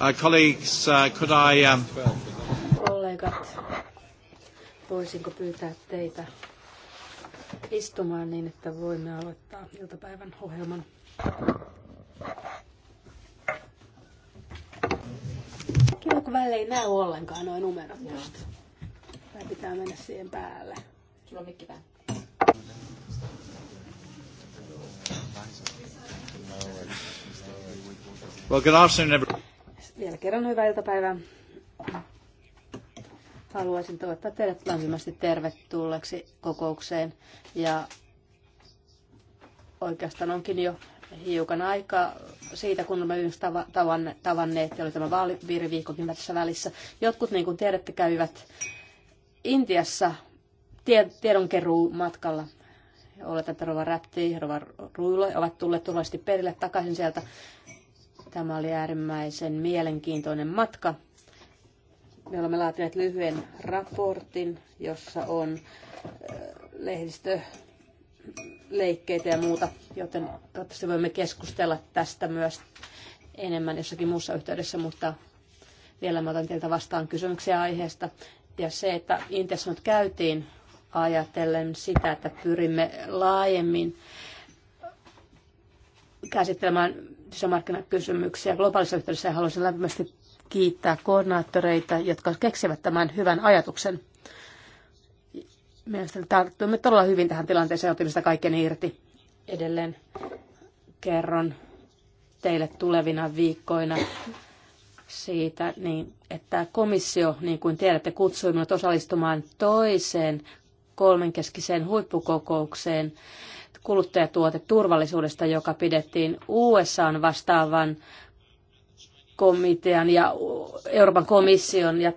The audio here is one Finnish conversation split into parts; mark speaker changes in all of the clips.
Speaker 1: Uh, colleagues, uh, could I, um...
Speaker 2: Kollegat, voisinko pyytää teitä istumaan niin, että voimme aloittaa iltapäivän ohjelman. Kiva, kun välillä ei näy ollenkaan noin numerot no. just. Tai pitää mennä siihen päälle. Sulla on
Speaker 3: mikki
Speaker 1: Well, good afternoon, everybody.
Speaker 2: Vielä kerran hyvää iltapäivää. Haluaisin toivottaa teidät lämpimästi tervetulleeksi kokoukseen. Ja oikeastaan onkin jo hiukan aika siitä, kun olemme yhdessä tavanneet, oli tämä vaalipiiriviikkokin tässä välissä. Jotkut, niin kuin tiedätte, käyvät Intiassa tie, tiedonkeruu matkalla. Oletan, että Rova Räpti, Rova Ruilo ovat tulleet turvallisesti perille takaisin sieltä. Tämä oli äärimmäisen mielenkiintoinen matka. Me olemme laatineet lyhyen raportin, jossa on lehdistö leikkeitä ja muuta, joten toivottavasti voimme keskustella tästä myös enemmän jossakin muussa yhteydessä, mutta vielä mä otan teiltä vastaan kysymyksiä aiheesta. Ja se, että Intiassa nyt käytiin ajatellen sitä, että pyrimme laajemmin käsittelemään sisämarkkinakysymyksiä globaalissa yhteydessä ja haluaisin lämpimästi kiittää koordinaattoreita, jotka keksivät tämän hyvän ajatuksen. Mielestäni tarttuimme todella hyvin tähän tilanteeseen ja otimme sitä kaiken irti. Edelleen kerron teille tulevina viikkoina siitä, niin, että komissio, niin kuin tiedätte, kutsui minut osallistumaan toiseen kolmenkeskiseen huippukokoukseen kuluttajatuoteturvallisuudesta, joka pidettiin USA vastaavan komitean ja Euroopan komission ja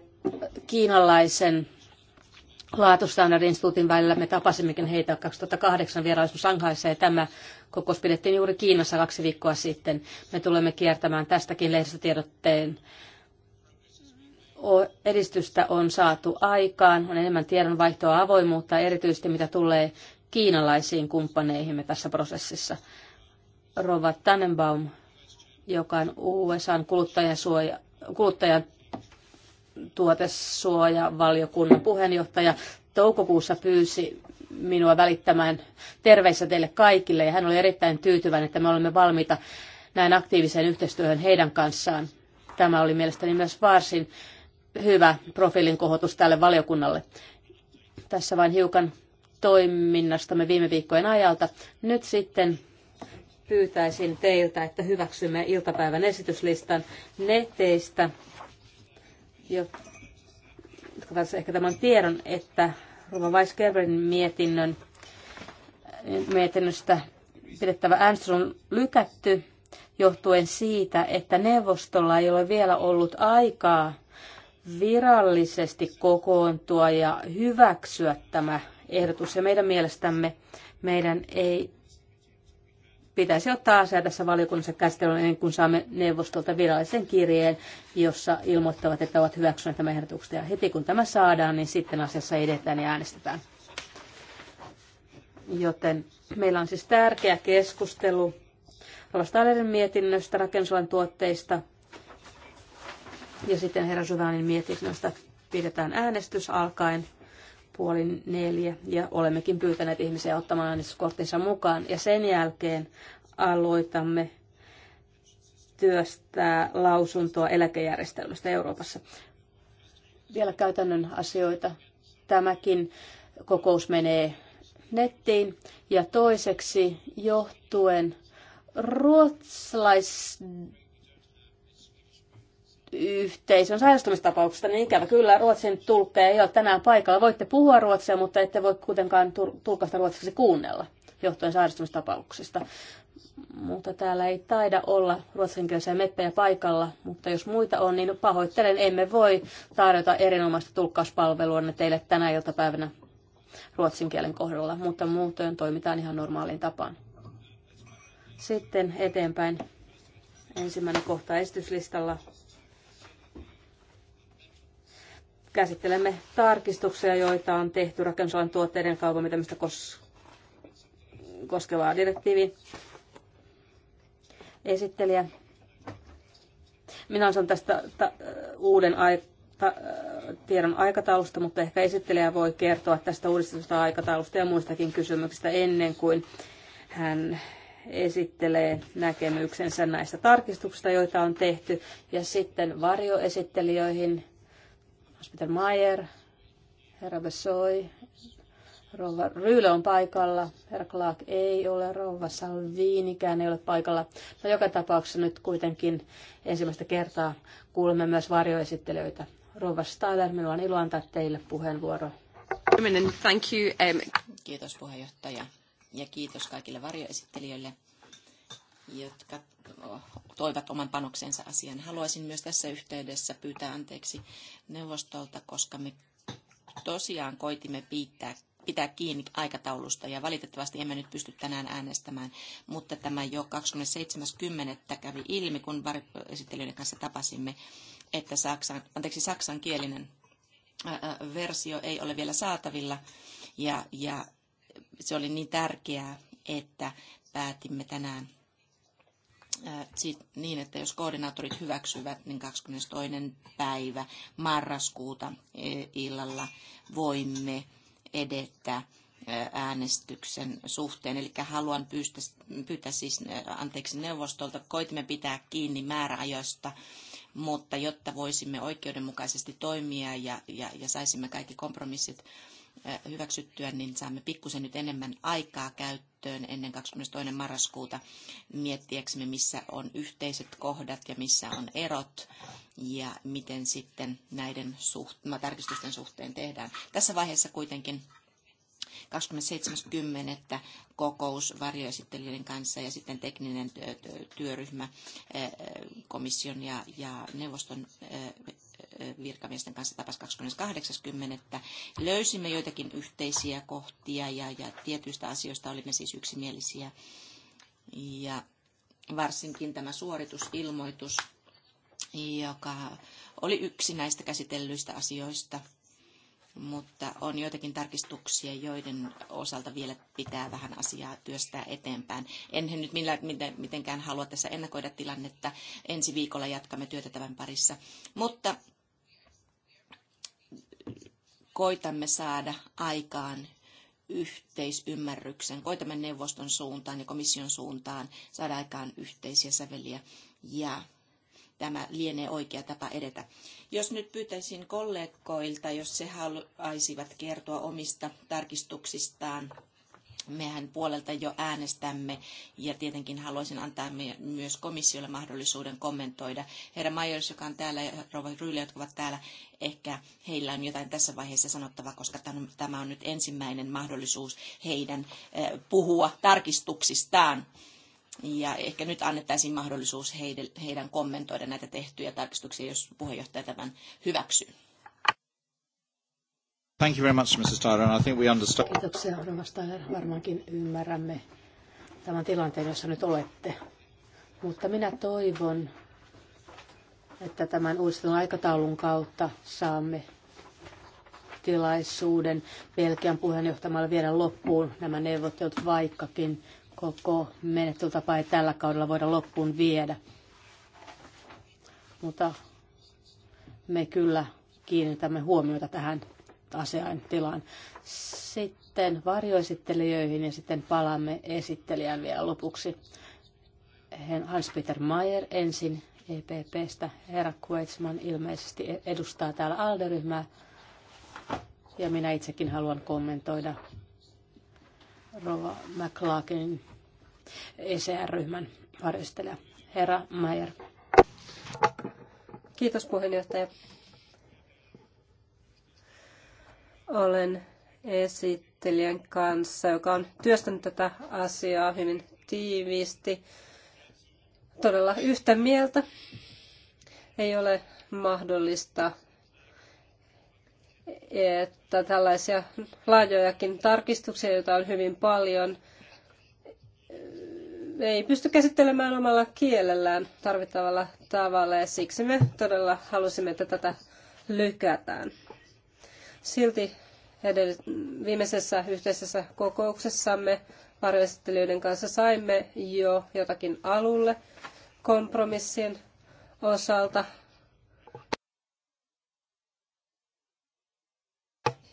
Speaker 2: kiinalaisen laatustandardinstituutin välillä. Me tapasimmekin heitä 2008 vierailussa Shanghaissa ja tämä kokous pidettiin juuri Kiinassa kaksi viikkoa sitten. Me tulemme kiertämään tästäkin lehdistötiedotteen. Edistystä on saatu aikaan, on enemmän tiedonvaihtoa avoimuutta, erityisesti mitä tulee kiinalaisiin kumppaneihimme tässä prosessissa. Rova Tannenbaum, joka on USAn kuluttajasuoja, kuluttajan tuotesuojavaliokunnan puheenjohtaja, toukokuussa pyysi minua välittämään terveissä teille kaikille ja hän oli erittäin tyytyväinen, että me olemme valmiita näin aktiiviseen yhteistyöhön heidän kanssaan. Tämä oli mielestäni myös varsin hyvä profiilin kohotus tälle valiokunnalle. Tässä vain hiukan toiminnastamme viime viikkojen ajalta. Nyt sitten pyytäisin teiltä, että hyväksymme iltapäivän esityslistan ne teistä, jotka tässä ehkä tämän tiedon, että Ruva Weiskerberin mietinnön, mietinnöstä pidettävä äänestys on lykätty johtuen siitä, että neuvostolla ei ole vielä ollut aikaa virallisesti kokoontua ja hyväksyä tämä ehdotus. Ja meidän mielestämme meidän ei pitäisi ottaa asia tässä valiokunnassa käsittelyyn ennen kuin saamme neuvostolta virallisen kirjeen, jossa ilmoittavat, että ovat hyväksyneet tämän ehdotuksen. Ja heti kun tämä saadaan, niin sitten asiassa edetään ja äänestetään. Joten meillä on siis tärkeä keskustelu Rovastalerin mietinnöstä, rakennusalan tuotteista ja sitten herra Syvänin mietinnöstä pidetään äänestys alkaen puoli neljä ja olemmekin pyytäneet ihmisiä ottamaan äänestyskorttinsa mukaan. Ja sen jälkeen aloitamme työstää lausuntoa eläkejärjestelmästä Euroopassa. Vielä käytännön asioita. Tämäkin kokous menee nettiin. Ja toiseksi johtuen ruotsalais yhteisön sairastumistapauksista, niin ikävä kyllä ruotsin tulkkeja ei ole tänään paikalla. Voitte puhua ruotsia, mutta ette voi kuitenkaan tulkasta ruotsiksi kuunnella johtuen sairastumistapauksista. Mutta täällä ei taida olla ruotsinkielisiä meppejä paikalla, mutta jos muita on, niin pahoittelen, emme voi tarjota erinomaista tulkkauspalvelua teille tänä iltapäivänä ruotsin kielen kohdalla, mutta muutoin toimitaan ihan normaaliin tapaan. Sitten eteenpäin ensimmäinen kohta esityslistalla käsittelemme tarkistuksia, joita on tehty rakennusalan tuotteiden kaupan mitämistä kos- koskevaa direktiiviin. Esittelijä. Minä olen tästä ta- uuden ai- ta- tiedon aikataulusta, mutta ehkä esittelijä voi kertoa tästä uudistetusta aikataulusta ja muistakin kysymyksistä ennen kuin hän esittelee näkemyksensä näistä tarkistuksista, joita on tehty, ja sitten varjoesittelijöihin Hospital Mayer, herra Besoi, rouva Ryyle on paikalla, herra Clark ei ole, rouva Salviinikään ei ole paikalla. No joka tapauksessa nyt kuitenkin ensimmäistä kertaa kuulemme myös varjoesittelyitä. Rouva Styler, minulla on ilo antaa teille puheenvuoro.
Speaker 3: Thank you. Um, kiitos puheenjohtaja ja kiitos kaikille varjoesittelijöille jotka toivat oman panoksensa asian. Haluaisin myös tässä yhteydessä pyytää anteeksi neuvostolta, koska me tosiaan koitimme pitää pitää kiinni aikataulusta ja valitettavasti emme nyt pysty tänään äänestämään, mutta tämä jo 27.10. kävi ilmi, kun esittelijöiden kanssa tapasimme, että saksan, anteeksi, saksankielinen versio ei ole vielä saatavilla ja, ja se oli niin tärkeää, että päätimme tänään niin, että jos koordinaattorit hyväksyvät, niin 22. päivä marraskuuta e, illalla voimme edetä äänestyksen suhteen. Eli haluan pyytä, pyytä siis anteeksi neuvostolta, koitimme pitää kiinni määräajoista, mutta jotta voisimme oikeudenmukaisesti toimia ja, ja, ja saisimme kaikki kompromissit hyväksyttyä, niin saamme pikkusen nyt enemmän aikaa käyttöön ennen 22. marraskuuta miettiäksemme, missä on yhteiset kohdat ja missä on erot ja miten sitten näiden suht, no, tarkistusten suhteen tehdään. Tässä vaiheessa kuitenkin 27.10. kokous varjoesittelijöiden kanssa ja sitten tekninen työryhmä komission ja, ja neuvoston virkamiesten kanssa tapas 28.10. Löysimme joitakin yhteisiä kohtia ja, ja tietyistä asioista olimme siis yksimielisiä. Ja varsinkin tämä suoritusilmoitus, joka oli yksi näistä käsitellyistä asioista, mutta on joitakin tarkistuksia, joiden osalta vielä pitää vähän asiaa työstää eteenpäin. En nyt millä mitenkään halua tässä ennakoida tilannetta. Ensi viikolla jatkamme työtä tämän parissa. Mutta koitamme saada aikaan yhteisymmärryksen, koitamme neuvoston suuntaan ja komission suuntaan saada aikaan yhteisiä säveliä ja tämä lienee oikea tapa edetä. Jos nyt pyytäisin kollegoilta, jos he haluaisivat kertoa omista tarkistuksistaan mehän puolelta jo äänestämme ja tietenkin haluaisin antaa myös komissiolle mahdollisuuden kommentoida. Herra Majors, joka on täällä ja Rova Ryyli, jotka ovat täällä, ehkä heillä on jotain tässä vaiheessa sanottavaa, koska tämä on nyt ensimmäinen mahdollisuus heidän eh, puhua tarkistuksistaan. Ja ehkä nyt annettaisiin mahdollisuus heidän kommentoida näitä tehtyjä tarkistuksia, jos puheenjohtaja tämän hyväksyy.
Speaker 1: Thank you very much, Mrs. Tyron. I think we understand.
Speaker 3: Kiitoksia,
Speaker 2: Varmaankin ymmärrämme tämän tilanteen, jossa nyt olette. Mutta minä toivon, että tämän uudistetun aikataulun kautta saamme tilaisuuden Belgian puheenjohtamalla viedä loppuun nämä neuvottelut, vaikkakin koko menettelytapa ei tällä kaudella voida loppuun viedä. Mutta me kyllä kiinnitämme huomiota tähän asiain tilaan. Sitten varjoesittelijöihin ja sitten palaamme esittelijään vielä lopuksi. Hans-Peter Mayer ensin EPPstä. Herra Kuetsman ilmeisesti edustaa täällä ALDE-ryhmää. Ja minä itsekin haluan kommentoida Rova McLaughlin ECR-ryhmän varjostelija.
Speaker 1: Herra Mayer. Kiitos puheenjohtaja. Olen esittelijän kanssa, joka on työstänyt tätä asiaa hyvin tiiviisti. Todella yhtä mieltä. Ei ole mahdollista, että tällaisia laajojakin tarkistuksia, joita on hyvin paljon, ei pysty käsittelemään omalla kielellään tarvittavalla tavalla ja siksi me todella halusimme, että tätä lykätään. Silti edellis- viimeisessä yhteisessä kokouksessamme varjoesittelijöiden kanssa saimme jo jotakin alulle kompromissin osalta.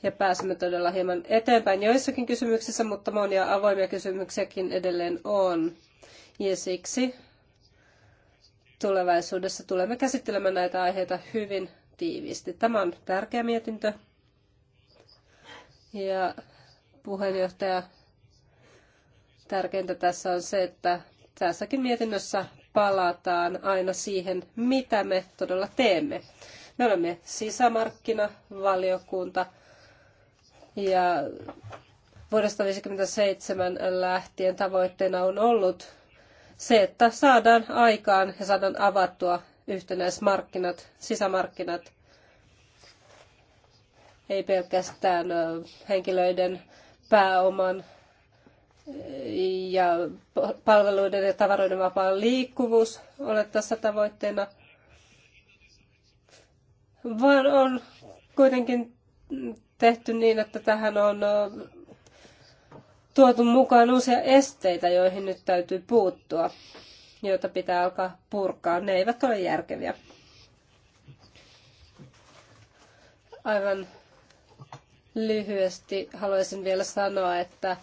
Speaker 1: Ja pääsemme todella hieman eteenpäin joissakin kysymyksissä, mutta monia avoimia kysymyksiäkin edelleen on. Ja siksi tulevaisuudessa tulemme käsittelemään näitä aiheita hyvin tiiviisti. Tämä on tärkeä mietintö ja puheenjohtaja, tärkeintä tässä on se, että tässäkin mietinnössä palataan aina siihen, mitä me todella teemme. Me olemme sisämarkkinavaliokunta ja vuodesta 1957 lähtien tavoitteena on ollut se, että saadaan aikaan ja saadaan avattua yhtenäismarkkinat, sisämarkkinat ei pelkästään henkilöiden pääoman ja palveluiden ja tavaroiden vapaa liikkuvuus ole tässä tavoitteena, vaan on kuitenkin tehty niin, että tähän on tuotu mukaan uusia esteitä, joihin nyt täytyy puuttua, joita pitää alkaa purkaa. Ne eivät ole järkeviä. Aivan Lyhyesti haluaisin vielä sanoa, että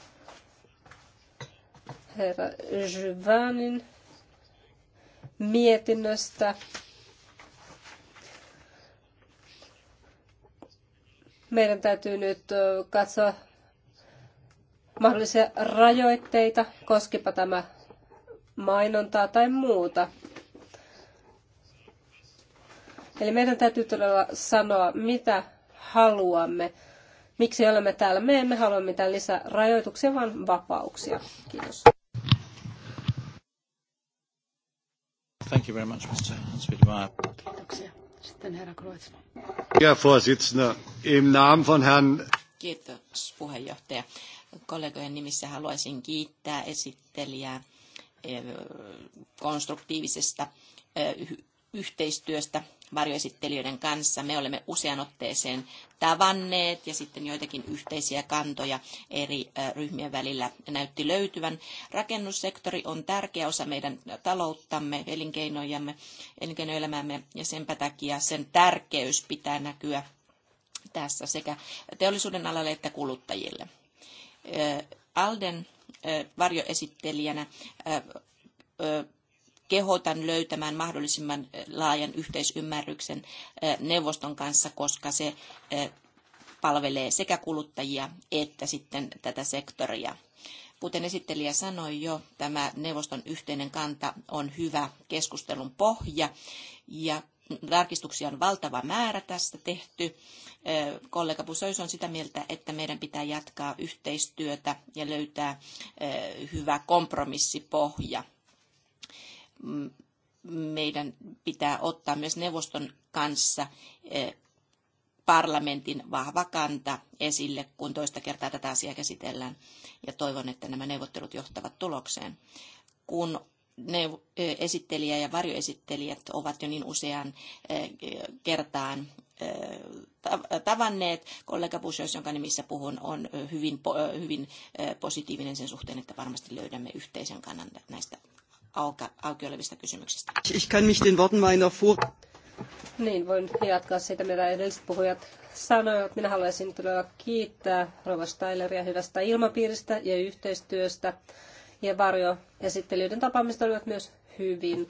Speaker 1: herra Jyvänin mietinnöstä meidän täytyy nyt katsoa mahdollisia rajoitteita, koskipa tämä mainontaa tai muuta. Eli meidän täytyy todella sanoa, mitä haluamme miksi olemme täällä. Me emme halua mitään lisää rajoituksia, vaan vapauksia. Kiitos. Thank you very much, Mr.
Speaker 3: Kiitoksia. Sitten herra Kreutzmann. Kiitos puheenjohtaja. Kollegojen nimissä haluaisin kiittää esittelijää eh, konstruktiivisesta eh, yhteistyöstä varjoesittelijöiden kanssa. Me olemme usean otteeseen tavanneet ja sitten joitakin yhteisiä kantoja eri ryhmien välillä näytti löytyvän. Rakennussektori on tärkeä osa meidän talouttamme, elinkeinojamme, elinkeinoelämäämme ja senpä takia sen tärkeys pitää näkyä tässä sekä teollisuuden alalle että kuluttajille. Alden varjoesittelijänä kehotan löytämään mahdollisimman eh, laajan yhteisymmärryksen eh, neuvoston kanssa, koska se eh, palvelee sekä kuluttajia että sitten tätä sektoria. Kuten esittelijä sanoi jo, tämä neuvoston yhteinen kanta on hyvä keskustelun pohja ja tarkistuksia on valtava määrä tästä tehty. Kollega Busois on sitä mieltä, että meidän pitää jatkaa yhteistyötä ja löytää hyvä kompromissipohja meidän pitää ottaa myös neuvoston kanssa eh, parlamentin vahva kanta esille, kun toista kertaa tätä asiaa käsitellään. Ja toivon, että nämä neuvottelut johtavat tulokseen. Kun eh, esittelijä ja varjoesittelijät ovat jo niin usean eh, kertaan tavanneet. Kollega Bushois, jonka nimissä puhun, on hyvin, hyvin positiivinen sen suhteen, että varmasti löydämme yhteisen kannan näistä auki olevista kysymyksistä. Ich kann mich den Worten meiner vor...
Speaker 1: Niin, voin jatkaa siitä, mitä edelliset puhujat sanoivat. Minä haluaisin todella kiittää Rova Steileria hyvästä ilmapiiristä ja yhteistyöstä. Ja varjoesittelyiden tapaamista olivat myös hyvin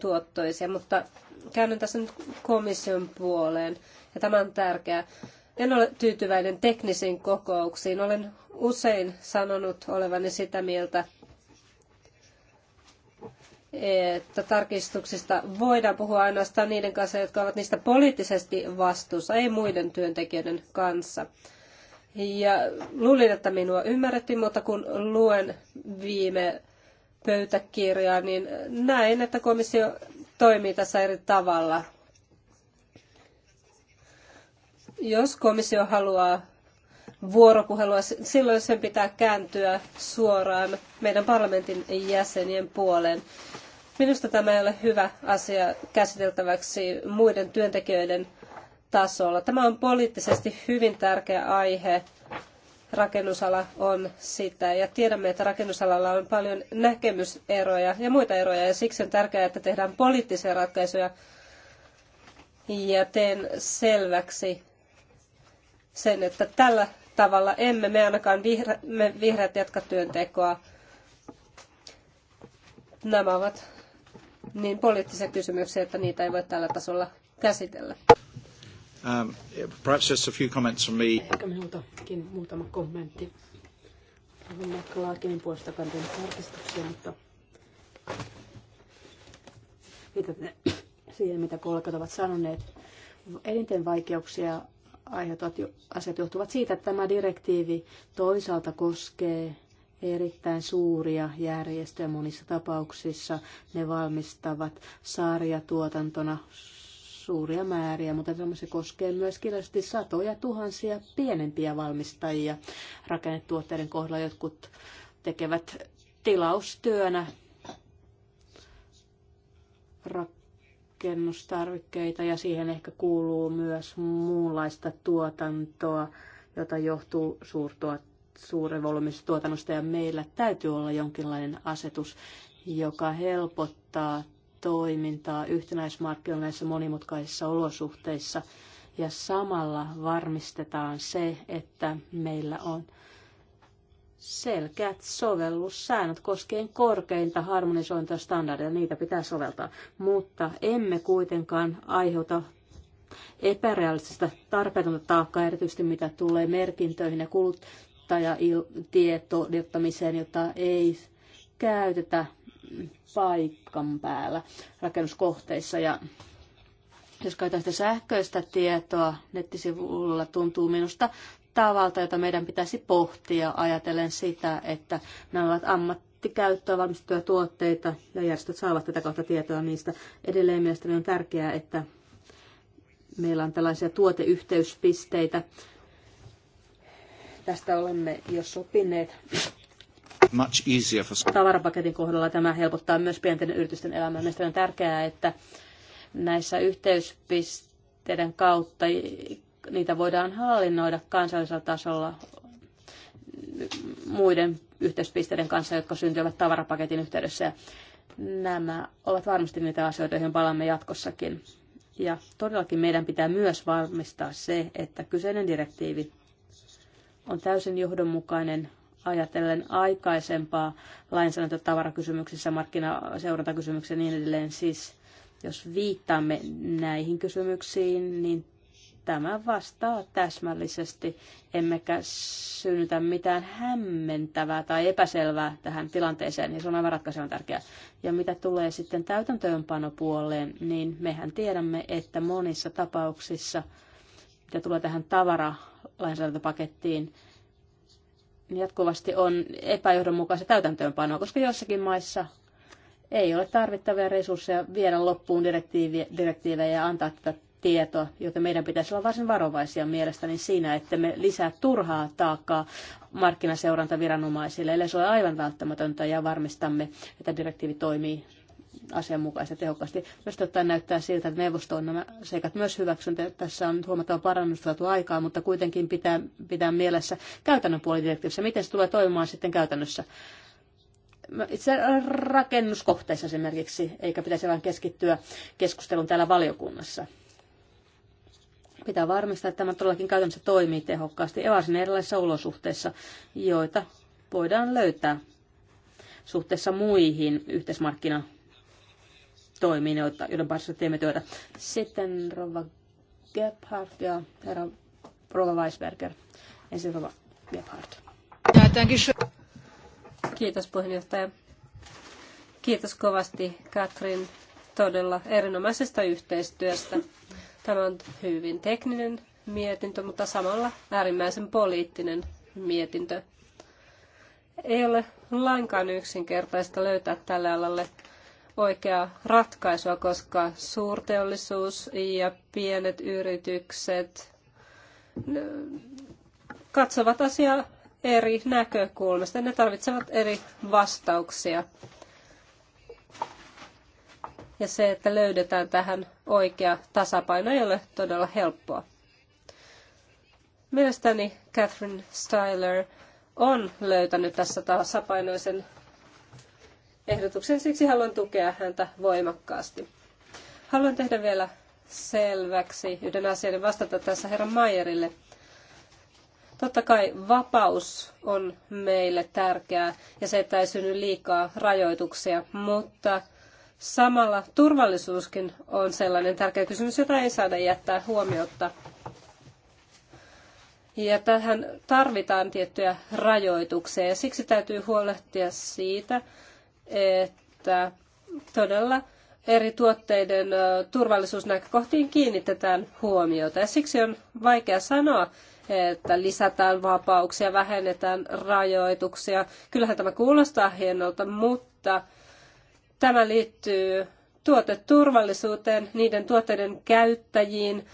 Speaker 1: tuottoisia, mutta käännyn tässä nyt komission puoleen, ja tämä on tärkeää. En ole tyytyväinen teknisiin kokouksiin. Olen usein sanonut olevani sitä mieltä, että tarkistuksista voidaan puhua ainoastaan niiden kanssa, jotka ovat niistä poliittisesti vastuussa, ei muiden työntekijöiden kanssa. Ja luulin, että minua ymmärrettiin, mutta kun luen viime pöytäkirjaa, niin näin, että komissio toimii tässä eri tavalla. Jos komissio haluaa vuoropuhelua. Silloin sen pitää kääntyä suoraan meidän parlamentin jäsenien puoleen. Minusta tämä ei ole hyvä asia käsiteltäväksi muiden työntekijöiden tasolla. Tämä on poliittisesti hyvin tärkeä aihe. Rakennusala on sitä ja tiedämme, että rakennusalalla on paljon näkemyseroja ja muita eroja ja siksi on tärkeää, että tehdään poliittisia ratkaisuja ja teen selväksi sen, että tällä tavalla emme me ainakaan vihre, me vihreät jatka työntekoa. Nämä ovat niin poliittisia kysymyksiä, että niitä ei voi tällä tasolla käsitellä. Um, perhaps just a few comments from me. Ehkä
Speaker 2: minultakin
Speaker 1: muutama kommentti.
Speaker 2: ehkä Laakinin puolesta kantin tarkistuksia, mutta viitaten siihen, mitä kollegat ovat sanoneet. Eniten vaikeuksia aiheutuvat asiat johtuvat siitä, että tämä direktiivi toisaalta koskee erittäin suuria järjestöjä monissa tapauksissa. Ne valmistavat sarjatuotantona suuria määriä, mutta se koskee myös kirjallisesti satoja tuhansia pienempiä valmistajia rakennetuotteiden kohdalla. Jotkut tekevät tilaustyönä rak- rakennustarvikkeita ja siihen ehkä kuuluu myös muunlaista tuotantoa, jota johtuu suurrevolumisesta tuotannosta ja meillä täytyy olla jonkinlainen asetus, joka helpottaa toimintaa yhtenäismarkkinoilla näissä monimutkaisissa olosuhteissa ja samalla varmistetaan se, että meillä on selkeät sovellussäännöt koskien korkeinta harmonisointia standardia, niitä pitää soveltaa, mutta emme kuitenkaan aiheuta epärealistista tarpeetonta taakkaa, erityisesti mitä tulee merkintöihin ja kuluttajatietodettamiseen, jota ei käytetä paikan päällä rakennuskohteissa. Ja jos käytetään sitä sähköistä tietoa nettisivulla, tuntuu minusta tavalta, jota meidän pitäisi pohtia ajatellen sitä, että nämä ovat ammattikäyttöä valmistettuja tuotteita ja järjestöt saavat tätä kautta tietoa niistä. Edelleen mielestäni on tärkeää, että meillä on tällaisia tuoteyhteyspisteitä. Tästä olemme jo sopineet.
Speaker 3: Much easier for...
Speaker 2: Tavarapaketin kohdalla tämä helpottaa myös pienten yritysten elämää. Mielestäni on tärkeää, että näissä yhteyspisteissä teidän kautta niitä voidaan hallinnoida kansallisella tasolla muiden yhteispisteiden kanssa, jotka syntyvät tavarapaketin yhteydessä. Ja nämä ovat varmasti niitä asioita, joihin palaamme jatkossakin. Ja todellakin meidän pitää myös varmistaa se, että kyseinen direktiivi on täysin johdonmukainen ajatellen aikaisempaa lainsäädäntötavarakysymyksissä, markkinaseurantakysymyksissä ja niin edelleen. Siis jos viittaamme näihin kysymyksiin, niin tämä vastaa täsmällisesti, emmekä synnytä mitään hämmentävää tai epäselvää tähän tilanteeseen, ja se on aivan ratkaisevan tärkeää. Ja mitä tulee sitten täytäntöönpanopuoleen, niin mehän tiedämme, että monissa tapauksissa, mitä tulee tähän tavaralainsäädäntöpakettiin, niin jatkuvasti on epäjohdonmukaista täytäntöönpanoa, koska joissakin maissa ei ole tarvittavia resursseja viedä loppuun direktiivejä ja antaa tätä tieto, joten meidän pitäisi olla varsin varovaisia mielestäni siinä, että me lisää turhaa taakkaa markkinaseurantaviranomaisille, eli se on aivan välttämätöntä ja varmistamme, että direktiivi toimii asianmukaisesti ja tehokkaasti. Myös totta näyttää siltä, että neuvosto on nämä seikat myös hyväksynyt. Tässä on huomattava parannus saatu aikaa, mutta kuitenkin pitää, pitää mielessä käytännön puoli direktiivissä. Miten se tulee toimimaan sitten käytännössä? No, itse rakennuskohteissa esimerkiksi, eikä pitäisi vain keskittyä keskusteluun täällä valiokunnassa. Pitää varmistaa, että tämä todellakin käytännössä toimii tehokkaasti varsin erilaisissa olosuhteissa, joita voidaan löytää suhteessa muihin yhteismarkkinatoimiin, joiden parissa teemme työtä. Sitten Rova Gebhardt ja
Speaker 1: herra Rova Weisberger. Ensin Rova Gebhardt. Kiitos puheenjohtaja. Kiitos kovasti Katrin todella erinomaisesta yhteistyöstä. Tämä on hyvin tekninen mietintö, mutta samalla äärimmäisen poliittinen mietintö. Ei ole lainkaan yksinkertaista löytää tälle alalle oikeaa ratkaisua, koska suurteollisuus ja pienet yritykset katsovat asiaa eri näkökulmasta. Ne tarvitsevat eri vastauksia ja se, että löydetään tähän oikea tasapaino, ei ole todella helppoa. Mielestäni Catherine Styler on löytänyt tässä tasapainoisen ehdotuksen, siksi haluan tukea häntä voimakkaasti. Haluan tehdä vielä selväksi yhden asian vastata tässä herran Mayerille. Totta kai vapaus on meille tärkeää ja se, että ei synny liikaa rajoituksia, mutta Samalla turvallisuuskin on sellainen tärkeä kysymys, jota ei saada jättää huomiota. Ja tähän tarvitaan tiettyjä rajoituksia ja siksi täytyy huolehtia siitä, että todella eri tuotteiden turvallisuusnäkökohtiin kiinnitetään huomiota. Ja siksi on vaikea sanoa, että lisätään vapauksia, vähennetään rajoituksia. Kyllähän tämä kuulostaa hienolta, mutta Tämä liittyy tuoteturvallisuuteen, niiden tuotteiden käyttäjiin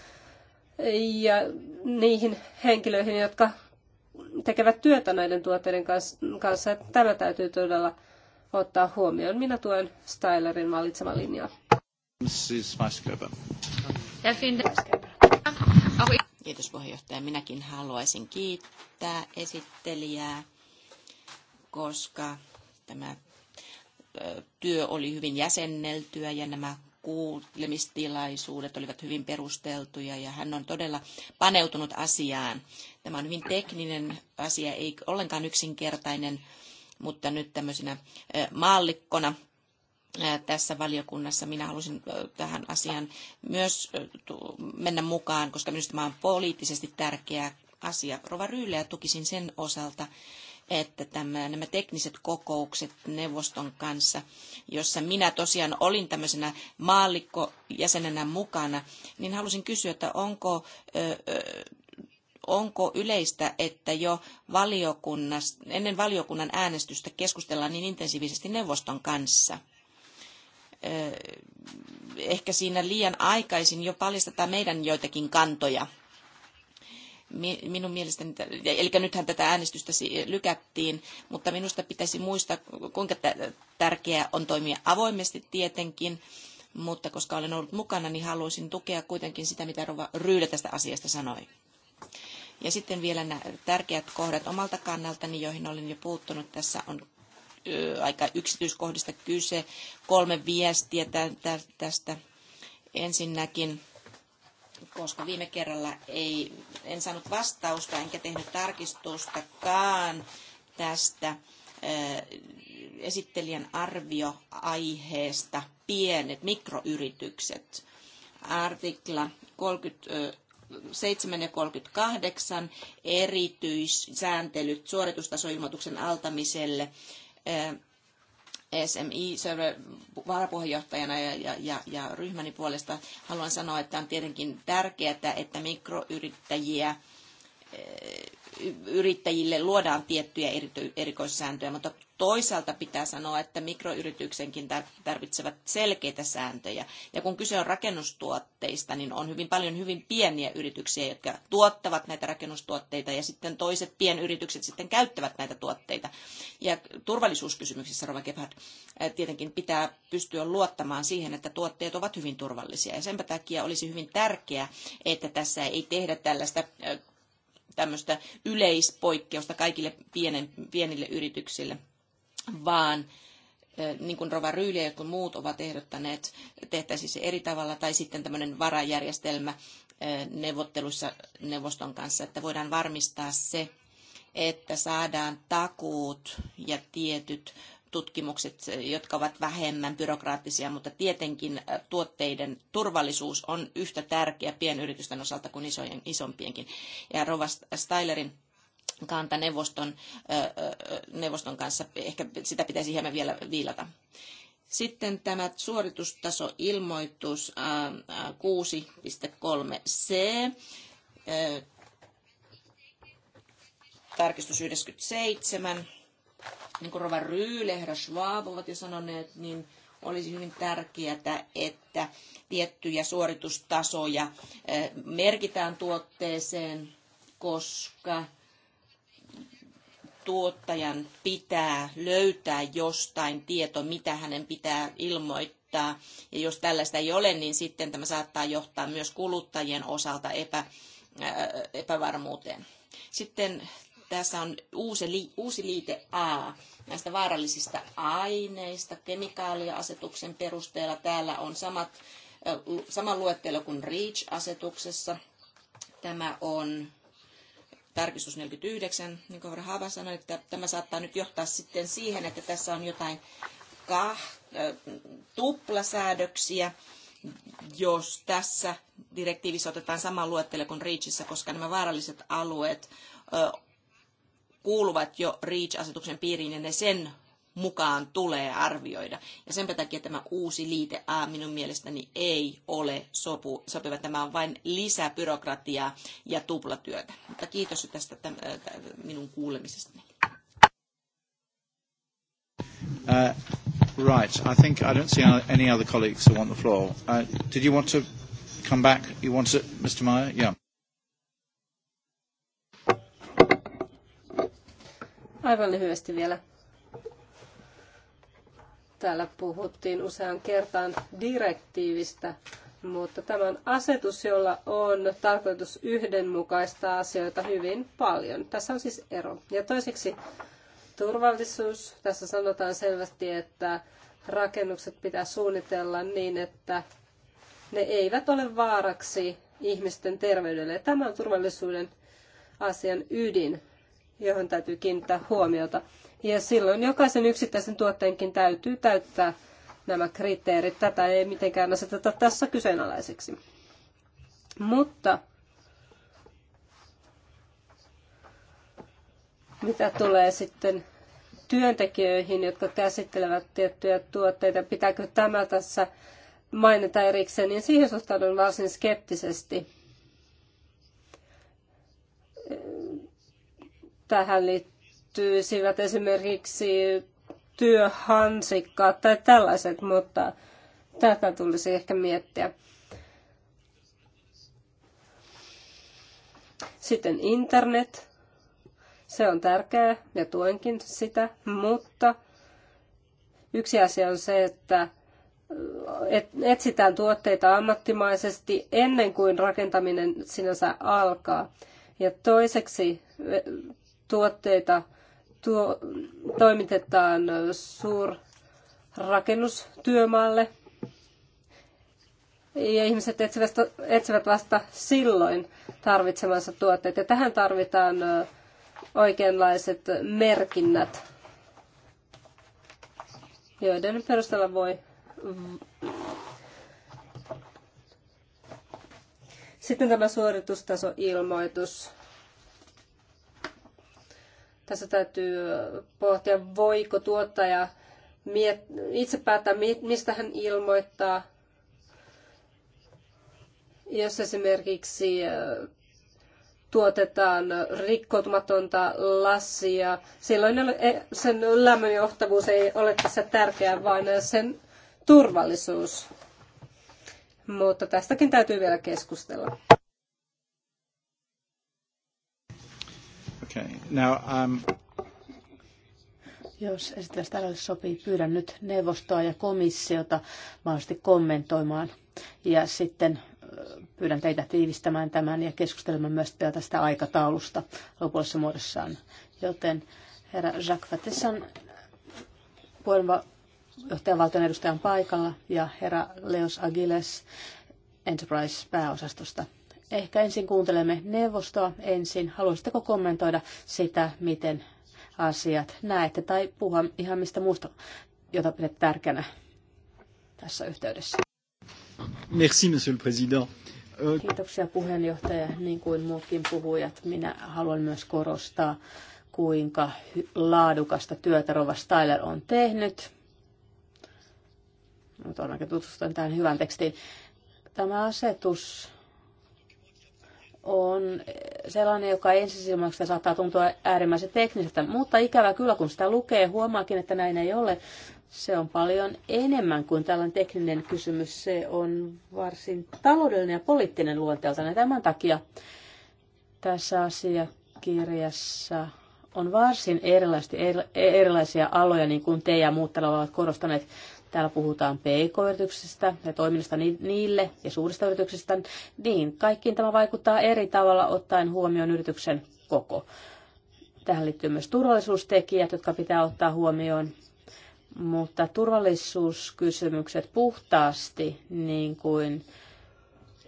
Speaker 1: ja niihin henkilöihin, jotka tekevät työtä näiden tuotteiden kanssa. Tämä täytyy todella ottaa huomioon. Minä tuen Stylerin valitsemaa linjaa.
Speaker 3: Kiitos puheenjohtaja. Minäkin haluaisin kiittää esittelijää, koska tämä työ oli hyvin jäsenneltyä ja nämä kuulemistilaisuudet olivat hyvin perusteltuja ja hän on todella paneutunut asiaan. Tämä on hyvin tekninen asia, ei ollenkaan yksinkertainen, mutta nyt tämmöisenä maallikkona tässä valiokunnassa minä halusin tähän asiaan myös mennä mukaan, koska minusta tämä on poliittisesti tärkeä asia. Rova Ryyleä tukisin sen osalta, että tämä, nämä tekniset kokoukset neuvoston kanssa, jossa minä tosiaan olin tämmöisenä maallikkojäsenenä mukana, niin halusin kysyä, että onko, onko yleistä, että jo ennen valiokunnan äänestystä keskustellaan niin intensiivisesti neuvoston kanssa? Ehkä siinä liian aikaisin jo paljastetaan meidän joitakin kantoja – minun mielestäni, eli nythän tätä äänestystä lykättiin, mutta minusta pitäisi muistaa, kuinka tärkeää on toimia avoimesti tietenkin, mutta koska olen ollut mukana, niin haluaisin tukea kuitenkin sitä, mitä Rova Ryylä tästä asiasta sanoi. Ja sitten vielä nämä tärkeät kohdat omalta kannaltani, joihin olen jo puuttunut. Tässä on aika yksityiskohdista kyse. Kolme viestiä tästä. Ensinnäkin koska viime kerralla ei, en saanut vastausta enkä tehnyt tarkistustakaan tästä esittelijän arvioaiheesta aiheesta pienet mikroyritykset. Artikla 30, 7 ja 38 erityissääntelyt suoritustasoilmoituksen altamiselle SMI-varapuheenjohtajana ja, ja, ja, ja ryhmäni puolesta haluan sanoa, että on tietenkin tärkeää, että mikroyrittäjiä eh, yrittäjille luodaan tiettyjä erikoissääntöjä, mutta Toisaalta pitää sanoa, että mikroyrityksenkin tarvitsevat selkeitä sääntöjä. Ja kun kyse on rakennustuotteista, niin on hyvin paljon hyvin pieniä yrityksiä, jotka tuottavat näitä rakennustuotteita ja sitten toiset pienyritykset sitten käyttävät näitä tuotteita. Ja turvallisuuskysymyksissä, Rova Gebhard, tietenkin pitää pystyä luottamaan siihen, että tuotteet ovat hyvin turvallisia. Ja senpä takia olisi hyvin tärkeää, että tässä ei tehdä tällaista tämmöistä yleispoikkeusta kaikille pienen, pienille yrityksille vaan niin kuin Rova Ryyli ja jotkut muut ovat ehdottaneet, tehtäisiin se eri tavalla, tai sitten tämmöinen varajärjestelmä neuvottelussa neuvoston kanssa, että voidaan varmistaa se, että saadaan takuut ja tietyt tutkimukset, jotka ovat vähemmän byrokraattisia, mutta tietenkin tuotteiden turvallisuus on yhtä tärkeä pienyritysten osalta kuin isojen, isompienkin. Ja Rova Stylerin kanta neuvoston, neuvoston kanssa. Ehkä sitä pitäisi hieman vielä viilata. Sitten tämä suoritustasoilmoitus 6.3c. Tarkistus 97. Niin kuin Rova Ryyle ja Schwab ovat jo sanoneet, niin olisi hyvin tärkeää, että tiettyjä suoritustasoja merkitään tuotteeseen, koska tuottajan pitää löytää jostain tieto, mitä hänen pitää ilmoittaa. Ja jos tällaista ei ole, niin sitten tämä saattaa johtaa myös kuluttajien osalta epä, ää, epävarmuuteen. Sitten tässä on uusi, uusi liite A näistä vaarallisista aineista kemikaaliasetuksen perusteella. Täällä on samat, sama luettelo kuin REACH-asetuksessa. Tämä on tarkistus 49, niin kuin Haava sanoi, että tämä saattaa nyt johtaa sitten siihen, että tässä on jotain kah, äh, tuplasäädöksiä, jos tässä direktiivissä otetaan sama luettelo kuin REACHissa, koska nämä vaaralliset alueet kuuluvat jo REACH-asetuksen piiriin ja ne sen mukaan tulee arvioida. Ja sen takia tämä uusi liite A minun mielestäni ei ole sopu, sopiva. Tämä on vain lisäbyrokratiaa ja tuplatyötä. Mutta kiitos tästä tämän, minun kuulemisestani.
Speaker 1: Uh, right. I think I don't see any other colleagues who want the floor. Uh, did you want to come back? You want to, Mr. Meyer? Yeah. Aivan lyhyesti vielä. Täällä puhuttiin usean kertaan direktiivistä, mutta tämä on asetus, jolla on tarkoitus yhdenmukaista asioita hyvin paljon. Tässä on siis ero. Ja toiseksi turvallisuus. Tässä sanotaan selvästi, että rakennukset pitää suunnitella niin, että ne eivät ole vaaraksi ihmisten terveydelle. Tämä on turvallisuuden asian ydin, johon täytyy kiinnittää huomiota. Ja silloin jokaisen yksittäisen tuotteenkin täytyy täyttää nämä kriteerit. Tätä ei mitenkään aseteta tässä kyseenalaiseksi. Mutta mitä tulee sitten työntekijöihin, jotka käsittelevät tiettyjä tuotteita, pitääkö tämä tässä mainita erikseen, niin siihen suhtaudun varsin skeptisesti. Tähän liittyy liittyisivät esimerkiksi työhansikkaat tai tällaiset, mutta tätä tulisi ehkä miettiä. Sitten internet. Se on tärkeää ja tuenkin sitä, mutta yksi asia on se, että etsitään tuotteita ammattimaisesti ennen kuin rakentaminen sinänsä alkaa. Ja toiseksi e, tuotteita tuo, toimitetaan suurrakennustyömaalle. Ja ihmiset etsivät vasta silloin tarvitsemansa tuotteet. Ja tähän tarvitaan oikeanlaiset merkinnät, joiden perusteella voi sitten tämä suoritustasoilmoitus. Tässä täytyy pohtia, voiko tuottaja itse päättää, mistä hän ilmoittaa. Jos esimerkiksi tuotetaan rikkoutumatonta lassia, silloin sen lämmönjohtavuus ei ole tässä tärkeää, vaan sen turvallisuus. Mutta tästäkin täytyy vielä keskustella. Okay. Now, um...
Speaker 2: Jos esittävästä tällaiselle sopii, pyydän nyt neuvostoa ja komissiota mahdollisesti kommentoimaan. Ja sitten pyydän teitä tiivistämään tämän ja keskustelemaan myös tästä aikataulusta lopullisessa muodossaan. Joten herra Jacques Fatessan puheenjohtajan valtion edustajan paikalla ja herra Leos Agiles Enterprise-pääosastosta. Ehkä ensin kuuntelemme neuvostoa ensin. Haluaisitteko kommentoida sitä, miten asiat näette, tai puhua ihan mistä muusta, jota pidät tärkeänä tässä yhteydessä?
Speaker 3: Merci, monsieur le président.
Speaker 2: Euh, Kiitoksia puheenjohtaja. Niin kuin muutkin puhujat, minä haluan myös korostaa, kuinka laadukasta työtä Rova Styler on tehnyt. Mutta on aika tutustun tähän hyvän tekstiin. Tämä asetus on sellainen, joka ensisijaisesti saattaa tuntua äärimmäisen tekniseltä, mutta ikävä kyllä, kun sitä lukee, huomaakin, että näin ei ole. Se on paljon enemmän kuin tällainen tekninen kysymys. Se on varsin taloudellinen ja poliittinen luonteelta. Ja tämän takia tässä asiakirjassa on varsin er- erilaisia aloja, niin kuin te ja muut täällä ovat korostaneet. Täällä puhutaan PK-yrityksistä ja toiminnasta niille ja suurista yrityksistä. Niin, kaikkiin tämä vaikuttaa eri tavalla ottaen huomioon yrityksen koko. Tähän liittyy myös turvallisuustekijät, jotka pitää ottaa huomioon. Mutta turvallisuuskysymykset puhtaasti, niin kuin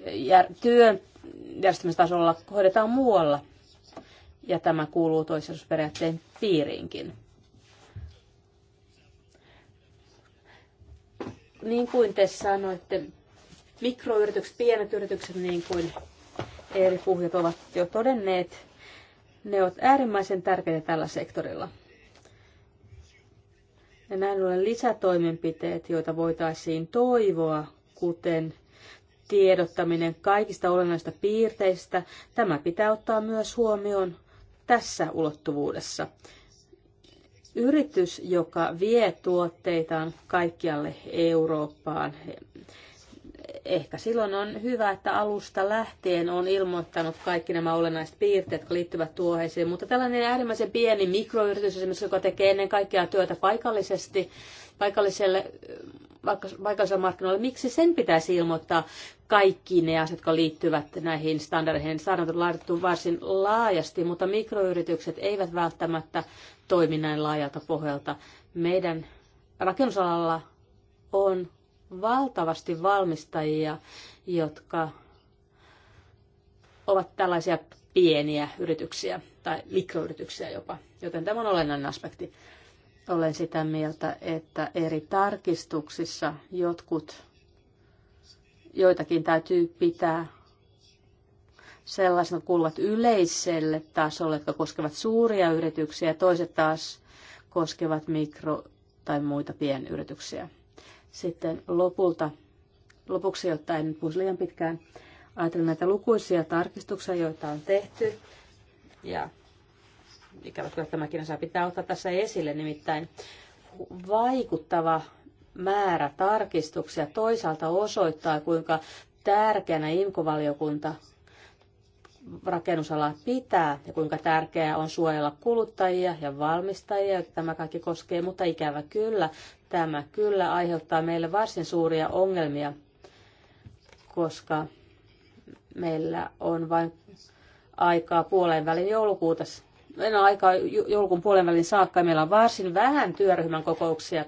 Speaker 2: jär- työn järjestämistasolla, hoidetaan muualla. Ja tämä kuuluu toisellisuusperiaatteen piiriinkin. Niin kuin te sanoitte, mikroyritykset, pienet yritykset, niin kuin eri puhujat ovat jo todenneet, ne ovat äärimmäisen tärkeitä tällä sektorilla. Ja näin ollen lisätoimenpiteet, joita voitaisiin toivoa, kuten tiedottaminen kaikista olennaista piirteistä, tämä pitää ottaa myös huomioon tässä ulottuvuudessa. Yritys, joka vie tuotteitaan kaikkialle Eurooppaan, ehkä silloin on hyvä, että alusta lähtien on ilmoittanut kaikki nämä olennaiset piirteet, jotka liittyvät tuoheisiin, mutta tällainen äärimmäisen pieni mikroyritys esimerkiksi, joka tekee ennen kaikkea työtä paikallisesti, paikalliselle paikallisella markkinoilla, miksi sen pitäisi ilmoittaa kaikki ne asiat, jotka liittyvät näihin standardeihin. Standardit on laadittu varsin laajasti, mutta mikroyritykset eivät välttämättä toimi näin laajalta pohjalta. Meidän rakennusalalla on valtavasti valmistajia, jotka ovat tällaisia pieniä yrityksiä tai mikroyrityksiä jopa, joten tämä on olennainen aspekti. Olen sitä mieltä, että eri tarkistuksissa jotkut, joitakin täytyy pitää sellaisena kuuluvat yleiselle tasolle, jotka koskevat suuria yrityksiä, toiset taas koskevat mikro- tai muita pienyrityksiä. Sitten lopulta, lopuksi, jotta en puhu liian pitkään, ajatellen näitä lukuisia tarkistuksia, joita on tehty ja ikävä kyllä tämäkin asia pitää ottaa tässä esille, nimittäin vaikuttava määrä tarkistuksia toisaalta osoittaa, kuinka tärkeänä imkovaliokunta rakennusalaa pitää ja kuinka tärkeää on suojella kuluttajia ja valmistajia, että tämä kaikki koskee, mutta ikävä kyllä, tämä kyllä aiheuttaa meille varsin suuria ongelmia, koska meillä on vain aikaa puolen välin joulukuuta mennä aikaa joulukuun puolen välin saakka ja meillä on varsin vähän työryhmän kokouksia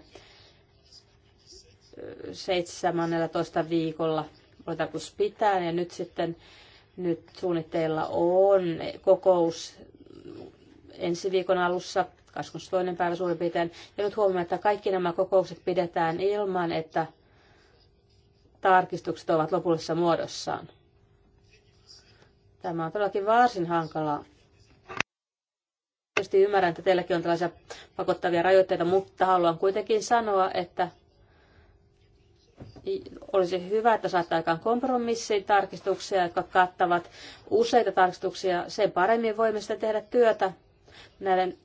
Speaker 2: 17 viikolla oli tarkoitus pitää ja nyt sitten nyt suunnitteilla on kokous ensi viikon alussa, 22. päivä suurin piirtein. Ja nyt huomioon, että kaikki nämä kokoukset pidetään ilman, että tarkistukset ovat lopullisessa muodossaan. Tämä on todellakin varsin hankala Tietysti ymmärrän, että teilläkin on tällaisia pakottavia rajoitteita, mutta haluan kuitenkin sanoa, että olisi hyvä, että saatte aikaan kompromissitarkistuksia, jotka kattavat useita tarkistuksia. Sen paremmin voimme sitä tehdä työtä näiden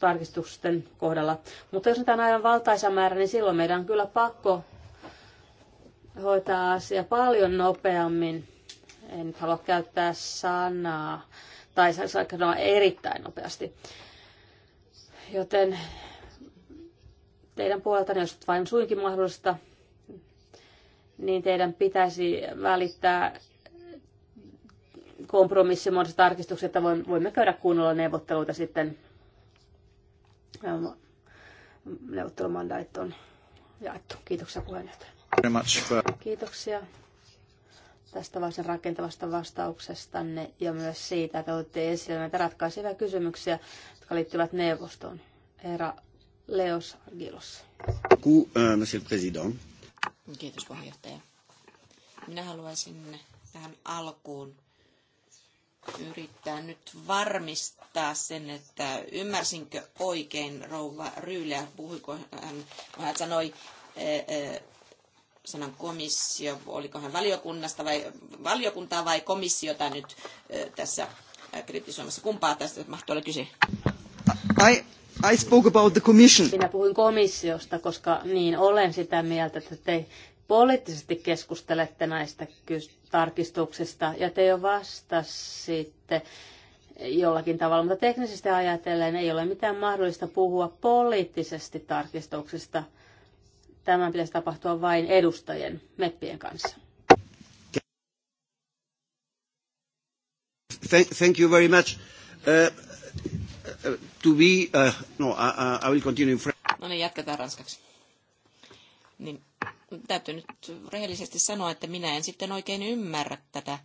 Speaker 2: tarkistusten kohdalla. Mutta jos niitä on aivan valtaisa määrä, niin silloin meidän on kyllä pakko hoitaa asia paljon nopeammin. En nyt halua käyttää sanaa tai saisi aikana erittäin nopeasti. Joten teidän puoleltanne, jos vain suinkin mahdollista, niin teidän pitäisi välittää kompromissimuodossa tarkistukset, että voimme käydä kunnolla neuvotteluita sitten ähm, neuvottelumandaatit on jaettu. Kiitoksia puheenjohtaja. Kiitoksia tästä varsin rakentavasta vastauksestanne ja myös siitä, että otitte esille näitä ratkaisevia kysymyksiä, jotka liittyvät neuvostoon. Herra
Speaker 3: Leos Argilos.
Speaker 2: Äh, monsieur Président.
Speaker 3: Kiitos puheenjohtaja. Minä haluaisin tähän alkuun yrittää nyt varmistaa sen, että ymmärsinkö oikein rouva Ryyliä, puhuiko hän, hän sanoi, äh, äh, sanan komissio, olikohan valiokunnasta vai valiokuntaa vai komissiota nyt tässä kritisoimassa. Kumpaa tästä mahtoi olla kyse? I, I spoke about the
Speaker 2: commission. Minä puhuin komissiosta, koska niin olen sitä mieltä, että te poliittisesti keskustelette näistä tarkistuksista ja te jo vastasitte jollakin tavalla, mutta teknisesti ajatellen ei ole mitään mahdollista puhua poliittisesti tarkistuksista – Tämän pitäisi tapahtua vain edustajien, meppien kanssa.
Speaker 1: Thank, you very much. Uh, uh, to be, uh, no, I, I will continue
Speaker 3: in French. No niin, jatketaan ranskaksi. Niin, täytyy nyt rehellisesti sanoa, että minä en sitten oikein ymmärrä tätä,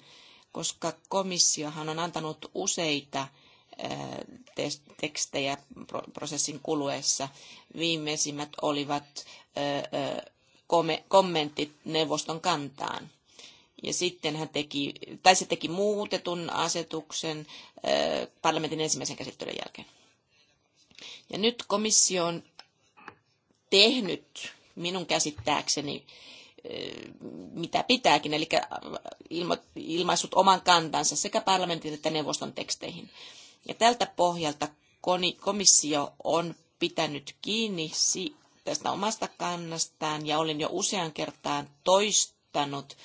Speaker 3: koska komissiohan on antanut useita tekstejä prosessin kuluessa. Viimeisimmät olivat kommentit neuvoston kantaan. Ja sitten hän teki, tai se teki muutetun asetuksen parlamentin ensimmäisen käsittelyn jälkeen. Ja nyt komissio on tehnyt minun käsittääkseni mitä pitääkin, eli ilmaissut oman kantansa sekä parlamentin että neuvoston teksteihin. Ja tältä pohjalta komissio on pitänyt kiinni tästä omasta kannastaan ja olen jo usean kertaan toistanut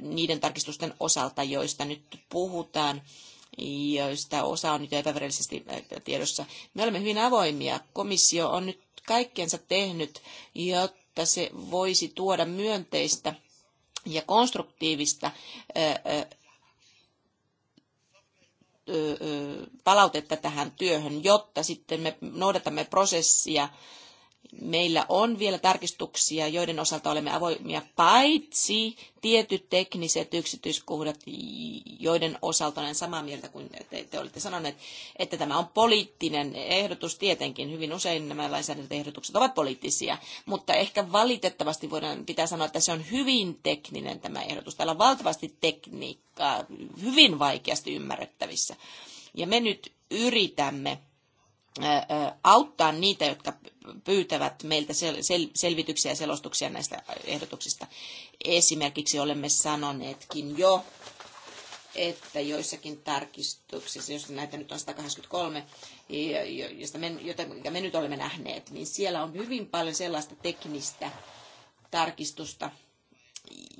Speaker 3: niiden tarkistusten osalta, joista nyt puhutaan, joista osa on nyt epävirallisesti tiedossa. Me olemme hyvin avoimia. Komissio on nyt kaikkensa tehnyt, jotta se voisi tuoda myönteistä ja konstruktiivista palautetta tähän työhön, jotta sitten me noudatamme prosessia meillä on vielä tarkistuksia, joiden osalta olemme avoimia, paitsi tietyt tekniset yksityiskohdat, joiden osalta olen samaa mieltä kuin te, te olette sanoneet, että tämä on poliittinen ehdotus tietenkin. Hyvin usein nämä lainsäädäntöehdotukset ovat poliittisia, mutta ehkä valitettavasti voidaan pitää sanoa, että se on hyvin tekninen tämä ehdotus. Täällä on valtavasti tekniikkaa, hyvin vaikeasti ymmärrettävissä. Ja me nyt yritämme auttaa niitä, jotka pyytävät meiltä sel- selvityksiä ja selostuksia näistä ehdotuksista. Esimerkiksi olemme sanoneetkin jo, että joissakin tarkistuksissa, jos näitä nyt on 183, josta me, jota me nyt olemme nähneet, niin siellä on hyvin paljon sellaista teknistä tarkistusta,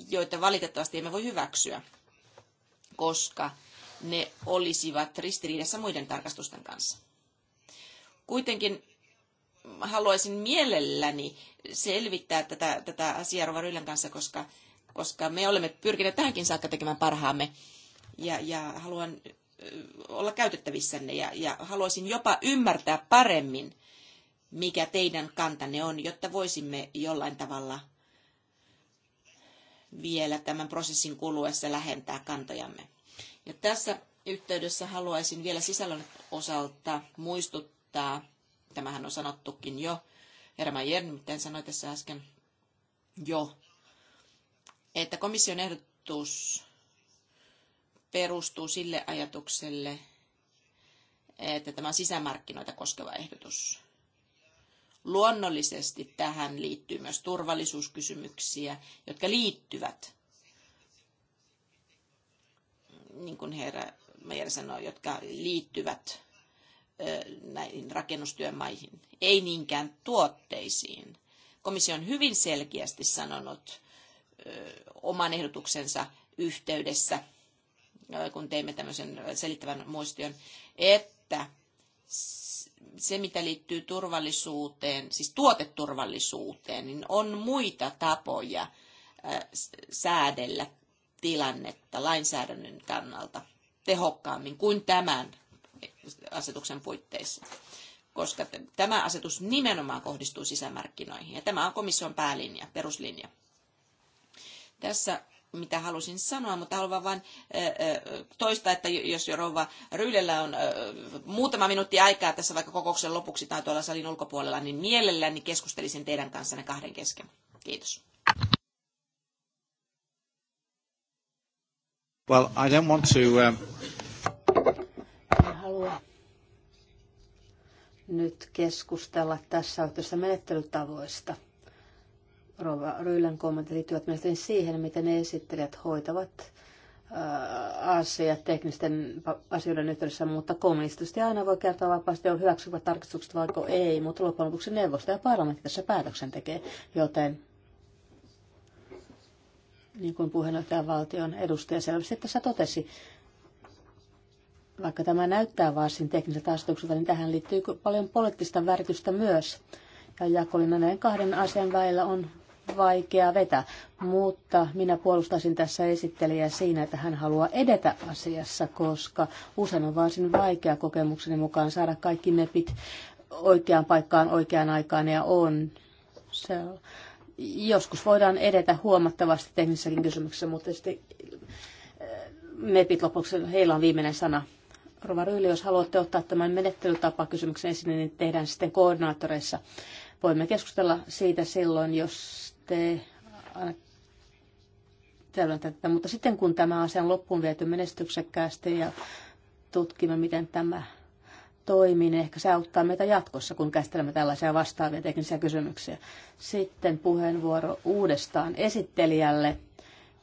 Speaker 3: joita valitettavasti emme voi hyväksyä, koska ne olisivat ristiriidassa muiden tarkastusten kanssa. Kuitenkin haluaisin mielelläni selvittää tätä, tätä asiaa Rova Ryllän kanssa, koska, koska me olemme pyrkineet tähänkin saakka tekemään parhaamme. Ja, ja haluan olla käytettävissänne ja, ja haluaisin jopa ymmärtää paremmin, mikä teidän kantanne on, jotta voisimme jollain tavalla vielä tämän prosessin kuluessa lähentää kantojamme. Ja tässä yhteydessä haluaisin vielä sisällön osalta muistuttaa Tämähän on sanottukin jo. Hermajer miten sanoi tässä äsken jo, että komission ehdotus perustuu sille ajatukselle, että tämä on sisämarkkinoita koskeva ehdotus. Luonnollisesti tähän liittyy myös turvallisuuskysymyksiä, jotka liittyvät, niin kuin herra Meijer sanoi, jotka liittyvät näihin rakennustyömaihin, ei niinkään tuotteisiin. Komissio on hyvin selkeästi sanonut oman ehdotuksensa yhteydessä, kun teimme tämmöisen selittävän muistion, että se, mitä liittyy turvallisuuteen, siis tuoteturvallisuuteen, niin on muita tapoja säädellä tilannetta lainsäädännön kannalta tehokkaammin kuin tämän asetuksen puitteissa, koska tämä asetus nimenomaan kohdistuu sisämarkkinoihin. Ja tämä on komission päälinja, peruslinja. Tässä mitä halusin sanoa, mutta haluan vain toistaa, että jos jo rouva Ryylellä on muutama minuutti aikaa tässä vaikka kokouksen lopuksi tai tuolla salin ulkopuolella, niin mielelläni keskustelisin teidän kanssanne kahden kesken. Kiitos.
Speaker 1: Well, I don't want to, um,
Speaker 2: halua nyt keskustella tässä yhteydessä menettelytavoista. Rova Ryylän kommentit liittyvät mielestäni siihen, miten esittelijät hoitavat asiat teknisten asioiden yhteydessä, mutta kommunistisesti aina voi kertoa vapaasti, on hyväksyvät tarkistukset vaiko ei, mutta loppujen lopuksi neuvosto ja parlamentti tässä päätöksen tekee, joten niin kuin puheenjohtajan valtion edustaja selvästi tässä totesi, vaikka tämä näyttää varsin tekniseltä asetukselta, niin tähän liittyy paljon poliittista väritystä myös. Ja jakolina näiden kahden asian välillä on vaikea vetää, mutta minä puolustaisin tässä esittelijää siinä, että hän haluaa edetä asiassa, koska usein on varsin vaikea kokemukseni mukaan saada kaikki mepit oikeaan paikkaan oikeaan aikaan ja on. Se, joskus voidaan edetä huomattavasti teknisessäkin kysymyksessä, mutta sitten eh, mepit lopuksi, heillä on viimeinen sana. Rova Ryyli, jos haluatte ottaa tämän menettelytapakysymyksen esille, niin tehdään sitten koordinaattoreissa. Voimme keskustella siitä silloin, jos te tätä. Mutta sitten kun tämä asia on loppuun viety menestyksekkäästi ja tutkimme, miten tämä toimii, niin ehkä se auttaa meitä jatkossa, kun käsittelemme tällaisia vastaavia teknisiä kysymyksiä. Sitten puheenvuoro uudestaan esittelijälle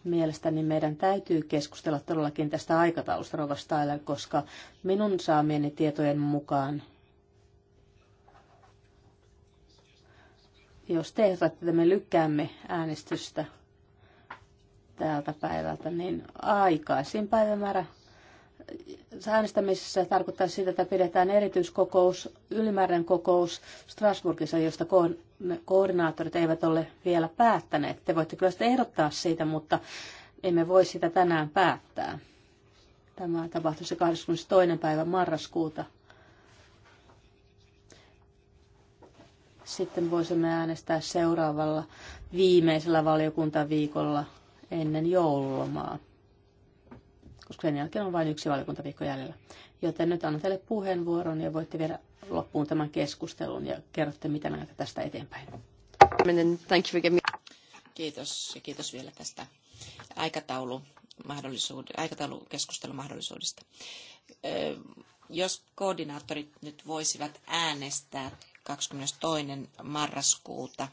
Speaker 2: mielestäni meidän täytyy keskustella todellakin tästä aikataulusta Rova koska minun saamieni tietojen mukaan, jos te ehdotatte, että me lykkäämme äänestystä tältä päivältä, niin aikaisin päivämäärä äänestämisessä tarkoittaa sitä, että pidetään erityiskokous, ylimääräinen kokous Strasbourgissa, josta koordinaattorit eivät ole vielä päättäneet. Te voitte kyllä sitä ehdottaa siitä, mutta emme voi sitä tänään päättää. Tämä tapahtuisi 22. päivä marraskuuta. Sitten voisimme äänestää seuraavalla viimeisellä valiokuntaviikolla ennen joululomaa koska sen jälkeen on vain yksi valiokuntaviikko jäljellä. Joten nyt annan teille puheenvuoron ja voitte viedä loppuun tämän keskustelun ja kerrotte, mitä näitä tästä eteenpäin.
Speaker 3: Kiitos ja kiitos vielä tästä aikataulu aikataulukeskustelun mahdollisuudesta. Jos koordinaattorit nyt voisivat äänestää 22. marraskuuta,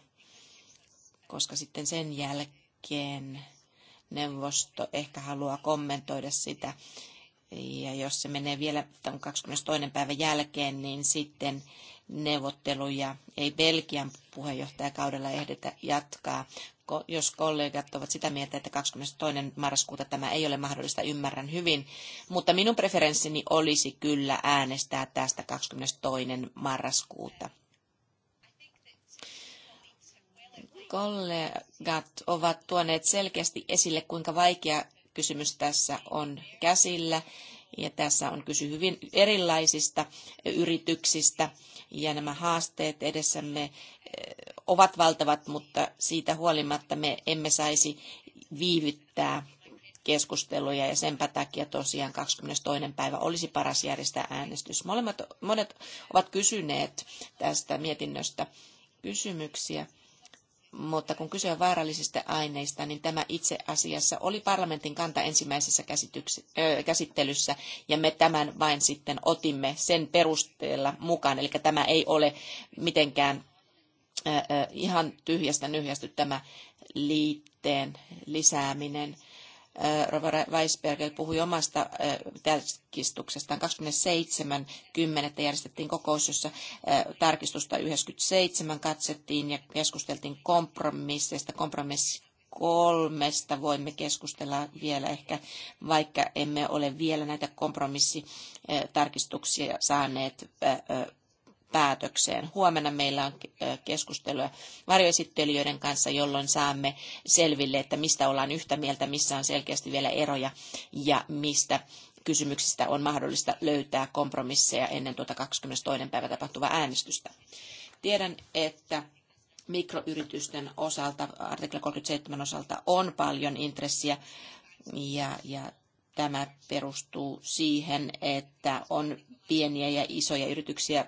Speaker 3: koska sitten sen jälkeen neuvosto ehkä haluaa kommentoida sitä. Ja jos se menee vielä tämän 22. päivän jälkeen, niin sitten neuvotteluja ei Belgian puheenjohtajakaudella ehditä jatkaa. Jos kollegat ovat sitä mieltä, että 22. marraskuuta tämä ei ole mahdollista, ymmärrän hyvin. Mutta minun preferenssini olisi kyllä äänestää tästä 22. marraskuuta. Kollegat ovat tuoneet selkeästi esille, kuinka vaikea kysymys tässä on käsillä. Ja tässä on kysy hyvin erilaisista yrityksistä ja nämä haasteet edessämme eh, ovat valtavat, mutta siitä huolimatta me emme saisi viivyttää keskusteluja ja senpä takia tosiaan 22. päivä olisi paras järjestää äänestys. Molemmat, monet ovat kysyneet tästä mietinnöstä kysymyksiä mutta kun kyse on vaarallisista aineista, niin tämä itse asiassa oli parlamentin kanta ensimmäisessä käsittelyssä, ja me tämän vain sitten otimme sen perusteella mukaan. Eli tämä ei ole mitenkään ihan tyhjästä nyhjästy tämä liitteen lisääminen Äh, Rova Weisberger puhui omasta äh, tarkistuksestaan. 27.10. järjestettiin kokous, jossa äh, tarkistusta 97 katsettiin ja keskusteltiin kompromisseista. Kompromissi kolmesta voimme keskustella vielä ehkä, vaikka emme ole vielä näitä kompromissitarkistuksia saaneet päätökseen. Huomenna meillä on keskustelua varjoesittelijöiden kanssa, jolloin saamme selville, että mistä ollaan yhtä mieltä, missä on selkeästi vielä eroja ja mistä kysymyksistä on mahdollista löytää kompromisseja ennen tuota 22. päivä tapahtuvaa äänestystä. Tiedän, että mikroyritysten osalta, artikla 37 osalta on paljon intressiä ja, ja tämä perustuu siihen, että on pieniä ja isoja yrityksiä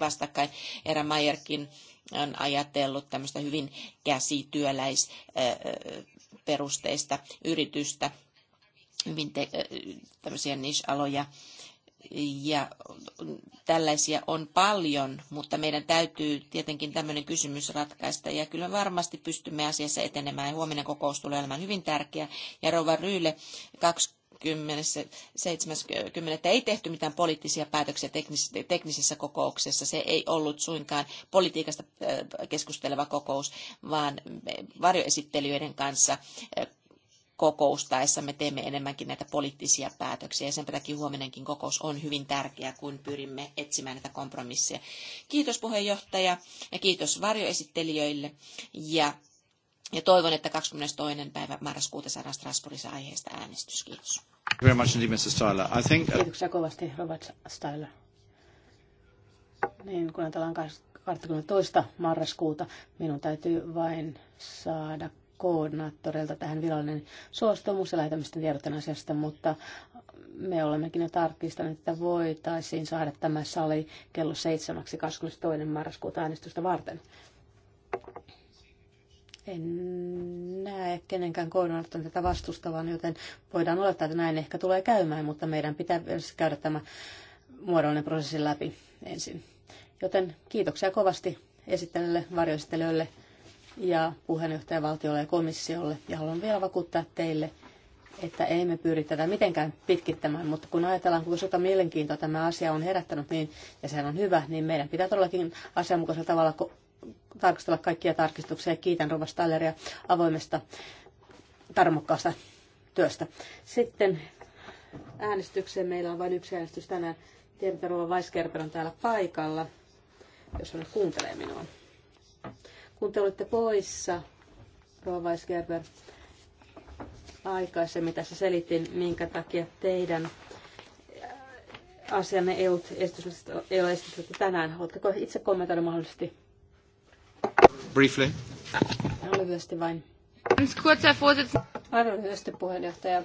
Speaker 3: vastakkain. Erä Mayerkin on ajatellut tämmöistä hyvin käsityöläisperusteista yritystä, hyvin te, tämmöisiä niche-aloja. Ja tällaisia on paljon, mutta meidän täytyy tietenkin tämmöinen kysymys ratkaista. Ja kyllä varmasti pystymme asiassa etenemään. Huominen kokous tulee olemaan hyvin tärkeä. Ja Rova Ryyle, 20 30.70. ei tehty mitään poliittisia päätöksiä teknisessä kokouksessa. Se ei ollut suinkaan politiikasta äh, keskusteleva kokous, vaan varjoesittelijöiden kanssa äh, kokoustaessa me teemme enemmänkin näitä poliittisia päätöksiä ja sen takia huomenenkin kokous on hyvin tärkeä, kun pyrimme etsimään näitä kompromisseja. Kiitos puheenjohtaja ja kiitos varjoesittelijöille ja ja toivon, että 22. päivä marraskuuta saadaan Strasbourgissa aiheesta äänestys. Kiitos.
Speaker 1: Very much indeed, Mr. Styler. I think... Uh, Kiitoksia
Speaker 3: kovasti,
Speaker 2: Robert Styler. Niin, kun ajatellaan 22. marraskuuta, minun täytyy vain saada koordinaattoreilta tähän virallinen suostumus ja lähetämisten tiedotteen asiasta, mutta me olemmekin jo tarkistaneet, että voitaisiin saada tämä sali kello 7.22. marraskuuta äänestystä varten. En näe kenenkään koordinaattorin tätä vastustavan, joten voidaan olettaa, että näin ehkä tulee käymään, mutta meidän pitää käydä tämä muodollinen prosessi läpi ensin. Joten kiitoksia kovasti esittelijälle, varjoesittelijöille ja puheenjohtajavaltiolle ja komissiolle. Ja haluan vielä vakuuttaa teille, että emme pyri tätä mitenkään pitkittämään, mutta kun ajatellaan, kuinka sota mielenkiintoa tämä asia on herättänyt, niin, ja sehän on hyvä, niin meidän pitää todellakin asianmukaisella tavalla tarkastella kaikkia tarkistuksia. Kiitän Rova Stalleria avoimesta tarmokkaasta työstä. Sitten äänestykseen. Meillä on vain yksi äänestys tänään. Tiedän, että Rova Weisgerber on täällä paikalla, jos hän kuuntelee minua. Kun te olitte poissa, Rova Weisgerber, aikaisemmin tässä selitin, minkä takia teidän asianne ei, ei ole esitetty tänään. Oletteko itse kommentoida mahdollisesti briefly. Lyhyesti vain.
Speaker 1: Aivan lyhyesti puheenjohtaja.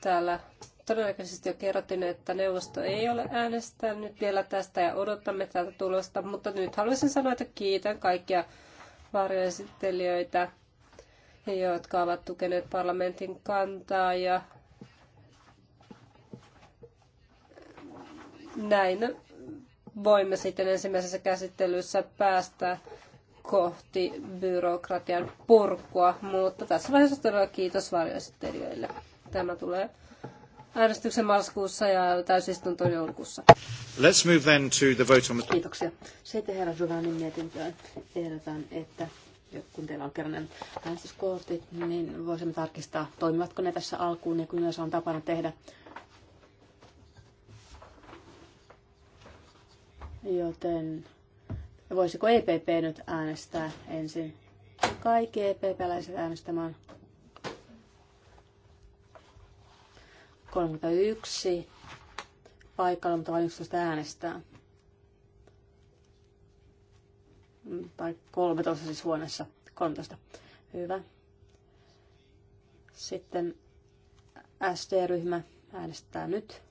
Speaker 1: Täällä todennäköisesti jo kerrottiin, että neuvosto ei ole äänestänyt vielä tästä ja odotamme tältä tulosta, mutta nyt haluaisin sanoa, että kiitän kaikkia varjoesittelijöitä, jotka ovat tukeneet parlamentin kantaa ja näin voimme sitten ensimmäisessä käsittelyssä päästä kohti byrokratian purkua, mutta tässä vaiheessa todella kiitos varjoesittelijöille. Tämä tulee äänestyksen marraskuussa ja täysistuntoon joulukuussa.
Speaker 3: Let's move then to the vote on... Kiitoksia.
Speaker 1: Sitten herra
Speaker 2: Juvanin mietintöön ehdotan, että kun teillä on kerran äänestyskortit, niin voisimme tarkistaa, toimivatko ne tässä alkuun niin kuin myös on tapana tehdä Joten voisiko EPP nyt äänestää ensin? Kaikki EPP-läiset äänestämään. 31 paikalla, mutta vain 11 äänestää. Tai 13 siis huoneessa. 13. Hyvä. Sitten SD-ryhmä äänestää nyt.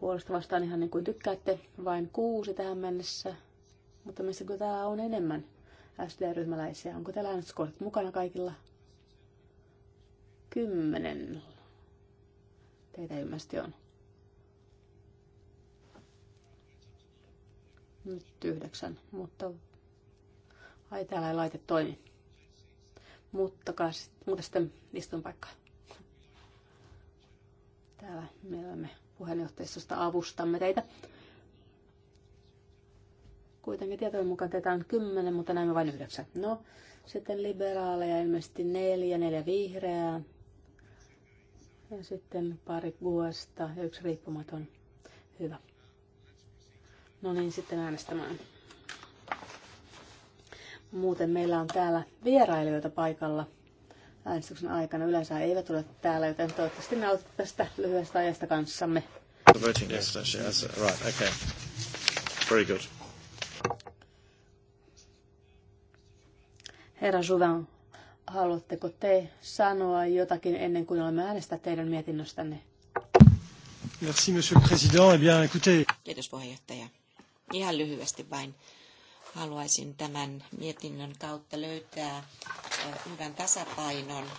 Speaker 2: puolesta vastaan ihan niin kuin tykkäätte, vain kuusi tähän mennessä, mutta kun täällä on enemmän SD-ryhmäläisiä? Onko täällä äänestyskortit mukana kaikilla? Kymmenen. Teitä ilmeisesti on. Nyt yhdeksän, mutta ai täällä ei laite toimi. Mutta sitten istun paikkaa. Täällä me olemme puheenjohtajistosta avustamme teitä. Kuitenkin tietojen mukaan teitä on kymmenen, mutta näemme vain yhdeksän. No, sitten liberaaleja ilmeisesti neljä, neljä vihreää. Ja sitten pari vuosta, ja yksi riippumaton. Hyvä. No niin, sitten äänestämään. Muuten meillä on täällä vierailijoita paikalla äänestyksen aikana. Yleensä eivät ole täällä, joten toivottavasti nautitte tästä lyhyestä ajasta kanssamme.
Speaker 3: The voting list, actually, uh, right, okay. Very good.
Speaker 2: Herra Juvan, haluatteko te sanoa jotakin ennen kuin olemme
Speaker 3: äänestää teidän mietinnöstänne?
Speaker 1: Merci, monsieur le président. Eh bien, écoutez...
Speaker 3: Kiitos puheenjohtaja. Ihan lyhyesti vain haluaisin tämän mietinnön kautta löytää hyvän tasapainon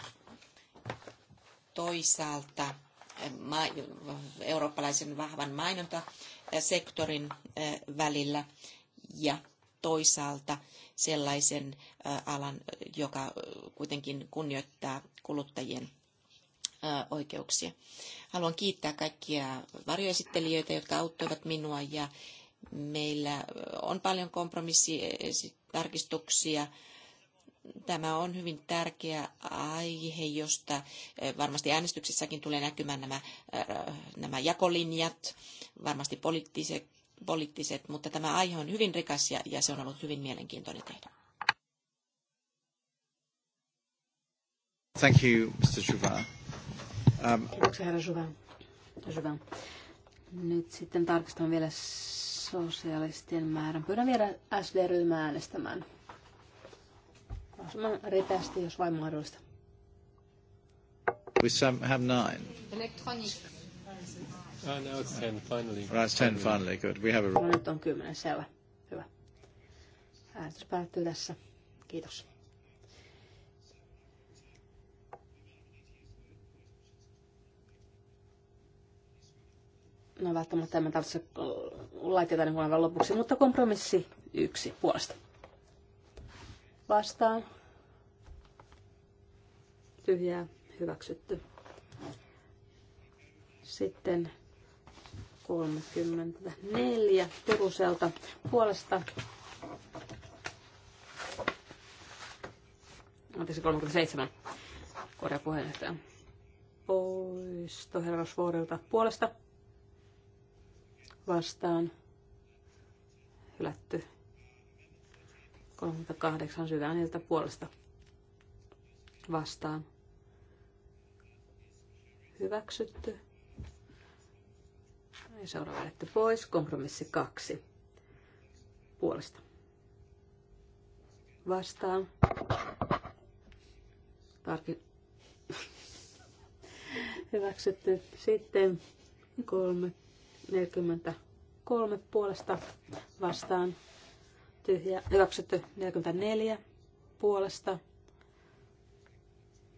Speaker 3: toisaalta eurooppalaisen vahvan mainontasektorin välillä ja toisaalta sellaisen alan, joka kuitenkin kunnioittaa kuluttajien oikeuksia. Haluan kiittää kaikkia varjoesittelijöitä, jotka auttoivat minua ja meillä on paljon kompromissitarkistuksia tämä on hyvin tärkeä aihe, josta eh, varmasti äänestyksissäkin tulee näkymään nämä, eh, nämä jakolinjat, varmasti poliittiset, poliittiset, mutta tämä aihe on hyvin rikas ja, ja se on ollut hyvin mielenkiintoinen tehdä.
Speaker 1: Thank you, Mr. Chauvin. Um...
Speaker 2: Kiitoksia, herra Chauvin. Chauvin. Nyt sitten tarkistan vielä sosialistien määrän. Pyydän vielä SD-ryhmää äänestämään mahdollisimman ripeästi, jos vain mahdollista.
Speaker 1: We some have nine.
Speaker 2: Electronic.
Speaker 1: Oh, no, it's ten, finally. Right, ten, finally. Good. We have a... No,
Speaker 2: nyt on kymmenen, selvä. Hyvä. Äänestys päättyy tässä. Kiitos. No välttämättä emme tarvitse äh, laittaa tänne niin lopuksi, mutta kompromissi yksi puolesta. Vastaan tyhjää hyväksytty. Sitten 34 Turuselta puolesta. Anteeksi, 37 puheenjohtaja. Poisto herrasvuorilta puolesta vastaan hylätty 38 sydäniltä puolesta vastaan hyväksytty. seuraava vedetty pois. Kompromissi kaksi. Puolesta. Vastaan. Tarki. Hyväksytty. Sitten 3, 43 puolesta vastaan. Tyhjä. Hyväksytty 44 puolesta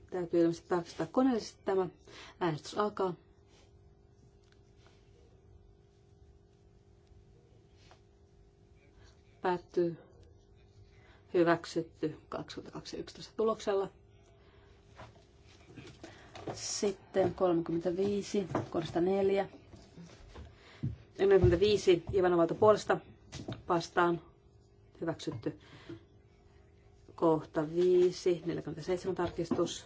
Speaker 2: Täytyy ilmeisesti tarkistaa koneellisesti tämä. Äänestys alkaa. Päättyy. Hyväksytty 2021 tuloksella. Sitten 35, kohdasta 4. 45 Ivanovalta puolesta vastaan hyväksytty kohta 5, 47 tarkistus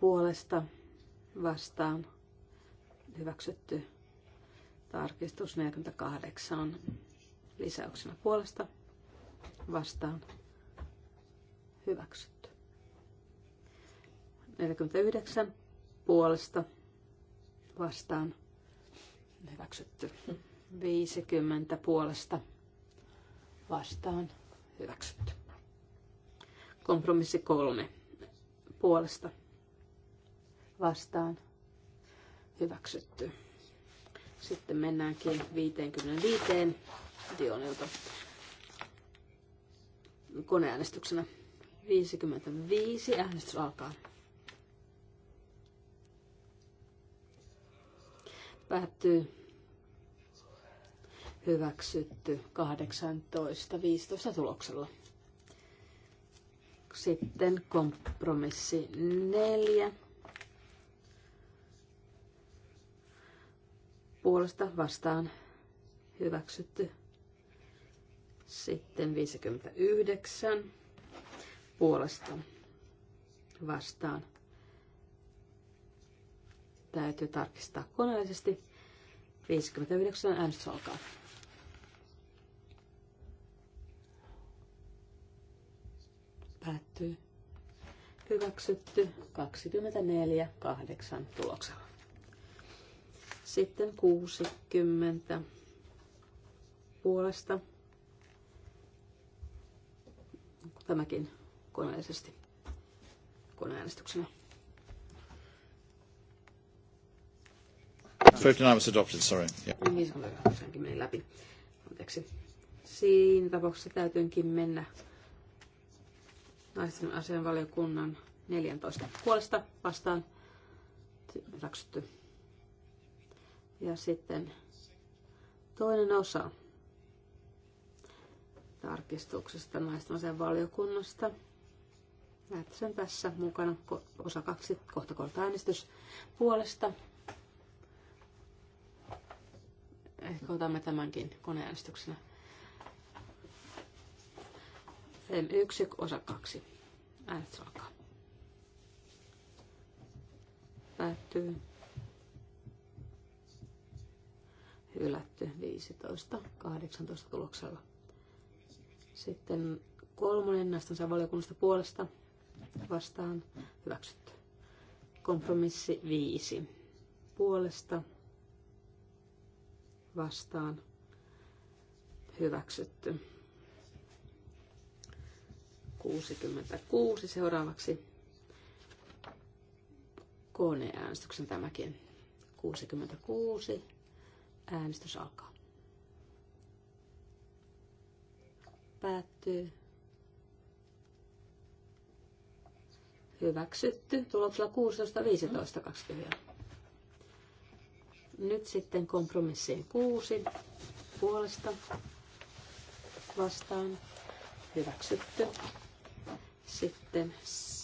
Speaker 2: puolesta vastaan hyväksytty tarkistus 48 lisäyksenä puolesta vastaan hyväksytty. 49 puolesta vastaan hyväksytty. 50 puolesta vastaan hyväksytty. Kompromissi kolme puolesta vastaan hyväksytty. Sitten mennäänkin 55 Dionilta koneäänestyksenä. 55 äänestys alkaa. Päättyy hyväksytty 18-15 tuloksella. Sitten kompromissi 4 puolesta vastaan hyväksytty. Sitten 59 puolesta vastaan. Täytyy tarkistaa koneellisesti. 59 äänestys alkaa. Päättyy. Hyväksytty 24.8 tuloksella. Sitten 60 puolesta. Tämäkin koneellisesti koneäänestyksenä.
Speaker 1: 59 was adopted, sorry. Yeah.
Speaker 2: 59 meni läpi. Anteeksi. Siinä tapauksessa täytyykin mennä naisten asianvaliokunnan 14 puolesta vastaan hyväksytty. Ja sitten toinen osa tarkistuksesta naisten valiokunnasta. Näette sen tässä mukana osa kaksi, kohta kohta äänestys puolesta. Ehkä otamme tämänkin koneäänestyksenä. M1, osa 2. Äänestys alkaa. Päättyy. hylätty 15-18 tuloksella. Sitten kolmonen näistä valiokunnasta puolesta vastaan hyväksytty. Kompromissi 5 puolesta vastaan hyväksytty. 66 seuraavaksi koneäänestyksen tämäkin. 66 Äänestys alkaa. Päättyy. Hyväksytty. Tuloksella 16, 15, 20. Nyt sitten kompromissiin kuusi puolesta vastaan hyväksytty. Sitten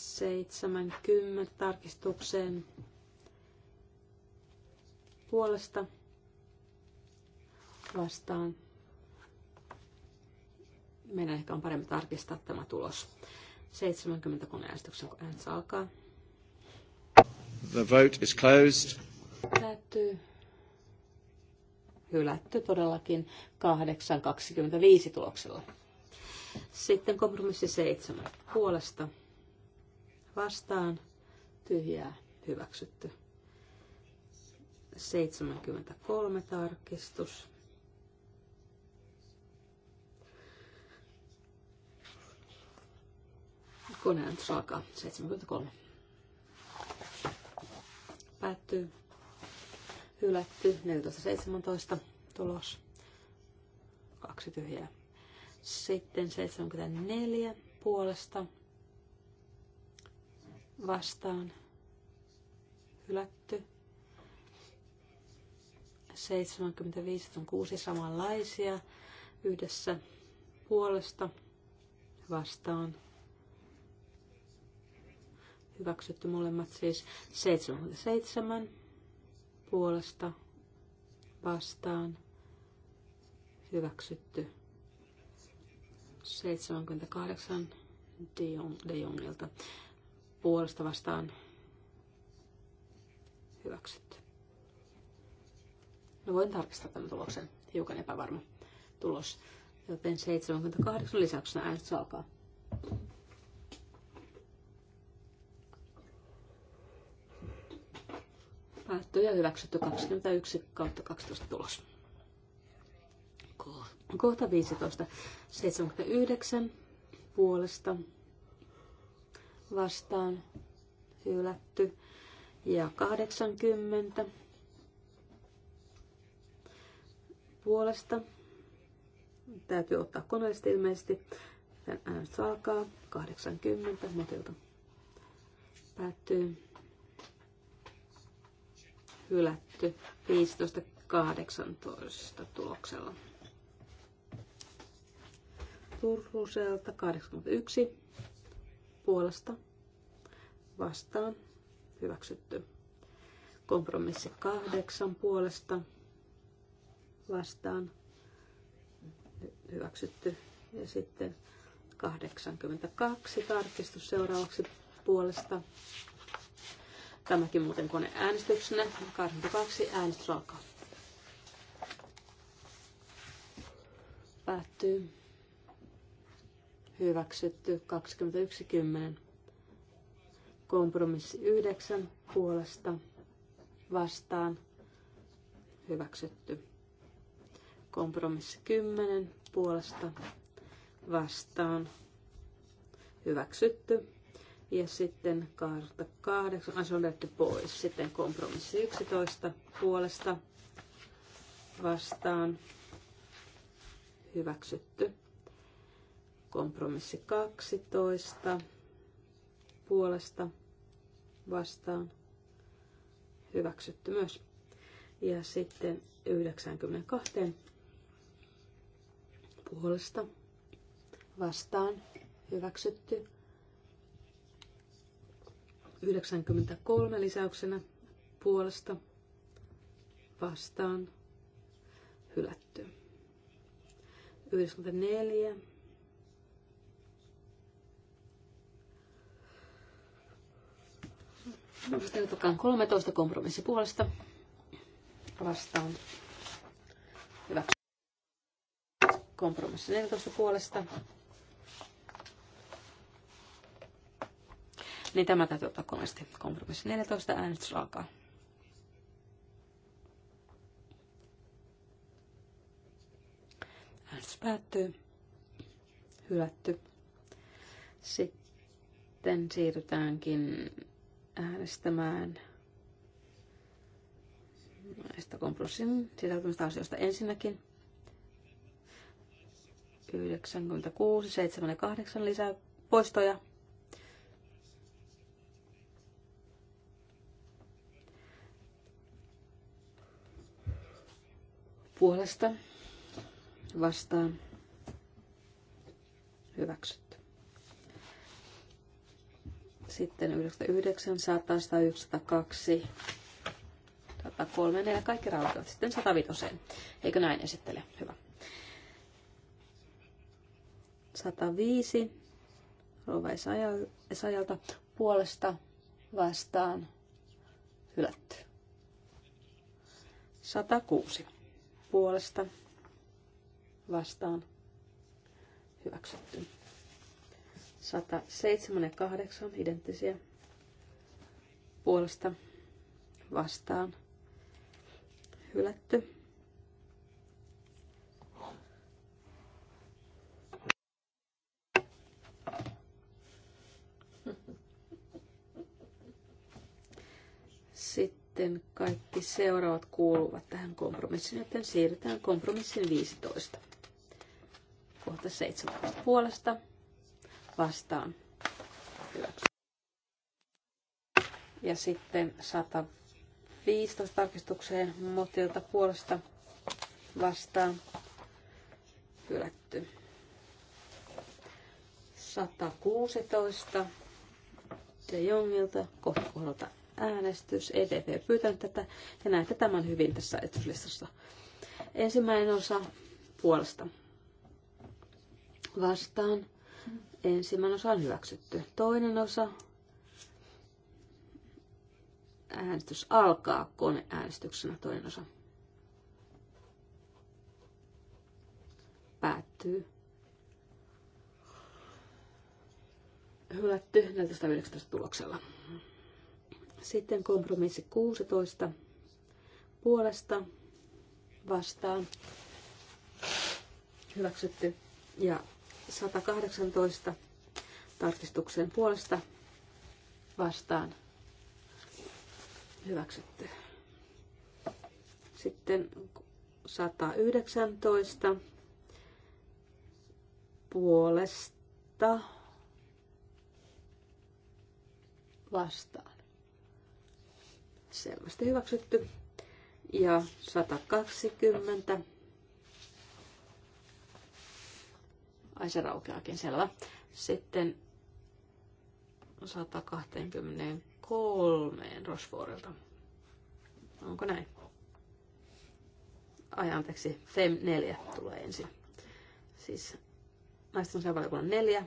Speaker 2: 70 tarkistukseen puolesta vastaan. Meidän ehkä on parempi tarkistaa tämä tulos. 70 koneäänestyksen kun äänestys alkaa.
Speaker 3: The vote is closed.
Speaker 1: Päättyy.
Speaker 2: Hylätty todellakin 8.25 tuloksella. Sitten kompromissi 7. Puolesta vastaan tyhjää hyväksytty. 73 tarkistus Koneäänestys alkaa. 73. Päättyy. Hylätty. 14.17. Tulos. Kaksi tyhjää. Sitten 74 puolesta vastaan hylätty. 75 on kuusi samanlaisia yhdessä puolesta vastaan Hyväksytty molemmat siis 77 puolesta vastaan. Hyväksytty 78 De, Jong, De Jongilta puolesta vastaan. Hyväksytty. No voin tarkistaa tämän tuloksen. Hiukan epävarma tulos. Joten 78 lisäyksenä äänestys alkaa. päättyy ja hyväksytty 21 kautta 12 tulos. Kohta 15. 79 puolesta vastaan hylätty ja 80 puolesta. Täytyy ottaa koneellisesti ilmeisesti. Äänestys alkaa 80 motilta. Päättyy hylätty 15.18 tuloksella. Turuselta 81 puolesta vastaan hyväksytty. Kompromissi 8 puolesta vastaan hyväksytty. Ja sitten 82 tarkistus seuraavaksi puolesta Tämäkin muuten kone koneäänestyksenä. 82 äänestys alkaa. Päättyy. Hyväksytty 21.10. Kompromissi 9 puolesta vastaan. Hyväksytty. Kompromissi 10 puolesta vastaan. Hyväksytty. Ja sitten kahdesta kahdeksan, se on lähty pois. Sitten kompromissi 11 puolesta vastaan hyväksytty. Kompromissi 12 puolesta vastaan hyväksytty myös. Ja sitten 92 puolesta vastaan hyväksytty 93 lisäyksenä puolesta vastaan hylätty. 94 Muistelutokaan 13 kompromissi puolesta vastaan. Hyväksy. Kompromissi 14 puolesta niin tämä täytyy ottaa koneesti. Kompromissi 14, äänestys alkaa. Äänestys päättyy. Hylätty. Sitten siirrytäänkin äänestämään näistä kompromissin sisältämistä asioista ensinnäkin. 96, 7 ja 8 lisää poistoja puolesta vastaan hyväksytty. Sitten 99, 100, 101, 102, 103, 4, kaikki rautat. Sitten 105. Eikö näin esittele? Hyvä. 105. Rova Esajalta puolesta vastaan hylätty. 106 puolesta vastaan hyväksytty. 107 ja 8 identtisiä puolesta vastaan hylätty. sitten kaikki seuraavat kuuluvat tähän kompromissiin, joten siirrytään kompromissin 15. Kohta 17 puolesta vastaan. Ja sitten 115 tarkistukseen motilta puolesta vastaan. Hylätty. 116 De Jongilta kohta äänestys. EDP pyytänyt tätä ja näette tämän hyvin tässä etuslistassa. Ensimmäinen osa puolesta. Vastaan. Ensimmäinen osa on hyväksytty. Toinen osa. Äänestys alkaa koneäänestyksenä toinen osa. Päättyy. Hylätty 14.19 tuloksella. Sitten kompromissi 16 puolesta vastaan hyväksytty ja 118 tarkistuksen puolesta vastaan hyväksytty. Sitten 119 puolesta vastaan. Selvästi hyväksytty. Ja 120. Ai se raukeakin, selvä. Sitten 123 Rosforilta. Onko näin? Ai anteeksi, FEM 4 tulee ensin. Siis naisten valiokunnan neljä.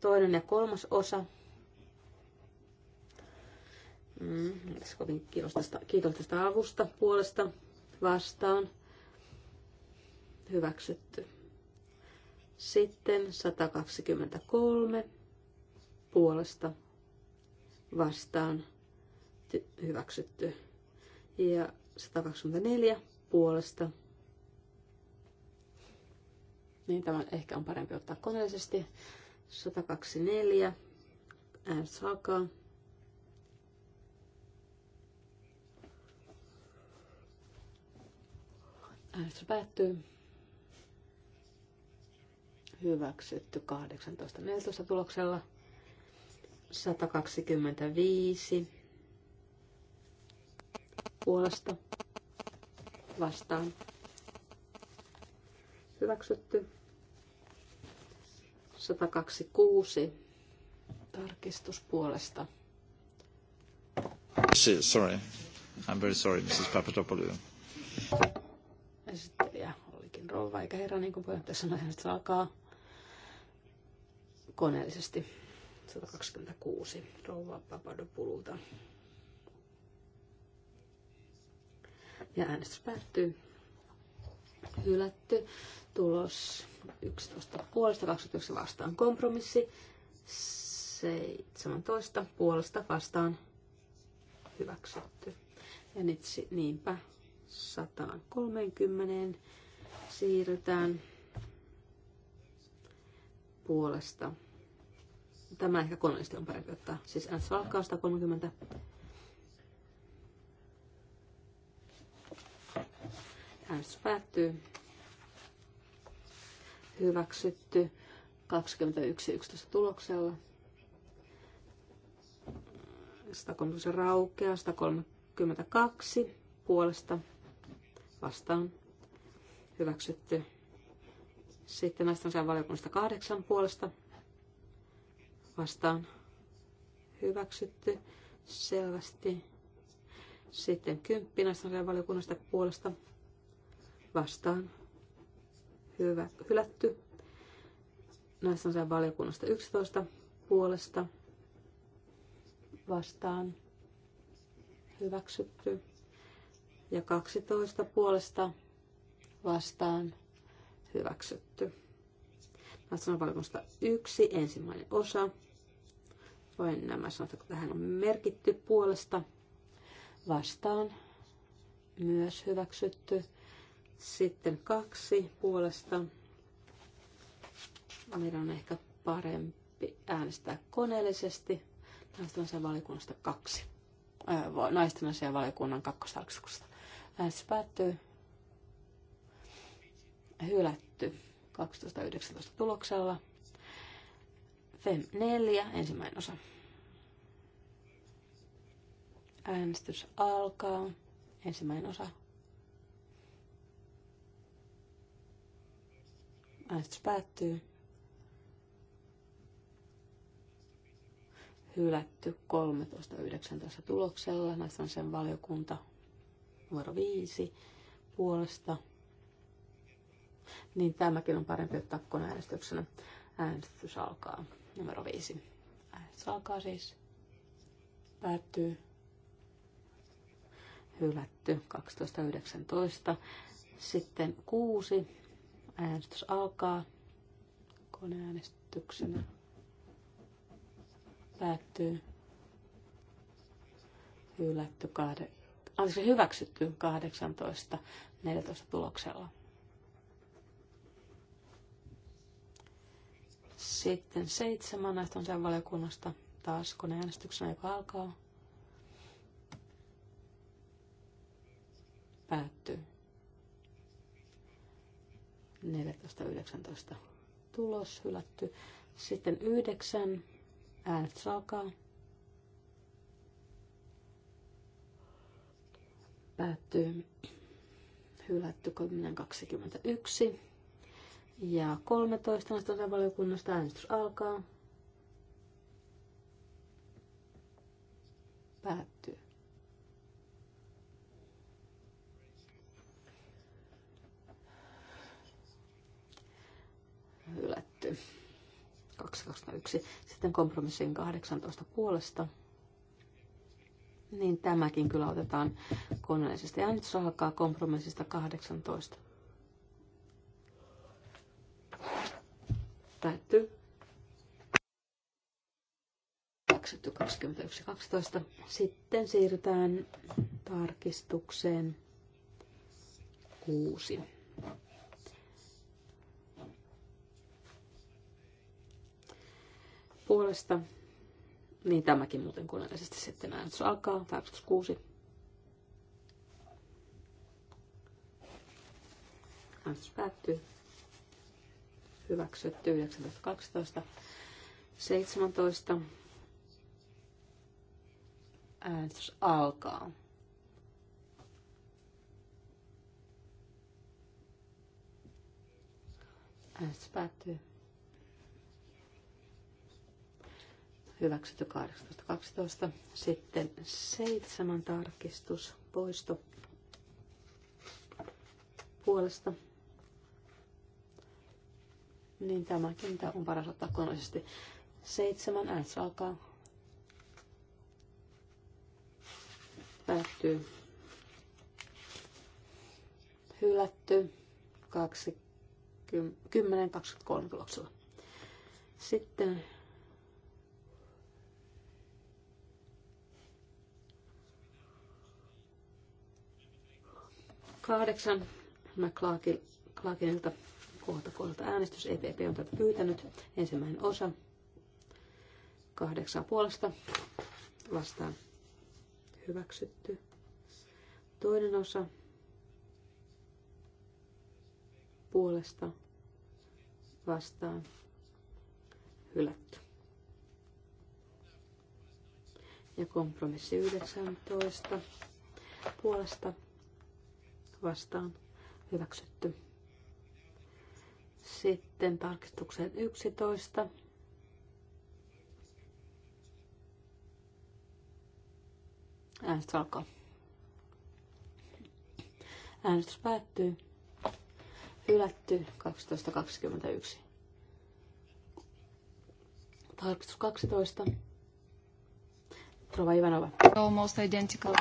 Speaker 2: Toinen ja kolmas osa Mm, kovin kiitos tästä, kiitos tästä avusta puolesta vastaan. Hyväksytty. Sitten 123 puolesta vastaan hyväksytty. Ja 124 puolesta. Niin tämä ehkä on parempi ottaa koneellisesti. 124 äänestys alkaa. Äänestys päättyy. Hyväksytty 18.14 tuloksella. 125 puolesta vastaan. Hyväksytty. 126 tarkistus puolesta.
Speaker 1: Sorry. I'm very sorry, Mrs. Papadopoulou
Speaker 2: tietenkin rouva eikä herra, niin kuin puheenjohtaja sanoi, että se alkaa koneellisesti 126 rouva Papadopululta. Ja äänestys päättyy. Hylätty. Tulos 11 puolesta, 21 vastaan kompromissi. 17 puolesta vastaan hyväksytty. Ja nyt niinpä 130 siirrytään puolesta. Tämä ehkä koneellisesti on parempi ottaa. Siis äänestys alkaa 130. Äänestys päättyy. Hyväksytty 21.11 tuloksella. 130 raukeaa, 132 puolesta vastaan hyväksytty. Sitten näistä on valiokunnasta kahdeksan puolesta vastaan hyväksytty selvästi. Sitten kymppi on valiokunnasta puolesta vastaan hyvä, hylätty. on valiokunnasta 11 puolesta vastaan hyväksytty. Ja 12 puolesta vastaan hyväksytty. Natsanavalkoista yksi, ensimmäinen osa. Voin nämä sanoa, kun tähän on merkitty puolesta vastaan myös hyväksytty. Sitten kaksi puolesta. Meidän on ehkä parempi äänestää koneellisesti. Naisten asian valikunnasta kaksi. naisten asian valikunnan kakkosalksuksesta. Äänestys päättyy hylätty 12.19 tuloksella. FEM 4, ensimmäinen osa. Äänestys alkaa. Ensimmäinen osa. Äänestys päättyy. Hylätty 13.19 tuloksella. näissä on sen valiokunta numero 5 puolesta niin tämäkin on parempi ottaa koneäänestyksenä. Äänestys alkaa. Numero viisi. Äänestys alkaa siis. Päättyy. Hylätty. 12.19. Sitten kuusi. Äänestys alkaa. Koneäänestyksenä. Päättyy. Hylätty. Kahde, anteeksi, hyväksytty 18.14 tuloksella. Sitten seitsemän siellä valiokunnasta taas koneäänestyksen aika alkaa. Päättyy. 14.19. Tulos hylätty. Sitten yhdeksän. Äänestys alkaa. Päättyy. Hylätty 321. Ja 13. valiokunnasta äänestys alkaa. Päättyy. Hylätty. 221. Sitten kompromissiin 18 puolesta. Niin tämäkin kyllä otetaan koneellisesti. Äänestys alkaa kompromissista 18. Päättyy. 21.12. Sitten siirrytään tarkistukseen 6. Puolesta, niin tämäkin muuten kunnallisesti sitten äänestys alkaa, tarkistus 6. Äänestys päättyy hyväksytty 1912. 17. Äänestys alkaa. Äänestys päättyy. Hyväksytty 18.12. Sitten seitsemän tarkistus, poisto puolesta niin tämäkin on paras ottaa kunnollisesti. Seitsemän äänestys alkaa. Päättyy. Hylätty. 10-23 tuloksella. Sitten kahdeksan McClarkinilta kohta kohdalta äänestys. EPP on tätä pyytänyt. Ensimmäinen osa. Kahdeksan puolesta vastaan hyväksytty. Toinen osa puolesta vastaan hylätty. Ja kompromissi 19 puolesta vastaan hyväksytty. Sitten tarkistukseen 11. Äänestys alkaa. Äänestys päättyy. Hylätty 12.21. Tarkistus 12.
Speaker 3: Rova Ivanova. Almost identical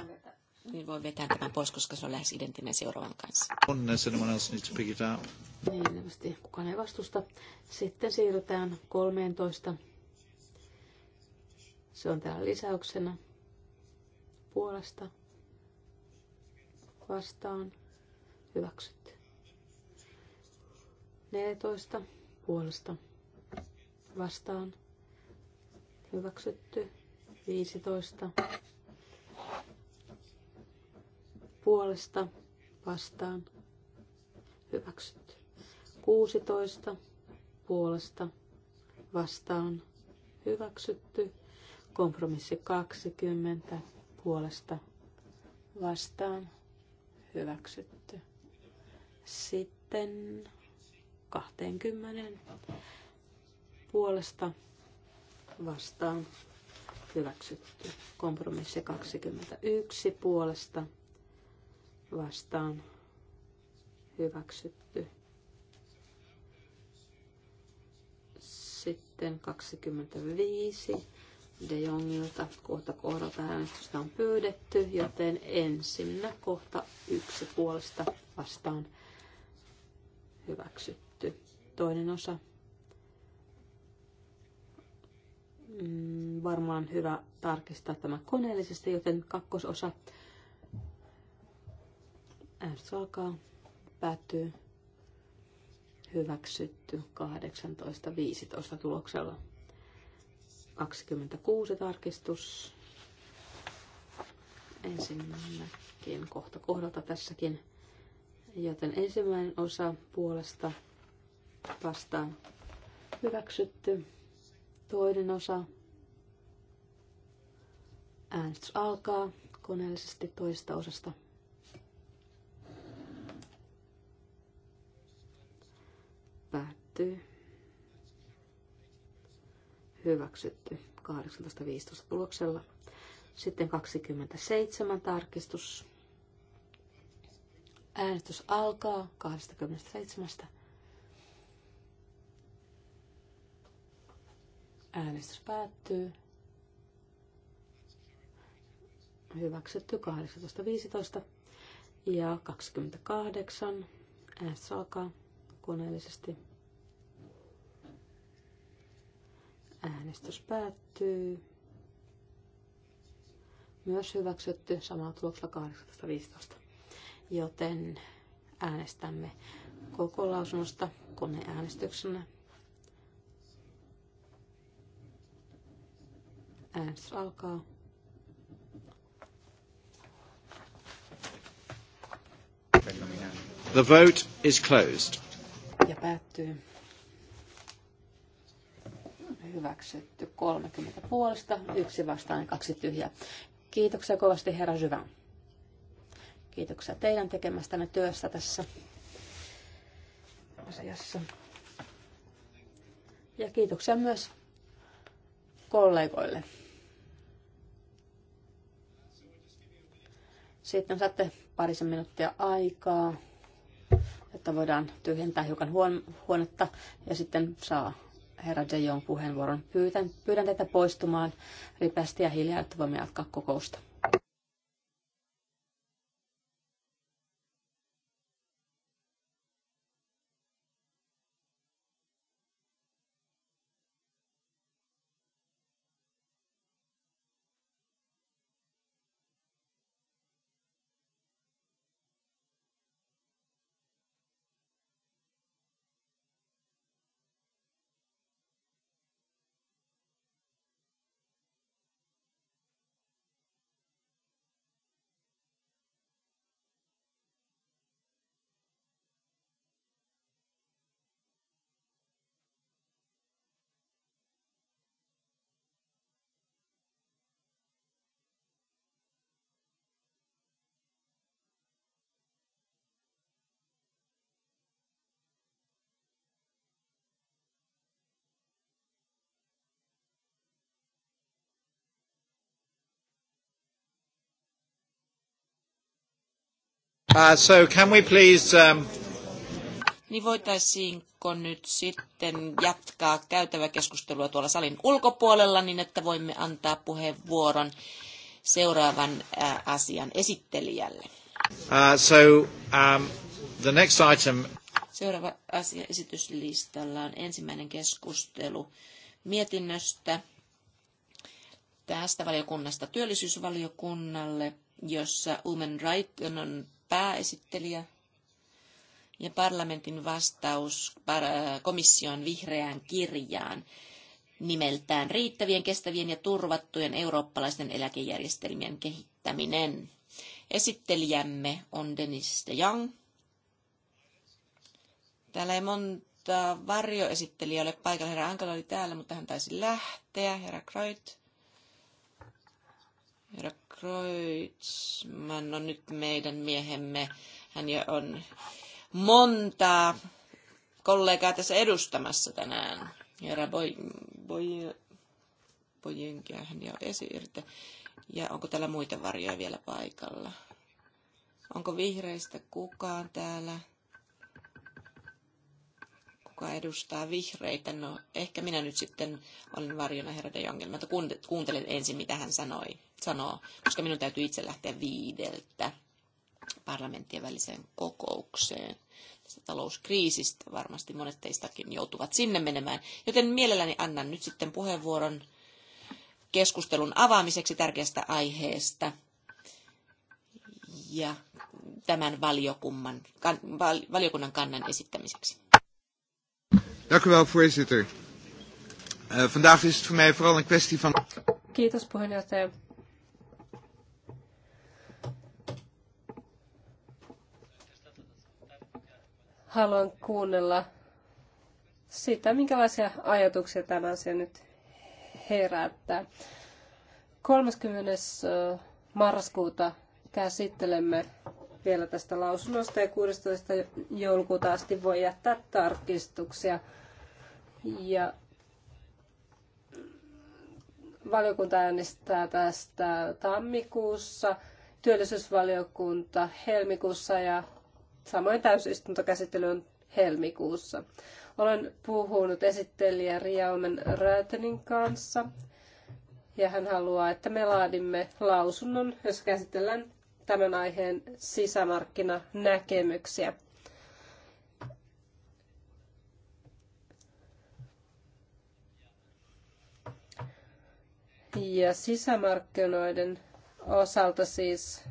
Speaker 3: niin voi vetää tämän pois, koska se on lähes identtinen seuraavan kanssa.
Speaker 1: Onneksi anyone else needs to pick it up.
Speaker 3: Niin,
Speaker 2: ilmeisesti kukaan ei vastusta. Sitten siirrytään 13. Se on täällä lisäyksenä puolesta vastaan hyväksytty. 14 puolesta vastaan hyväksytty. 15 puolesta vastaan hyväksytty. 16 puolesta vastaan hyväksytty. Kompromissi 20 puolesta vastaan hyväksytty. Sitten 20 puolesta vastaan hyväksytty. Kompromissi 21 puolesta vastaan hyväksytty. Sitten 25 De Jongilta kohta kohdalta äänestystä on pyydetty, joten ensinnä kohta yksi puolesta vastaan hyväksytty. Toinen osa. Mm, varmaan hyvä tarkistaa tämä koneellisesti, joten kakkososa Äänestys alkaa. Päättyy. Hyväksytty 18.15 tuloksella. 26 tarkistus. ensimmäinenkin kohta kohdalta tässäkin. Joten ensimmäinen osa puolesta vastaan hyväksytty. Toinen osa. Äänestys alkaa koneellisesti toista osasta. hyväksytty. Hyväksytty 18.15 tuloksella. Sitten 27 tarkistus. Äänestys alkaa 27. Äänestys päättyy. Hyväksytty 18.15 ja 28. Äänestys alkaa koneellisesti. 18.15. Äänestys päättyy. Myös hyväksytty samalla tuloksella 1815. Joten äänestämme koko lausunnosta koneäänestyksenä. Äänestys alkaa.
Speaker 1: The vote is closed.
Speaker 2: Ja päättyy hyväksytty 30 puolesta, yksi vastaan, kaksi tyhjää. Kiitoksia kovasti herra Syvän. Kiitoksia teidän tekemästänne työstä tässä asiassa. Ja kiitoksia myös kollegoille. Sitten saatte parisen minuuttia aikaa, että voidaan tyhjentää hiukan huonetta ja sitten saa herra Dejon puheenvuoron. Pyytän, pyydän teitä poistumaan ripeästi ja hiljaa, että voimme jatkaa kokousta.
Speaker 3: Uh, so can we please, um... Niin voitaisiinko nyt sitten jatkaa käytävä keskustelua tuolla salin ulkopuolella niin, että voimme antaa puheenvuoron seuraavan uh, asian esittelijälle. Uh, so, um, the next item... Seuraava asia esityslistalla on ensimmäinen keskustelu mietinnöstä tästä valiokunnasta työllisyysvaliokunnalle, jossa Women Rights on pääesittelijä ja parlamentin vastaus äh, komission vihreään kirjaan nimeltään riittävien, kestävien ja turvattujen eurooppalaisten eläkejärjestelmien kehittäminen. Esittelijämme on Dennis de Jong. Täällä ei monta varjoesittelijä ole paikalla. Herra Ankala oli täällä, mutta hän taisi lähteä. Herra Kreut Herra Kreutzmann on nyt meidän miehemme. Hän jo on montaa kollegaa tässä edustamassa tänään. Herra Boy, Boy, hän jo esiirte. Ja onko täällä muita varjoja vielä paikalla? Onko vihreistä kukaan täällä? Kuka edustaa vihreitä? No ehkä minä nyt sitten olen varjona herra de Jongel, mutta kuuntelen ensin mitä hän sanoi sanoa, koska minun täytyy itse lähteä viideltä parlamenttien väliseen kokoukseen tästä talouskriisistä. Varmasti monet teistäkin joutuvat sinne menemään. Joten mielelläni annan nyt sitten puheenvuoron keskustelun avaamiseksi tärkeästä aiheesta. Ja tämän valiokunnan, kan, val, valiokunnan kannan esittämiseksi.
Speaker 2: Dank u wel, voorzitter. Uh, vandaag is het voor mij vooral een kwestie van...
Speaker 1: Kiitos, puheenjohtaja. haluan kuunnella sitä, minkälaisia ajatuksia tämä asia nyt herättää. 30. marraskuuta käsittelemme vielä tästä lausunnosta ja 16. joulukuuta asti voi jättää tarkistuksia. Ja valiokunta äänestää tästä tammikuussa, työllisyysvaliokunta helmikuussa ja Samoin täysistuntokäsittely on helmikuussa. Olen puhunut esittelijä Riaumen Räätenin kanssa ja hän haluaa, että me laadimme lausunnon, jossa käsitellään tämän aiheen sisämarkkinanäkemyksiä. Ja sisämarkkinoiden osalta siis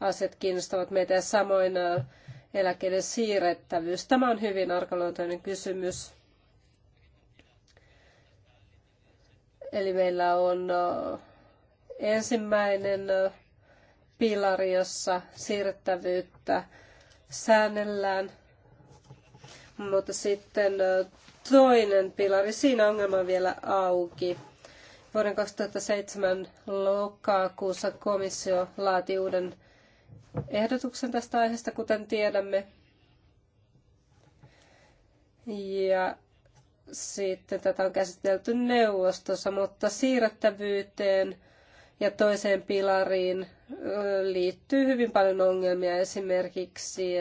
Speaker 1: asiat kiinnostavat meitä ja samoin äh, eläkkeiden siirrettävyys. Tämä on hyvin arkaluontoinen kysymys. Eli meillä on ensimmäinen pilari, jossa siirrettävyyttä säännellään, mutta sitten toinen pilari, siinä ongelma on vielä auki. Vuoden 2007 lokakuussa komissio laati uuden ehdotuksen tästä aiheesta, kuten tiedämme. Ja sitten tätä on käsitelty neuvostossa, mutta siirrettävyyteen ja toiseen pilariin liittyy hyvin paljon ongelmia, esimerkiksi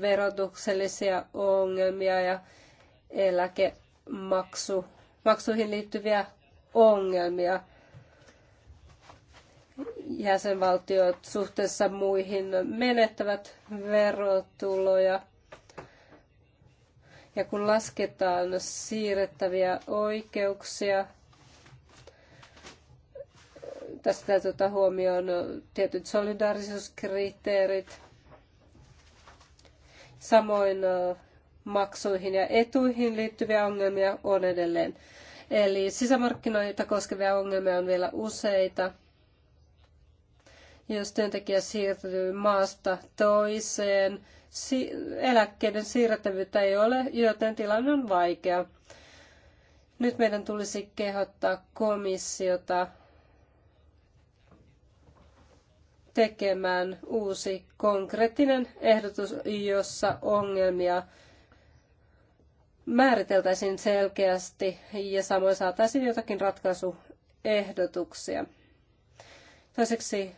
Speaker 1: verotuksellisia ongelmia ja eläkemaksuihin liittyviä ongelmia jäsenvaltiot suhteessa muihin menettävät verotuloja. Ja kun lasketaan siirrettäviä oikeuksia, tässä täytyy ottaa huomioon tietyt solidaarisuuskriteerit, samoin maksuihin ja etuihin liittyviä ongelmia on edelleen. Eli sisämarkkinoita koskevia ongelmia on vielä useita jos työntekijä siirtyy maasta toiseen. Eläkkeiden siirrettävyyttä ei ole, joten tilanne on vaikea. Nyt meidän tulisi kehottaa komissiota tekemään uusi konkreettinen ehdotus, jossa ongelmia määriteltäisiin selkeästi ja samoin saataisiin jotakin ratkaisuehdotuksia. Toiseksi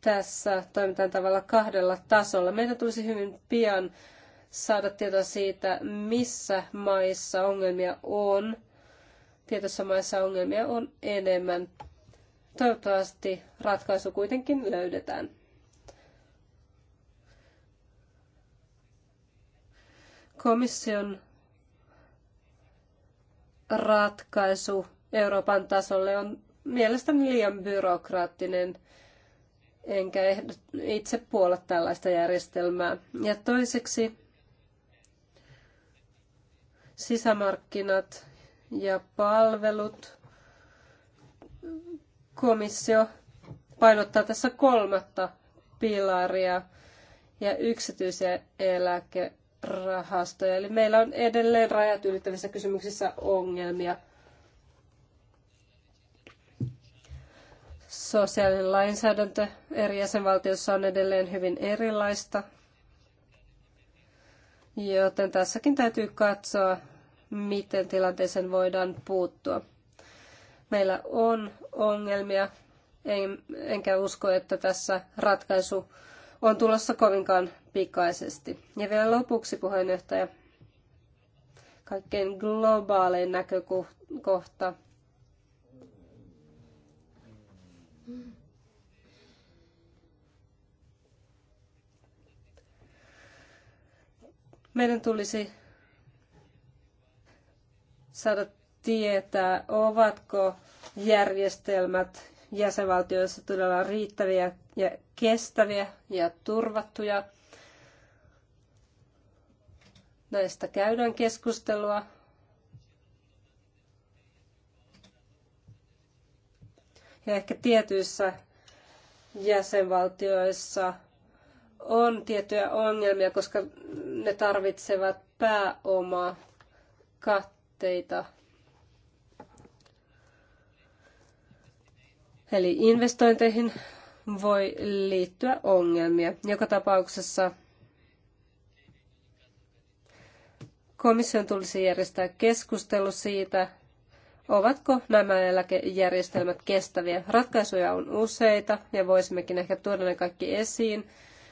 Speaker 1: tässä toimitaan tavalla kahdella tasolla. Meidän tulisi hyvin pian saada tietoa siitä, missä maissa ongelmia on. Tietyissä maissa ongelmia on enemmän. Toivottavasti ratkaisu kuitenkin löydetään. Komission ratkaisu Euroopan tasolle on mielestäni liian byrokraattinen – enkä itse puolla tällaista järjestelmää. Ja toiseksi sisämarkkinat ja palvelut. Komissio painottaa tässä kolmatta pilaria ja yksityisiä eläkerahastoja. Eli meillä on edelleen rajat ylittävissä kysymyksissä ongelmia – lainsäädäntö eri jäsenvaltioissa on edelleen hyvin erilaista, joten tässäkin täytyy katsoa, miten tilanteeseen voidaan puuttua. Meillä on ongelmia, en, enkä usko, että tässä ratkaisu on tulossa kovinkaan pikaisesti. Ja vielä lopuksi puheenjohtaja, kaikkein globaalein näkökohta – Meidän tulisi saada tietää, ovatko järjestelmät jäsenvaltioissa todella riittäviä ja kestäviä ja turvattuja. Näistä käydään keskustelua Ja ehkä tietyissä jäsenvaltioissa on tiettyjä ongelmia, koska ne tarvitsevat pääomaa katteita. Eli investointeihin voi liittyä ongelmia. Joka tapauksessa komission tulisi järjestää keskustelu siitä, Ovatko nämä eläkejärjestelmät kestäviä? Ratkaisuja on useita ja voisimmekin ehkä tuoda ne kaikki esiin,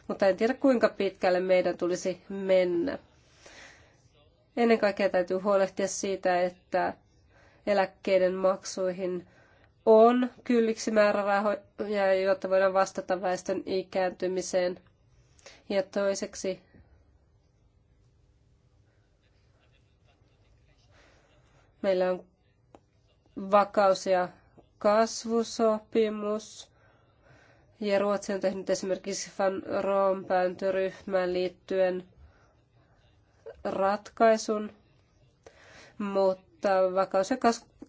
Speaker 1: mutta en tiedä kuinka pitkälle meidän tulisi mennä. Ennen kaikkea täytyy huolehtia siitä, että eläkkeiden maksuihin on kylliksi määrärahoja, jotta voidaan vastata väestön ikääntymiseen. Ja toiseksi meillä on vakaus- ja kasvusopimus. Ja Ruotsi on tehnyt esimerkiksi Van Rompuyn liittyen ratkaisun, mutta vakaus- ja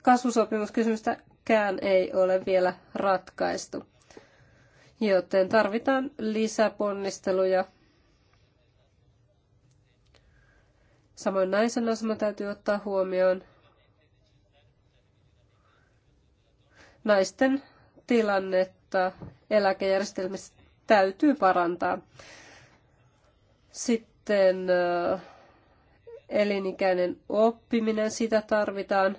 Speaker 1: kasvusopimuskysymystäkään ei ole vielä ratkaistu. Joten tarvitaan lisäponnisteluja. Samoin naisen asema täytyy ottaa huomioon naisten tilannetta eläkejärjestelmissä täytyy parantaa. Sitten elinikäinen oppiminen, sitä tarvitaan,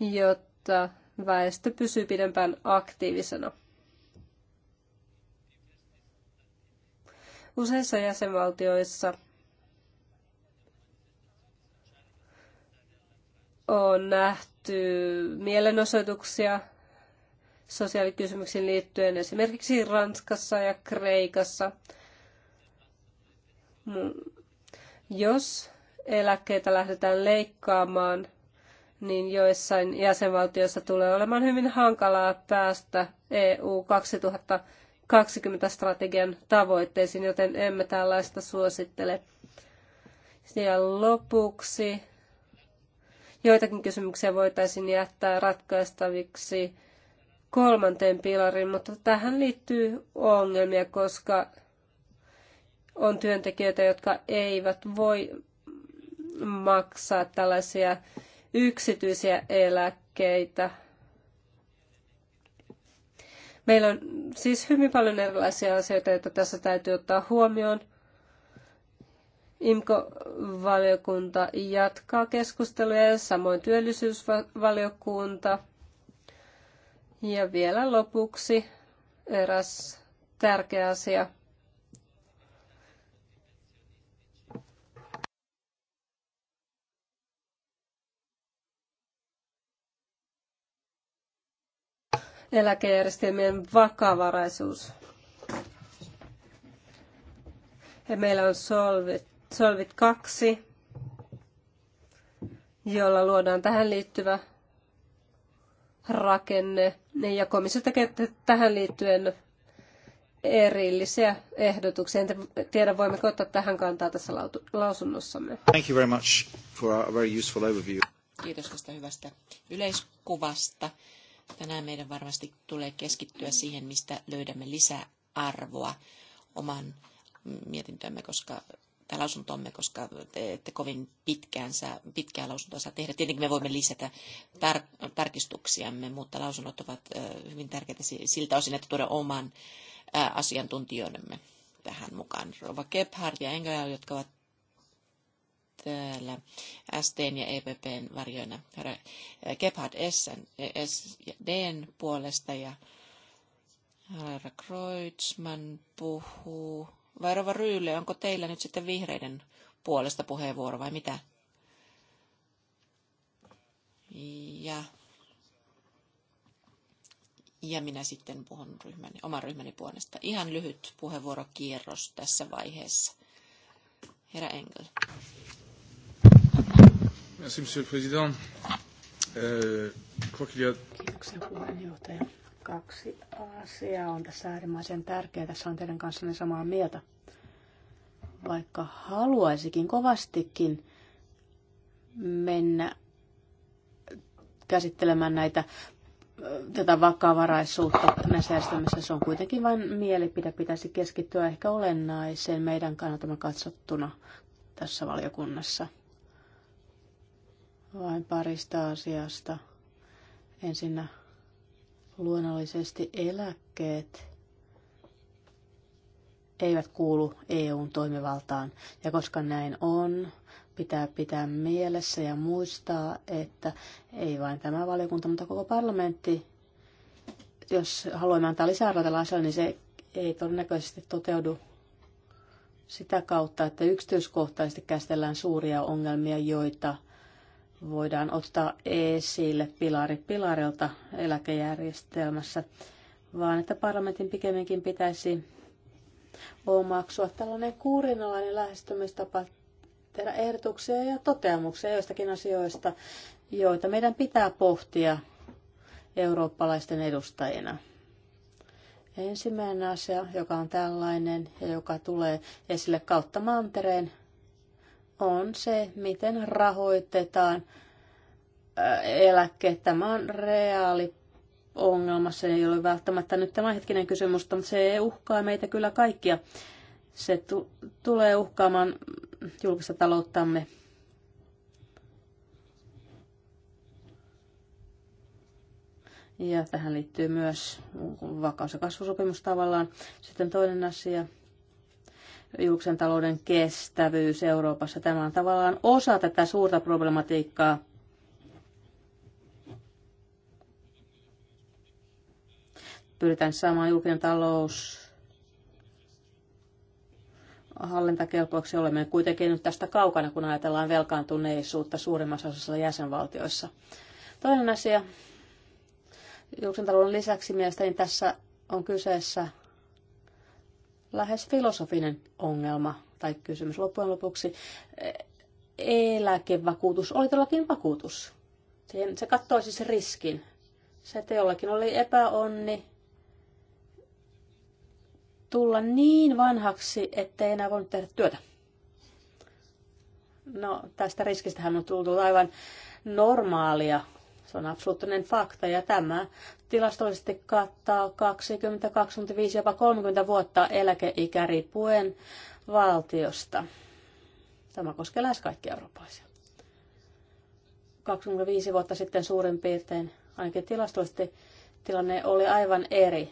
Speaker 1: jotta väestö pysyy pidempään aktiivisena. Useissa jäsenvaltioissa on nähty mielenosoituksia sosiaalikysymyksiin liittyen esimerkiksi Ranskassa ja Kreikassa. Jos eläkkeitä lähdetään leikkaamaan, niin joissain jäsenvaltioissa tulee olemaan hyvin hankalaa päästä EU 2020 strategian tavoitteisiin, joten emme tällaista suosittele. Ja lopuksi Joitakin kysymyksiä voitaisiin jättää ratkaistaviksi kolmanteen pilariin, mutta tähän liittyy ongelmia, koska on työntekijöitä, jotka eivät voi maksaa tällaisia yksityisiä eläkkeitä. Meillä on siis hyvin paljon erilaisia asioita, joita tässä täytyy ottaa huomioon – IMKO-valiokunta jatkaa keskusteluja ja samoin työllisyysvaliokunta. Ja vielä lopuksi eräs tärkeä asia. eläkejärjestelmien vakavaraisuus. Ja meillä on Solvit Solvit 2, jolla luodaan tähän liittyvä rakenne. Ja komissio tekee tähän liittyen erillisiä ehdotuksia. En tiedä, voimmeko ottaa tähän kantaa tässä lausunnossamme.
Speaker 3: Thank you very much for a very useful overview. Kiitos tästä hyvästä yleiskuvasta. Tänään meidän varmasti tulee keskittyä siihen, mistä löydämme lisäarvoa oman mietintömme, koska pitkää lausuntomme, koska te ette kovin pitkään saa, pitkää lausuntoa saa tehdä. Tietenkin me voimme lisätä tar- tarkistuksiamme, mutta lausunnot ovat hyvin tärkeitä siltä osin, että tuoda oman asiantuntijoidemme tähän mukaan. Rova Gebhardt ja Engel, jotka ovat täällä STn ja EPPn varjoina. Gebhardt Essen S, ja puolesta ja herra Kreutzmann puhuu vai Rova Ryyli, onko teillä nyt sitten vihreiden puolesta puheenvuoro vai mitä? Ja, ja minä sitten puhun ryhmäni, oman ryhmäni puolesta. Ihan lyhyt puheenvuorokierros tässä vaiheessa. Herra Engel.
Speaker 1: Merci, monsieur le président. Euh, je crois qu'il y a... Kiitoksia
Speaker 2: puheenjohtaja. Kaksi asiaa on tässä äärimmäisen tärkeää. Tässä on teidän kanssanne samaa mieltä. Vaikka haluaisikin kovastikin mennä käsittelemään näitä tätä vakavaraisuutta näissä järjestelmissä. Se on kuitenkin vain mielipide. Pitäisi keskittyä ehkä olennaiseen meidän kannaltamme katsottuna tässä valiokunnassa. Vain parista asiasta. Ensinnä Luonnollisesti eläkkeet eivät kuulu EUn toimivaltaan. Ja koska näin on, pitää pitää mielessä ja muistaa, että ei vain tämä valiokunta, mutta koko parlamentti, jos haluamme antaa lisää asialle, niin se ei todennäköisesti toteudu sitä kautta, että yksityiskohtaisesti käsitellään suuria ongelmia, joita voidaan ottaa esille pilari pilarilta eläkejärjestelmässä, vaan että parlamentin pikemminkin pitäisi omaksua tällainen kurinalainen lähestymistapa tehdä ehdotuksia ja toteamuksia joistakin asioista, joita meidän pitää pohtia eurooppalaisten edustajina. Ensimmäinen asia, joka on tällainen ja joka tulee esille kautta mantereen, on se, miten rahoitetaan eläkkeet. Tämä on reaali ongelma. Se ei ole välttämättä nyt hetkinen kysymys, mutta se uhkaa meitä kyllä kaikkia. Se tulee uhkaamaan julkista talouttamme. Ja tähän liittyy myös vakaus- ja kasvusopimus tavallaan. Sitten toinen asia, julkisen talouden kestävyys Euroopassa. Tämä on tavallaan osa tätä suurta problematiikkaa. Pyritään saamaan julkinen talous hallintakelpoiksi. Olemme kuitenkin nyt tästä kaukana, kun ajatellaan velkaantuneisuutta suurimmassa osassa jäsenvaltioissa. Toinen asia, julkisen talouden lisäksi mielestäni tässä on kyseessä lähes filosofinen ongelma tai kysymys loppujen lopuksi. Eh, eläkevakuutus oli todellakin vakuutus. Se kattoi siis riskin. Se, että jollakin oli epäonni tulla niin vanhaksi, ettei enää voinut tehdä työtä. No, tästä riskistähän on tullut aivan normaalia. Se on absoluuttinen fakta ja tämä tilastollisesti kattaa 20, 25, jopa 30 vuotta eläkeikä riippuen valtiosta. Tämä koskee lähes kaikkia eurooppalaisia. 25 vuotta sitten suurin piirtein, ainakin tilastollisesti, tilanne oli aivan eri.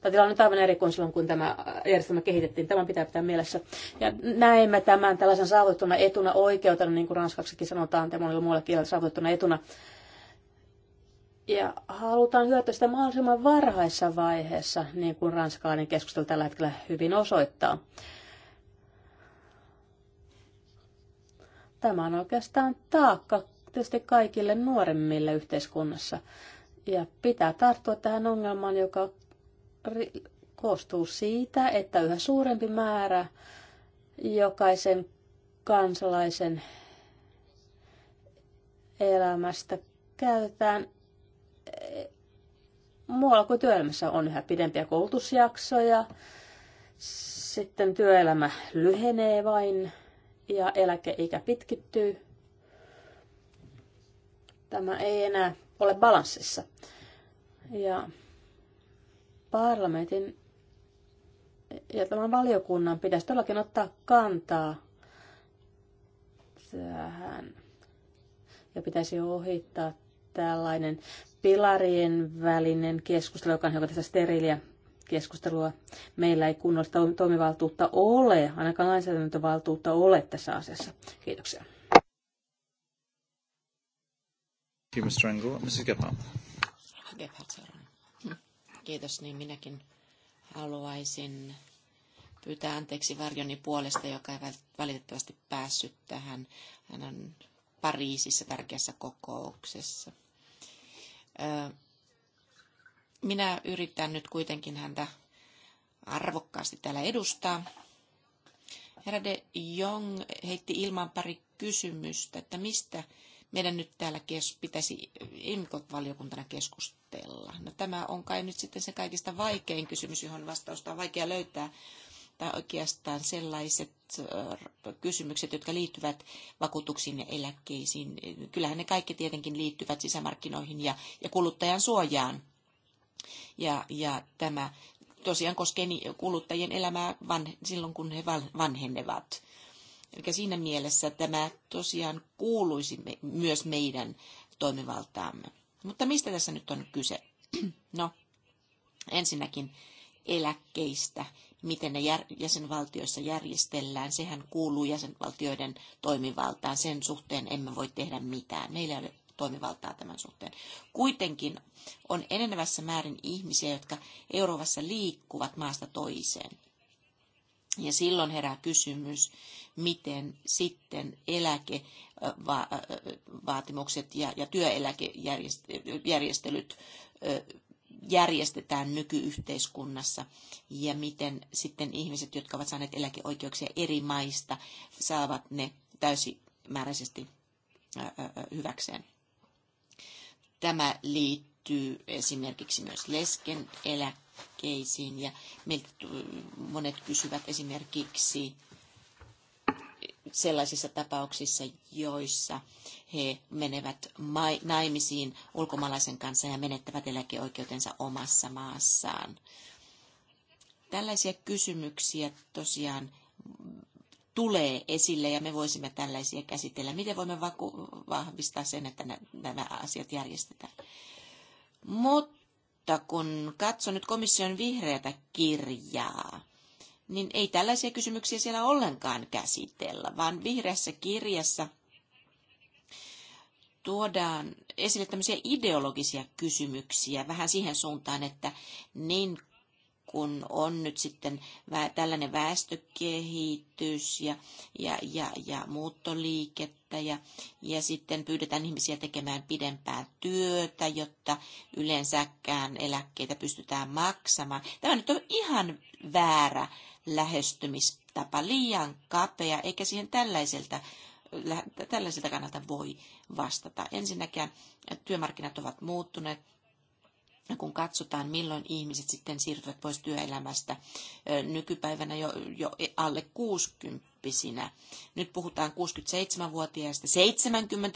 Speaker 2: Tai tilanne on aivan eri kuin silloin, kun tämä järjestelmä kehitettiin. tämän pitää pitää mielessä. Ja näemme tämän tällaisen saavutettuna etuna oikeutena, niin kuin ranskaksikin sanotaan, ja monilla muilla kielillä saavutettuna etuna. Ja halutaan hyötyä sitä mahdollisimman varhaisessa vaiheessa, niin kuin ranskalainen keskustelu tällä hetkellä hyvin osoittaa. Tämä on oikeastaan taakka tietysti kaikille nuoremmille yhteiskunnassa. Ja pitää tarttua tähän ongelmaan, joka koostuu siitä, että yhä suurempi määrä jokaisen kansalaisen elämästä käytetään muualla kuin työelämässä on yhä pidempiä koulutusjaksoja, sitten työelämä lyhenee vain ja eläkeikä pitkittyy. Tämä ei enää ole balanssissa. Ja parlamentin ja tämän valiokunnan pitäisi todellakin ottaa kantaa tähän ja pitäisi ohittaa tällainen pilarien välinen keskustelu, joka on hiukan tässä steriiliä keskustelua. Meillä ei kunnollista toimivaltuutta ole, ainakaan lainsäädäntövaltuutta ole tässä
Speaker 3: asiassa. Kiitoksia. Kiitos, niin minäkin haluaisin pyytää anteeksi Varjoni puolesta, joka ei valitettavasti päässyt tähän. Hän on Pariisissa tärkeässä kokouksessa. Minä yritän nyt kuitenkin häntä arvokkaasti täällä edustaa. Herra de Jong heitti ilman pari kysymystä, että mistä meidän nyt täällä kes- pitäisi IMCO-valiokuntana keskustella. No, tämä on kai nyt sitten se kaikista vaikein kysymys, johon vastausta on vaikea löytää tai oikeastaan sellaiset kysymykset, jotka liittyvät vakuutuksiin ja eläkkeisiin. Kyllähän ne kaikki tietenkin liittyvät sisämarkkinoihin ja, ja kuluttajan suojaan. Ja, ja tämä tosiaan koskee niin kuluttajien elämää van, silloin, kun he vanhenevat. Eli siinä mielessä tämä tosiaan kuuluisi me, myös meidän toimivaltaamme. Mutta mistä tässä nyt on kyse? No, ensinnäkin eläkkeistä, miten ne jäsenvaltioissa järjestellään, sehän kuuluu jäsenvaltioiden toimivaltaan. Sen suhteen emme voi tehdä mitään. Meillä ei ole toimivaltaa tämän suhteen. Kuitenkin on enenevässä määrin ihmisiä, jotka Euroopassa liikkuvat maasta toiseen. Ja silloin herää kysymys, miten sitten eläkevaatimukset ja, ja työeläkejärjestelyt järjestetään nykyyhteiskunnassa ja miten sitten ihmiset, jotka ovat saaneet eläkeoikeuksia eri maista, saavat ne täysimääräisesti hyväkseen. Tämä liittyy esimerkiksi myös lesken eläkkeisiin ja monet kysyvät esimerkiksi sellaisissa tapauksissa, joissa he menevät naimisiin ulkomaalaisen kanssa ja menettävät eläkeoikeutensa omassa maassaan. Tällaisia kysymyksiä tosiaan tulee esille ja me voisimme tällaisia käsitellä. Miten voimme vahvistaa sen, että nämä asiat järjestetään? Mutta kun katson nyt komission vihreätä kirjaa, niin ei tällaisia kysymyksiä siellä ollenkaan käsitellä, vaan vihreässä kirjassa tuodaan esille tämmöisiä ideologisia kysymyksiä vähän siihen suuntaan, että niin kun on nyt sitten tällainen väestökehitys ja, ja, ja, ja muuttoliikettä ja, ja sitten pyydetään ihmisiä tekemään pidempään työtä, jotta yleensäkään eläkkeitä pystytään maksamaan. Tämä nyt on ihan väärä lähestymistapa, liian kapea, eikä siihen tällaiselta tällaiselta kannalta voi vastata. Ensinnäkin työmarkkinat ovat muuttuneet, kun katsotaan, milloin ihmiset sitten siirtyvät pois työelämästä nykypäivänä jo, jo alle 60 -vuotisinä. Nyt puhutaan 67-vuotiaista,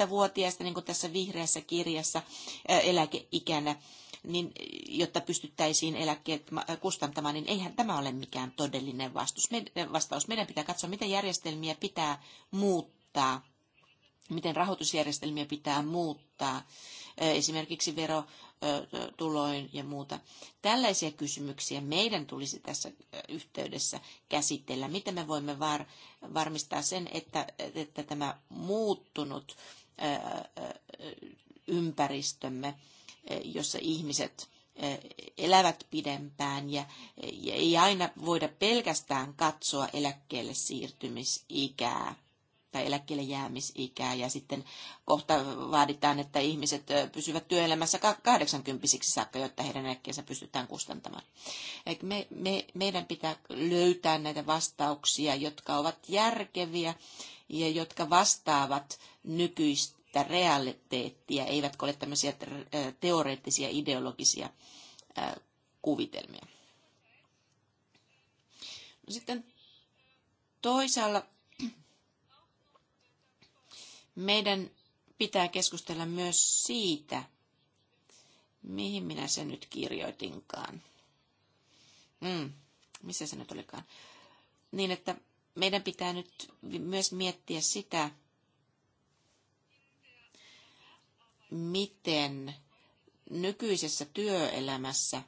Speaker 3: 70-vuotiaista, niin kuin tässä vihreässä kirjassa eläkeikänä, niin, jotta pystyttäisiin eläkkeet kustantamaan, niin eihän tämä ole mikään todellinen vastaus. Meidän pitää katsoa, mitä järjestelmiä pitää muuttaa, miten rahoitusjärjestelmiä pitää muuttaa esimerkiksi verotuloin ja muuta. Tällaisia kysymyksiä meidän tulisi tässä yhteydessä käsitellä. Miten me voimme var, varmistaa sen, että, että tämä muuttunut ympäristömme, jossa ihmiset elävät pidempään ja, ei aina voida pelkästään katsoa eläkkeelle siirtymisikää tai eläkkeelle jäämisikää ja sitten kohta vaaditaan, että ihmiset pysyvät työelämässä 80 saakka, jotta heidän eläkkeensä pystytään kustantamaan. me, me, meidän pitää löytää näitä vastauksia, jotka ovat järkeviä ja jotka vastaavat nykyistä realiteettia, eivätkä ole tämmöisiä teoreettisia ideologisia kuvitelmia. No sitten toisaalla meidän pitää keskustella myös siitä, mihin minä sen nyt kirjoitinkaan. Mm, missä se nyt olikaan? Niin, että meidän pitää nyt myös miettiä sitä, miten nykyisessä työelämässä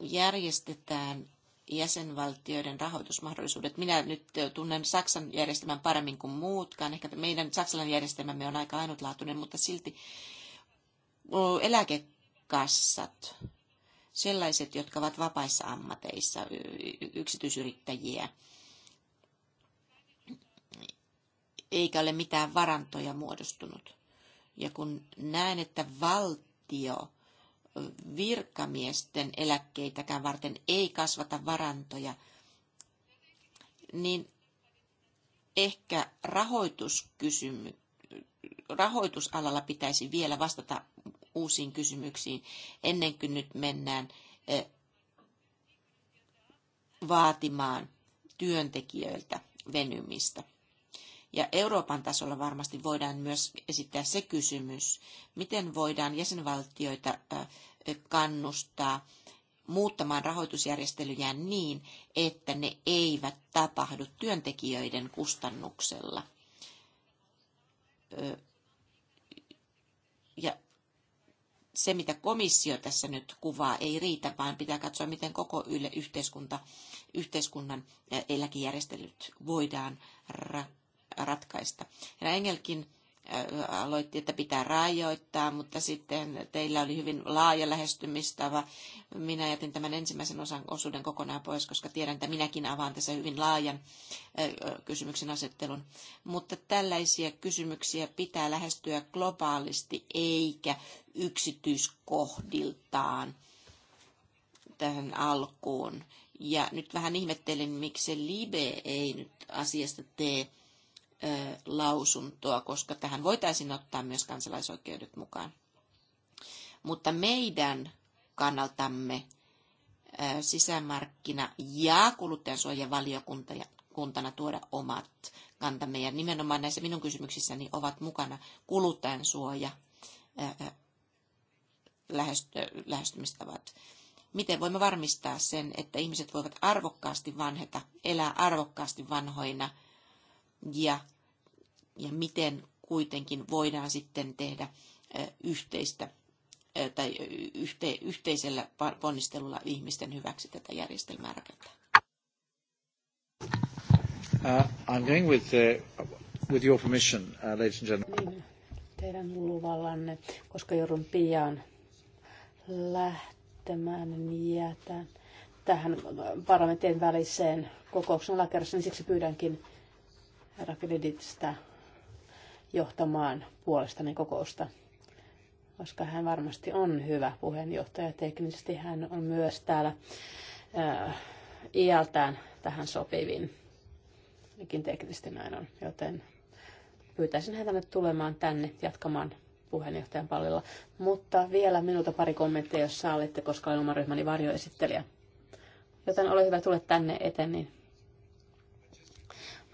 Speaker 3: järjestetään jäsenvaltioiden rahoitusmahdollisuudet. Minä nyt tunnen Saksan järjestelmän paremmin kuin muutkaan. Ehkä meidän Saksan järjestelmämme on aika ainutlaatuinen, mutta silti eläkekassat, sellaiset, jotka ovat vapaissa ammateissa, yksityisyrittäjiä, eikä ole mitään varantoja muodostunut. Ja kun näen, että valtio virkamiesten eläkkeitäkään varten ei kasvata varantoja, niin ehkä rahoituskysymy, rahoitusalalla pitäisi vielä vastata uusiin kysymyksiin ennen kuin nyt mennään vaatimaan työntekijöiltä venymistä. Ja Euroopan tasolla varmasti voidaan myös esittää se kysymys, miten voidaan jäsenvaltioita kannustaa muuttamaan rahoitusjärjestelyjään niin, että ne eivät tapahdu työntekijöiden kustannuksella. Ja se, mitä komissio tässä nyt kuvaa, ei riitä, vaan pitää katsoa, miten koko yle yhteiskunta, yhteiskunnan eläkejärjestelyt voidaan ra- ratkaista. Herra Engelkin äh, aloitti, että pitää rajoittaa, mutta sitten teillä oli hyvin laaja lähestymistava. Minä jätin tämän ensimmäisen osan osuuden kokonaan pois, koska tiedän, että minäkin avaan tässä hyvin laajan äh, kysymyksen asettelun. Mutta tällaisia kysymyksiä pitää lähestyä globaalisti eikä yksityiskohdiltaan tähän alkuun. Ja nyt vähän ihmettelin, miksi Libe ei nyt asiasta tee lausuntoa, koska tähän voitaisiin ottaa myös kansalaisoikeudet mukaan. Mutta meidän kannaltamme sisämarkkina- ja kuluttajansuojavaliokuntana tuoda omat kantamme. Ja nimenomaan näissä minun kysymyksissäni ovat mukana kuluttajansuoja lähestymistavat. Miten voimme varmistaa sen, että ihmiset voivat arvokkaasti vanheta, elää arvokkaasti vanhoina – ja, ja miten kuitenkin voidaan sitten tehdä yhteistä tai yhte, yhteisellä ponnistelulla ihmisten hyväksi tätä järjestelmää rakentaa.
Speaker 1: Uh, I'm going with, the, uh, with your permission, uh, ladies and gentlemen. Niin,
Speaker 3: teidän
Speaker 2: luvallanne, koska joudun pian lähtemään, niin jätän tähän äh, parlamentin väliseen kokouksen alakerrassa, niin siksi pyydänkin Rakreditistä johtamaan puolestani kokousta, koska hän varmasti on hyvä puheenjohtaja. Teknisesti hän on myös täällä äh, iältään tähän sopivin. Nekin teknisesti näin on, joten pyytäisin häntä nyt tulemaan tänne jatkamaan puheenjohtajan pallilla. Mutta vielä minulta pari kommenttia, jos sallitte, koska olen oman ryhmäni varjoesittelijä. Joten ole hyvä, tule tänne eteen, niin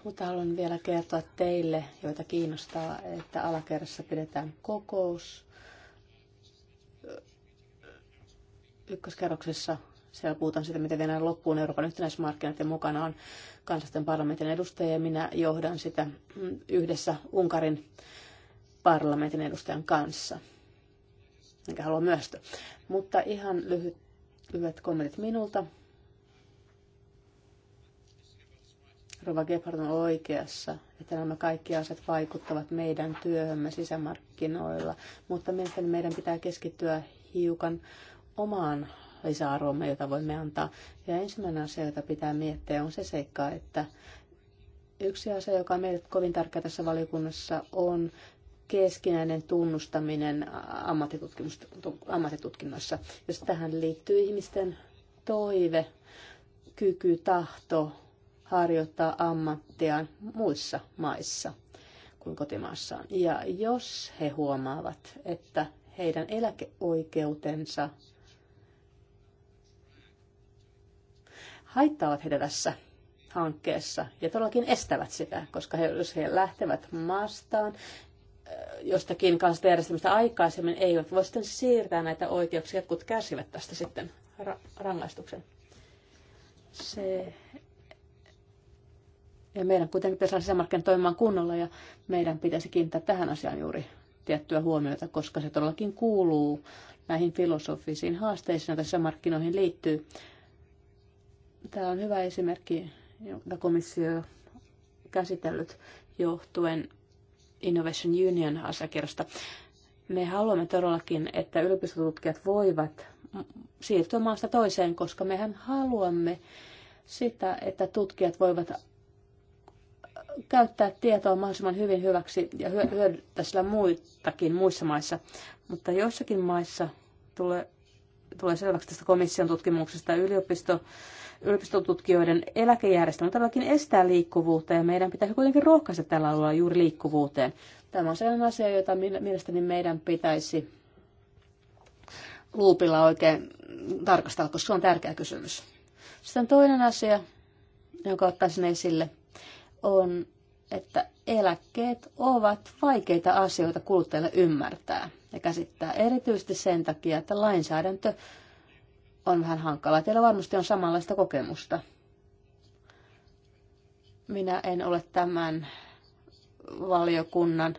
Speaker 2: mutta haluan vielä kertoa teille, joita kiinnostaa, että alakerrassa pidetään kokous. Ykköskerroksessa siellä puhutaan siitä, miten viedään loppuun Euroopan yhtenäismarkkinat ja mukana on kansallisten parlamentin edustajia ja minä johdan sitä yhdessä Unkarin parlamentin edustajan kanssa. Enkä halua myöstä. Mutta ihan lyhyt, lyhyet kommentit minulta. Rova Gephardt on oikeassa, että nämä kaikki asiat vaikuttavat meidän työhömme sisämarkkinoilla, mutta mielestäni meidän pitää keskittyä hiukan omaan lisäarvomme, jota voimme antaa. Ja ensimmäinen asia, jota pitää miettiä, on se seikka, että yksi asia, joka on meille kovin tärkeä tässä valiokunnassa, on keskinäinen tunnustaminen ammattitutkinnoissa. Jos tähän liittyy ihmisten toive, kyky, tahto harjoittaa ammattiaan muissa maissa kuin kotimaassaan. Ja jos he huomaavat, että heidän eläkeoikeutensa haittaavat heitä tässä hankkeessa ja todellakin estävät sitä, koska he, jos he lähtevät maastaan jostakin kanssa järjestelmästä aikaisemmin, eivät voi sitten siirtää näitä oikeuksia. Jotkut kärsivät tästä sitten ra- rangaistuksen. Se ja meidän kuitenkin pitäisi saada sisämarkkinat toimimaan kunnolla ja meidän pitäisi kiinnittää tähän asiaan juuri tiettyä huomiota, koska se todellakin kuuluu näihin filosofisiin haasteisiin, joita sisämarkkinoihin liittyy. Tämä on hyvä esimerkki, jonka komissio on käsitellyt johtuen Innovation Union-asiakirjasta. Me haluamme todellakin, että yliopistotutkijat voivat siirtyä maasta toiseen, koska mehän haluamme sitä, että tutkijat voivat käyttää tietoa mahdollisimman hyvin hyväksi ja hyödyttää sillä muitakin muissa maissa. Mutta joissakin maissa tulee, tulee selväksi tästä komission tutkimuksesta yliopisto, yliopistotutkijoiden eläkejärjestelmä todellakin estää liikkuvuutta ja meidän pitäisi kuitenkin rohkaista tällä alueella juuri liikkuvuuteen. Tämä on sellainen asia, jota mielestäni meidän pitäisi luupilla oikein tarkastella, koska se on tärkeä kysymys. Sitten toinen asia, jonka ottaisin esille – on, että eläkkeet ovat vaikeita asioita kuluttajille ymmärtää ja käsittää erityisesti sen takia, että lainsäädäntö on vähän hankalaa. Teillä varmasti on samanlaista kokemusta. Minä en ole tämän valiokunnan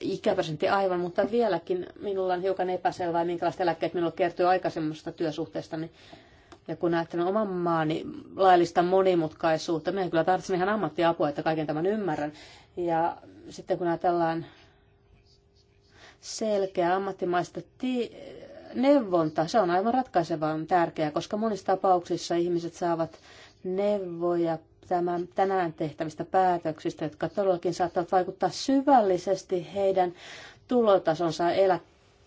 Speaker 2: ikäprosentti aivan, mutta vieläkin minulla on hiukan epäselvää, minkälaiset eläkkeet minulla kertyy aikaisemmasta työsuhteesta, niin ja kun ajattelen oman maani laillista monimutkaisuutta, me kyllä tarvitsemme ihan ammattiapua, että kaiken tämän ymmärrän. Ja sitten kun ajatellaan selkeä ammattimaista ti- neuvonta, se on aivan ratkaisevan tärkeää, koska monissa tapauksissa ihmiset saavat neuvoja tämän, tänään tehtävistä päätöksistä, jotka todellakin saattavat vaikuttaa syvällisesti heidän tulotasonsa elä,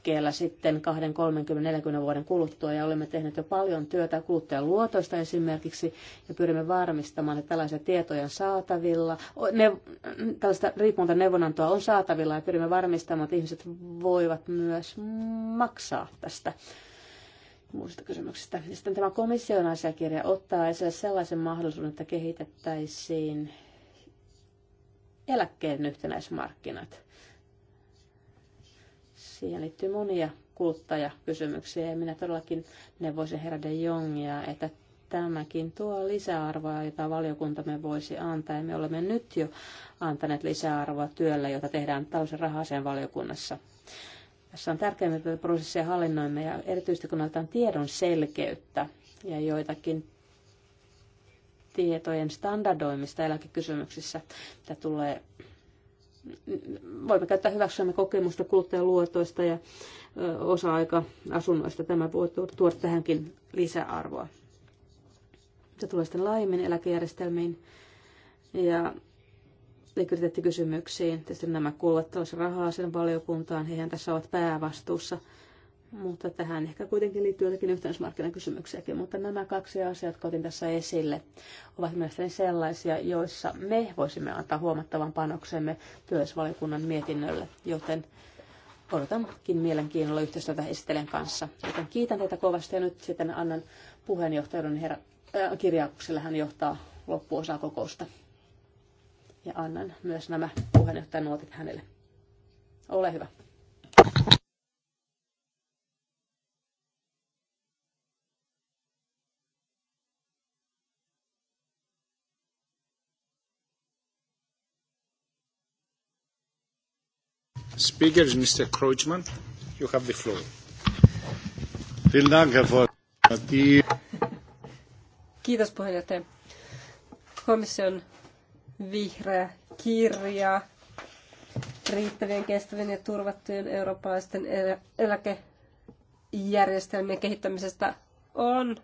Speaker 2: liikkeellä sitten 20, 30, 40 vuoden kuluttua ja olemme tehneet jo paljon työtä luotoista esimerkiksi ja pyrimme varmistamaan, että tällaisia tietoja on saatavilla, ne, tällaista riippumatta neuvonantoa on saatavilla ja pyrimme varmistamaan, että ihmiset voivat myös maksaa tästä muista kysymyksistä. Ja sitten tämä komission asiakirja ottaa esille sellaisen mahdollisuuden, että kehitettäisiin eläkkeen yhtenäismarkkinat Siihen liittyy monia kuluttajakysymyksiä ja minä todellakin neuvoisin herra de Jongia, että tämäkin tuo lisäarvoa, jota valiokuntamme voisi antaa. Ja me olemme nyt jo antaneet lisäarvoa työllä, jota tehdään talousen rahaseen valiokunnassa. Tässä on tärkeää, että prosessia hallinnoimme ja erityisesti kun otetaan tiedon selkeyttä ja joitakin tietojen standardoimista eläkekysymyksissä, mitä tulee voimme käyttää hyväksymme kokemusta kuluttajaluotoista ja osa-aika-asunnoista. Tämä voi tuoda tähänkin lisäarvoa. Se tulee sitten laajemmin eläkejärjestelmiin ja likviditeettikysymyksiin. Tietysti nämä kuuluvat rahaa sen valiokuntaan. Heidän tässä ovat päävastuussa mutta tähän ehkä kuitenkin liittyy jotakin yhteismarkkinakysymyksiäkin, mutta nämä kaksi asiaa, jotka otin tässä esille, ovat mielestäni sellaisia, joissa me voisimme antaa huomattavan panoksemme työsvaliokunnan mietinnölle, joten odotankin mielenkiinnolla yhteistyötä esittelen kanssa. Joten kiitän teitä kovasti ja nyt sitten annan puheenjohtajan herra, äh, kirjaukselle. Hän johtaa loppuosaa kokousta. Ja annan myös nämä puheenjohtajan nuotit hänelle. Ole hyvä.
Speaker 3: speaker is Mr. Kreuzmann. You have the floor.
Speaker 1: Kiitos puheenjohtaja. Komission vihreä kirja riittävien, kestävien ja turvattujen eurooppalaisten eläkejärjestelmien kehittämisestä on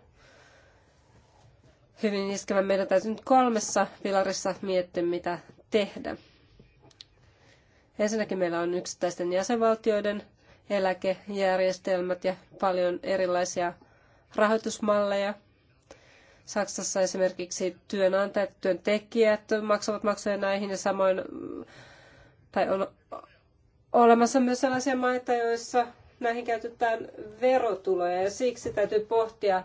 Speaker 1: hyvin iskevä. Meidän täytyy nyt kolmessa pilarissa miettiä, mitä tehdä. Ensinnäkin meillä on yksittäisten jäsenvaltioiden eläkejärjestelmät ja paljon erilaisia rahoitusmalleja. Saksassa esimerkiksi työnantajat, työntekijät maksavat maksuja näihin ja samoin tai on olemassa myös sellaisia maita, joissa näihin käytetään verotuloja ja siksi täytyy pohtia,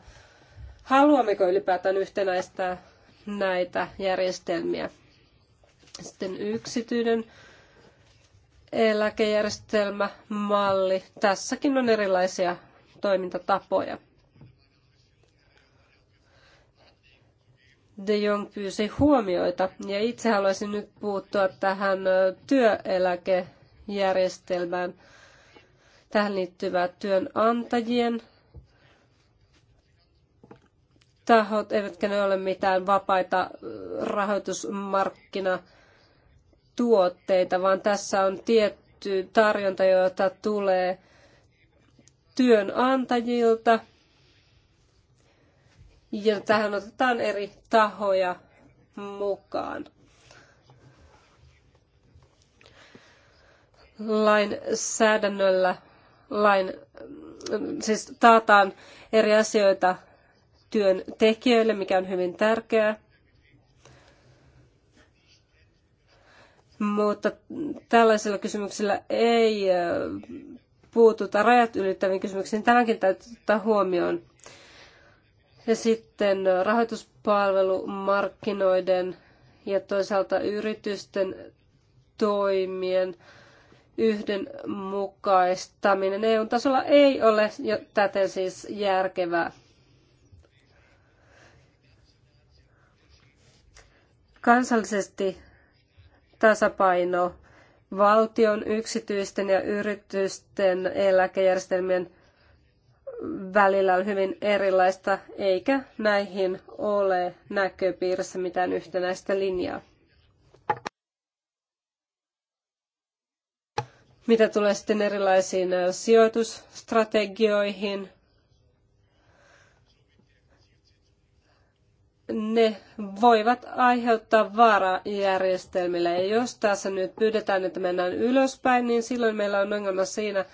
Speaker 1: haluammeko ylipäätään yhtenäistää näitä järjestelmiä. Sitten yksityinen eläkejärjestelmämalli. Tässäkin on erilaisia toimintatapoja. De Jong pyysi huomioita, ja itse haluaisin nyt puuttua tähän työeläkejärjestelmään. Tähän liittyvät työnantajien tahot, eivätkä ne ole mitään vapaita rahoitusmarkkinoita tuotteita, vaan tässä on tietty tarjonta, jota tulee työnantajilta. Ja tähän otetaan eri tahoja mukaan. lain säädännöllä, lain, siis taataan eri asioita työntekijöille, mikä on hyvin tärkeää. Mutta tällaisilla kysymyksillä ei puututa rajat ylittäviin kysymyksiin. Tämäkin täytyy ottaa huomioon. Ja sitten rahoituspalvelumarkkinoiden ja toisaalta yritysten toimien yhdenmukaistaminen EU-tasolla ei ole täten siis järkevää. Kansallisesti tasapaino valtion, yksityisten ja yritysten eläkejärjestelmien välillä on hyvin erilaista, eikä näihin ole näköpiirissä mitään yhtenäistä linjaa. Mitä tulee sitten erilaisiin äh, sijoitusstrategioihin – ne voivat aiheuttaa vaaraa järjestelmille. Ja jos tässä nyt pyydetään, että mennään ylöspäin, niin silloin meillä on ongelma siinä,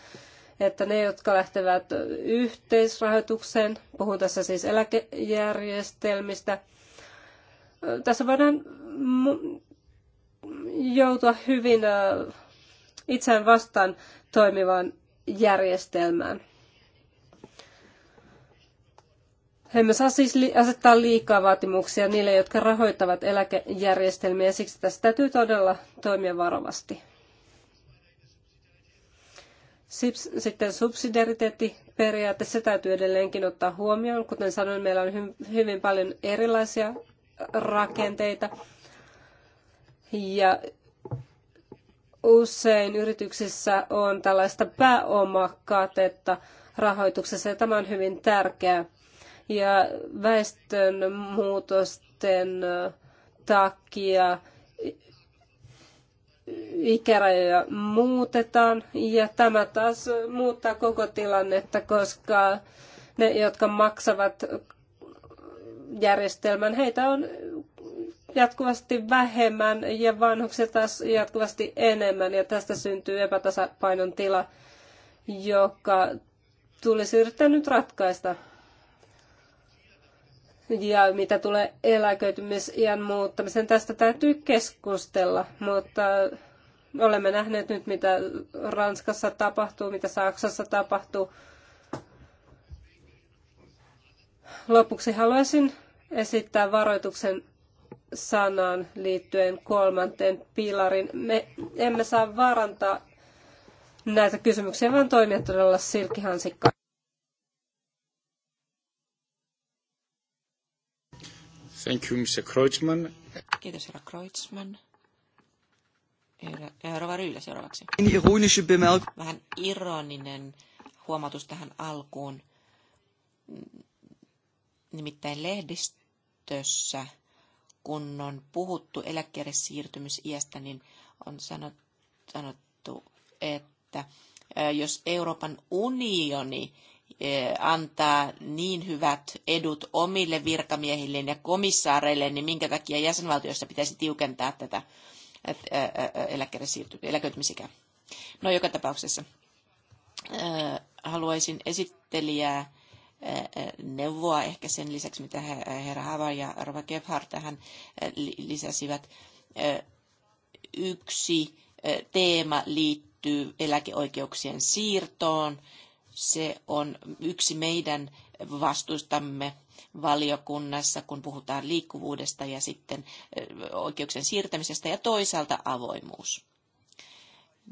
Speaker 1: että ne, jotka lähtevät yhteisrahoitukseen, puhun tässä siis eläkejärjestelmistä, tässä voidaan joutua hyvin itseään vastaan toimivaan järjestelmään. Emme saa siis asettaa liikaa vaatimuksia niille, jotka rahoittavat eläkejärjestelmiä, ja siksi tässä täytyy todella toimia varovasti. Sitten subsidiariteettiperiaate, se täytyy edelleenkin ottaa huomioon. Kuten sanoin, meillä on hyvin paljon erilaisia rakenteita. Ja usein yrityksissä on tällaista pääomakatetta rahoituksessa, ja tämä on hyvin tärkeää ja väestön muutosten takia ikärajoja muutetaan ja tämä taas muuttaa koko tilannetta, koska ne, jotka maksavat järjestelmän, heitä on jatkuvasti vähemmän ja vanhukset taas jatkuvasti enemmän ja tästä syntyy epätasapainon tila, joka tulisi yrittää nyt ratkaista ja mitä tulee eläköitymisiän muuttamiseen, tästä täytyy keskustella, mutta olemme nähneet nyt, mitä Ranskassa tapahtuu, mitä Saksassa tapahtuu. Lopuksi haluaisin esittää varoituksen sanan liittyen kolmanteen pilarin. Me emme saa vaarantaa näitä kysymyksiä, vaan toimia todella silkkihansikkaan.
Speaker 3: Thank you, Mr. Kreutzmann. Kiitos, herra Kreutzmann. Ja Rova Ryllä seuraavaksi. Niin Vähän ironinen huomautus tähän alkuun. Nimittäin lehdistössä, kun on puhuttu eläkkeelle siirtymisiästä, niin on sanottu, että jos Euroopan unioni E, antaa niin hyvät edut omille virkamiehilleen ja komissaareille, niin minkä takia jäsenvaltioissa pitäisi tiukentaa tätä e, e, eläköitymisikää. No joka tapauksessa haluaisin esittelijää neuvoa ehkä sen lisäksi, mitä herra Hava ja Rova Gebhard tähän lisäsivät. Yksi teema liittyy eläkeoikeuksien siirtoon se on yksi meidän vastuistamme valiokunnassa, kun puhutaan liikkuvuudesta ja sitten oikeuksien siirtämisestä ja toisaalta avoimuus.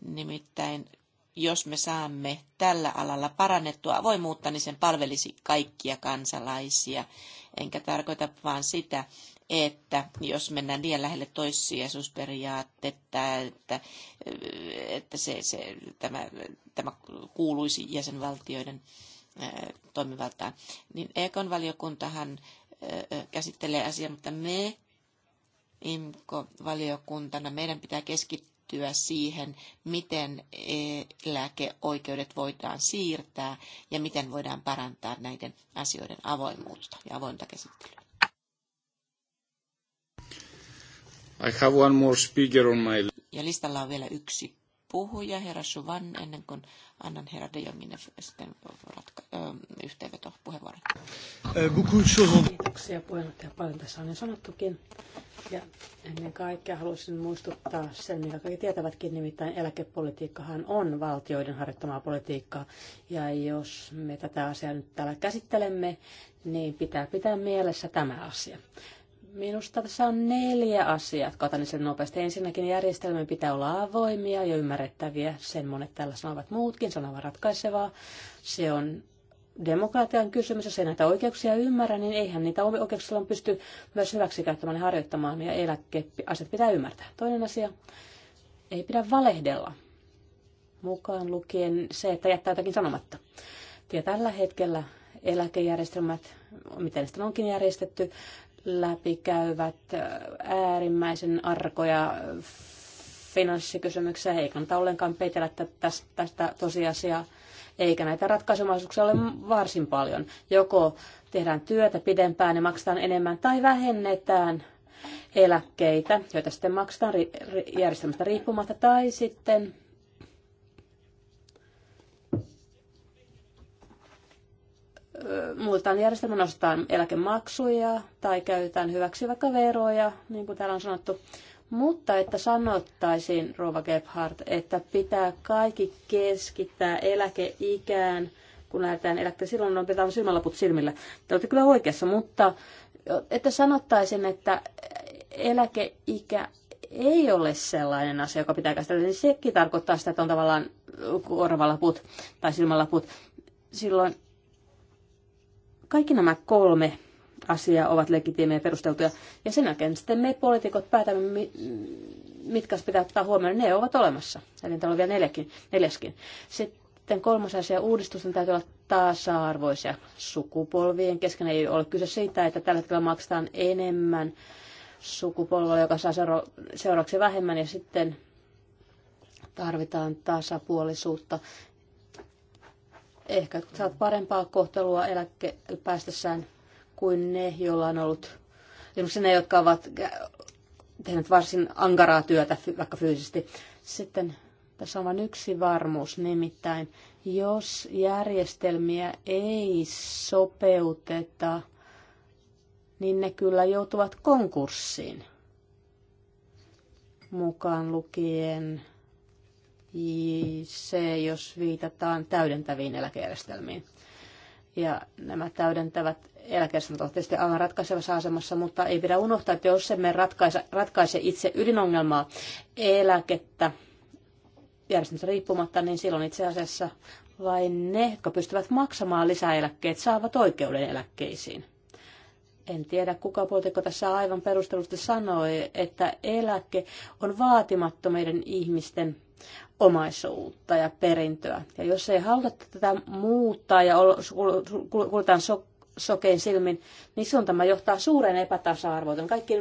Speaker 3: Nimittäin jos me saamme tällä alalla parannettua avoimuutta, niin sen palvelisi kaikkia kansalaisia. Enkä tarkoita vaan sitä, että jos mennään liian lähelle toissijaisuusperiaatetta, että että se, se, tämä, tämä kuuluisi jäsenvaltioiden toimivaltaan. Niin Ekon valiokuntahan käsittelee asiaa, mutta me imco valiokuntana meidän pitää keskittyä siihen, miten lääkeoikeudet voidaan siirtää ja miten voidaan parantaa näiden asioiden avoimuutta ja avointa käsittelyä.
Speaker 1: I have one more
Speaker 2: speaker on my...
Speaker 3: Ja listalla on vielä yksi puhuja, herra Suvan, ennen kuin annan herra De Jongin sitten ratka- ö, yhteenvetopuheenvuoron.
Speaker 2: Kiitoksia puheenjohtaja. Paljon tässä on jo sanottukin. Ja ennen kaikkea haluaisin muistuttaa sen, mitä kaikki tietävätkin, nimittäin eläkepolitiikkahan on valtioiden harjoittamaa politiikkaa. Ja jos me tätä asiaa nyt täällä käsittelemme, niin pitää pitää mielessä tämä asia. Minusta tässä on neljä asiaa, jotka otan sen nopeasti. Ensinnäkin järjestelmän pitää olla avoimia ja ymmärrettäviä. Sen monet täällä sanovat muutkin, sanovat ratkaisevaa. Se on demokratian kysymys, jos ei näitä oikeuksia ymmärrä, niin eihän niitä oikeuksia pysty myös käyttämään ja harjoittamaan, ja eläkeasiat pitää ymmärtää. Toinen asia, ei pidä valehdella, mukaan lukien se, että jättää jotakin sanomatta. Ja tällä hetkellä eläkejärjestelmät, miten sitä onkin järjestetty, läpikäyvät äärimmäisen arkoja finanssikysymyksiä. Ei kannata ollenkaan peitellä tästä, tästä tosiasiaa, eikä näitä ratkaisumahdollisuuksia ole varsin paljon. Joko tehdään työtä pidempään ja maksetaan enemmän, tai vähennetään eläkkeitä, joita sitten maksetaan järjestelmästä riippumatta, tai sitten muutetaan järjestelmä, nostetaan eläkemaksuja tai käytetään hyväksi vaikka veroja, niin kuin täällä on sanottu. Mutta että sanottaisiin, Rova Gebhardt, että pitää kaikki keskittää eläkeikään, kun lähdetään eläkkeelle. Silloin on pitää silmälaput silmillä. Te olette kyllä oikeassa, mutta että sanottaisiin, että eläkeikä ei ole sellainen asia, joka pitää käsitellä, niin sekin tarkoittaa sitä, että on tavallaan korvalaput tai silmälaput. Silloin kaikki nämä kolme asiaa ovat legitiimejä ja perusteltuja. Ja sen jälkeen sitten me poliitikot päätämme, mitkä pitää ottaa huomioon. Ne ovat olemassa. Eli täällä on vielä neljäkin, neljäskin. Sitten kolmas asia, uudistusten täytyy olla tasa-arvoisia sukupolvien kesken. Ei ole kyse siitä, että tällä hetkellä maksetaan enemmän sukupolvella, joka saa seura- seuraavaksi vähemmän, ja sitten tarvitaan tasapuolisuutta Ehkä saat parempaa kohtelua eläkke päästessään kuin ne, joilla on ollut, esimerkiksi ne, jotka ovat tehneet varsin ankaraa työtä vaikka fyysisesti. Sitten tässä on vain yksi varmuus, nimittäin jos järjestelmiä ei sopeuteta, niin ne kyllä joutuvat konkurssiin mukaan lukien se, jos viitataan täydentäviin eläkejärjestelmiin. Ja nämä täydentävät eläkejärjestelmät ovat tietysti aivan ratkaisevassa asemassa, mutta ei pidä unohtaa, että jos emme ratkaise, ratkaise itse ydinongelmaa eläkettä järjestelmästä riippumatta, niin silloin itse asiassa vain ne, jotka pystyvät maksamaan lisäeläkkeet, saavat oikeuden eläkkeisiin. En tiedä, kuka poliitikko tässä aivan perustelusti sanoi, että eläke on vaatimattomien ihmisten omaisuutta ja perintöä. Ja jos ei haluta tätä muuttaa ja kulutaan so, sokein silmin, niin se on tämä johtaa suureen epätasa-arvoon. Kaikki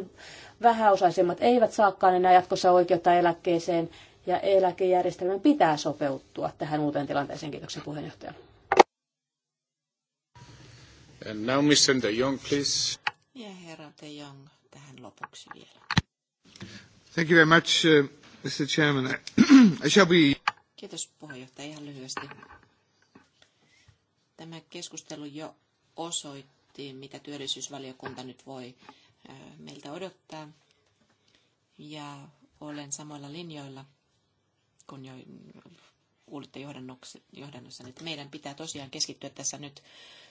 Speaker 2: vähäosaisimmat eivät saakaan enää jatkossa oikeutta eläkkeeseen ja eläkejärjestelmän pitää sopeutua tähän uuteen tilanteeseen. Kiitoksia puheenjohtaja.
Speaker 3: And now Mr. De Jong, please. Ja herra De Jong tähän lopuksi vielä. Thank you very
Speaker 2: much. Uh, Mr. Chairman, I shall be...
Speaker 3: Kiitos puheenjohtaja ihan lyhyesti. Tämä keskustelu jo osoitti, mitä työllisyysvaliokunta nyt voi meiltä odottaa. Ja olen samoilla linjoilla, kun jo kuulitte johdannossa, että meidän pitää tosiaan keskittyä tässä nyt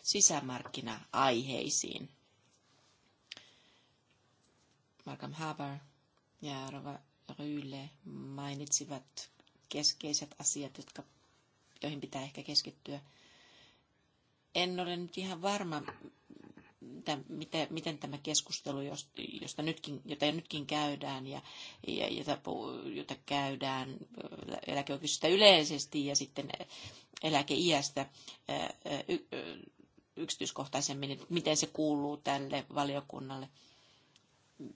Speaker 3: sisämarkkina-aiheisiin. Markham Haber ja Rova Ryyle mainitsivat keskeiset asiat, jotka, joihin pitää ehkä keskittyä. En ole nyt ihan varma, mitä, miten tämä keskustelu, josta nytkin, jota nytkin käydään ja, ja jota, jota käydään äh, eläkeoikeudesta yleisesti ja sitten eläkeiästä äh, äh, yksityiskohtaisemmin, miten se kuuluu tälle valiokunnalle.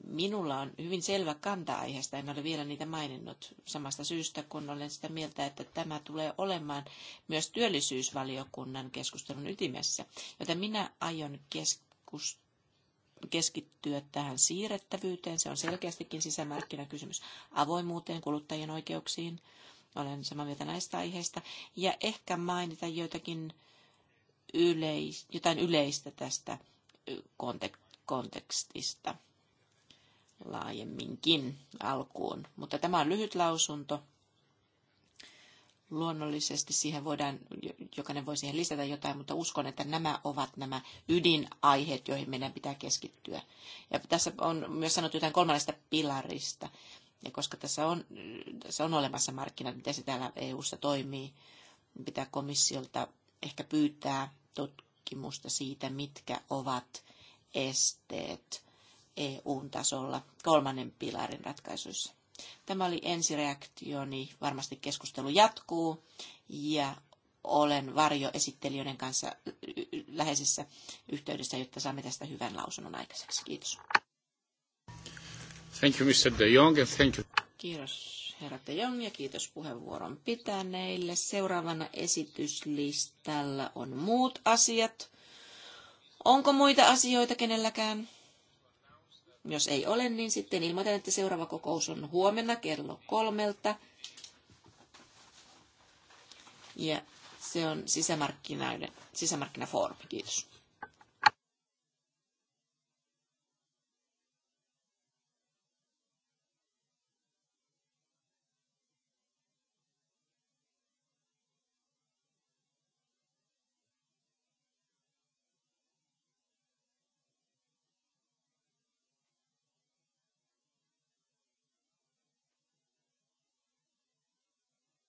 Speaker 3: Minulla on hyvin selvä kanta aiheesta, en ole vielä niitä maininnut samasta syystä, kun olen sitä mieltä, että tämä tulee olemaan myös työllisyysvaliokunnan keskustelun ytimessä. Joten minä aion keskus, keskittyä tähän siirrettävyyteen, se on selkeästikin sisämarkkinakysymys, avoimuuteen, kuluttajien oikeuksiin, olen samaa mieltä näistä aiheista, ja ehkä mainita joitakin yleis, jotain yleistä tästä kontekstista laajemminkin alkuun. Mutta tämä on lyhyt lausunto. Luonnollisesti siihen voidaan, jokainen voi siihen lisätä jotain, mutta uskon, että nämä ovat nämä ydinaiheet, joihin meidän pitää keskittyä. Ja tässä on myös sanottu jotain kolmannesta pilarista. Ja koska tässä on, tässä on olemassa markkinat, miten se täällä EU-ssa toimii, niin pitää komissiolta ehkä pyytää tutkimusta siitä, mitkä ovat esteet EU-tasolla kolmannen pilarin ratkaisuissa. Tämä oli ensireaktioni. Varmasti keskustelu jatkuu ja olen varjo esittelijöiden kanssa läheisessä yhteydessä, jotta saamme tästä hyvän lausunnon aikaiseksi. Kiitos.
Speaker 1: Thank you, Mr. De Jong, and thank you.
Speaker 3: Kiitos, herra De Jong, ja kiitos puheenvuoron pitäneille. Seuraavana esityslistalla on muut asiat. Onko muita asioita kenelläkään? Jos ei ole, niin sitten ilmoitan, että seuraava kokous on huomenna kello kolmelta. Ja se on sisämarkkinaiden, sisämarkkinafoorumi. Kiitos.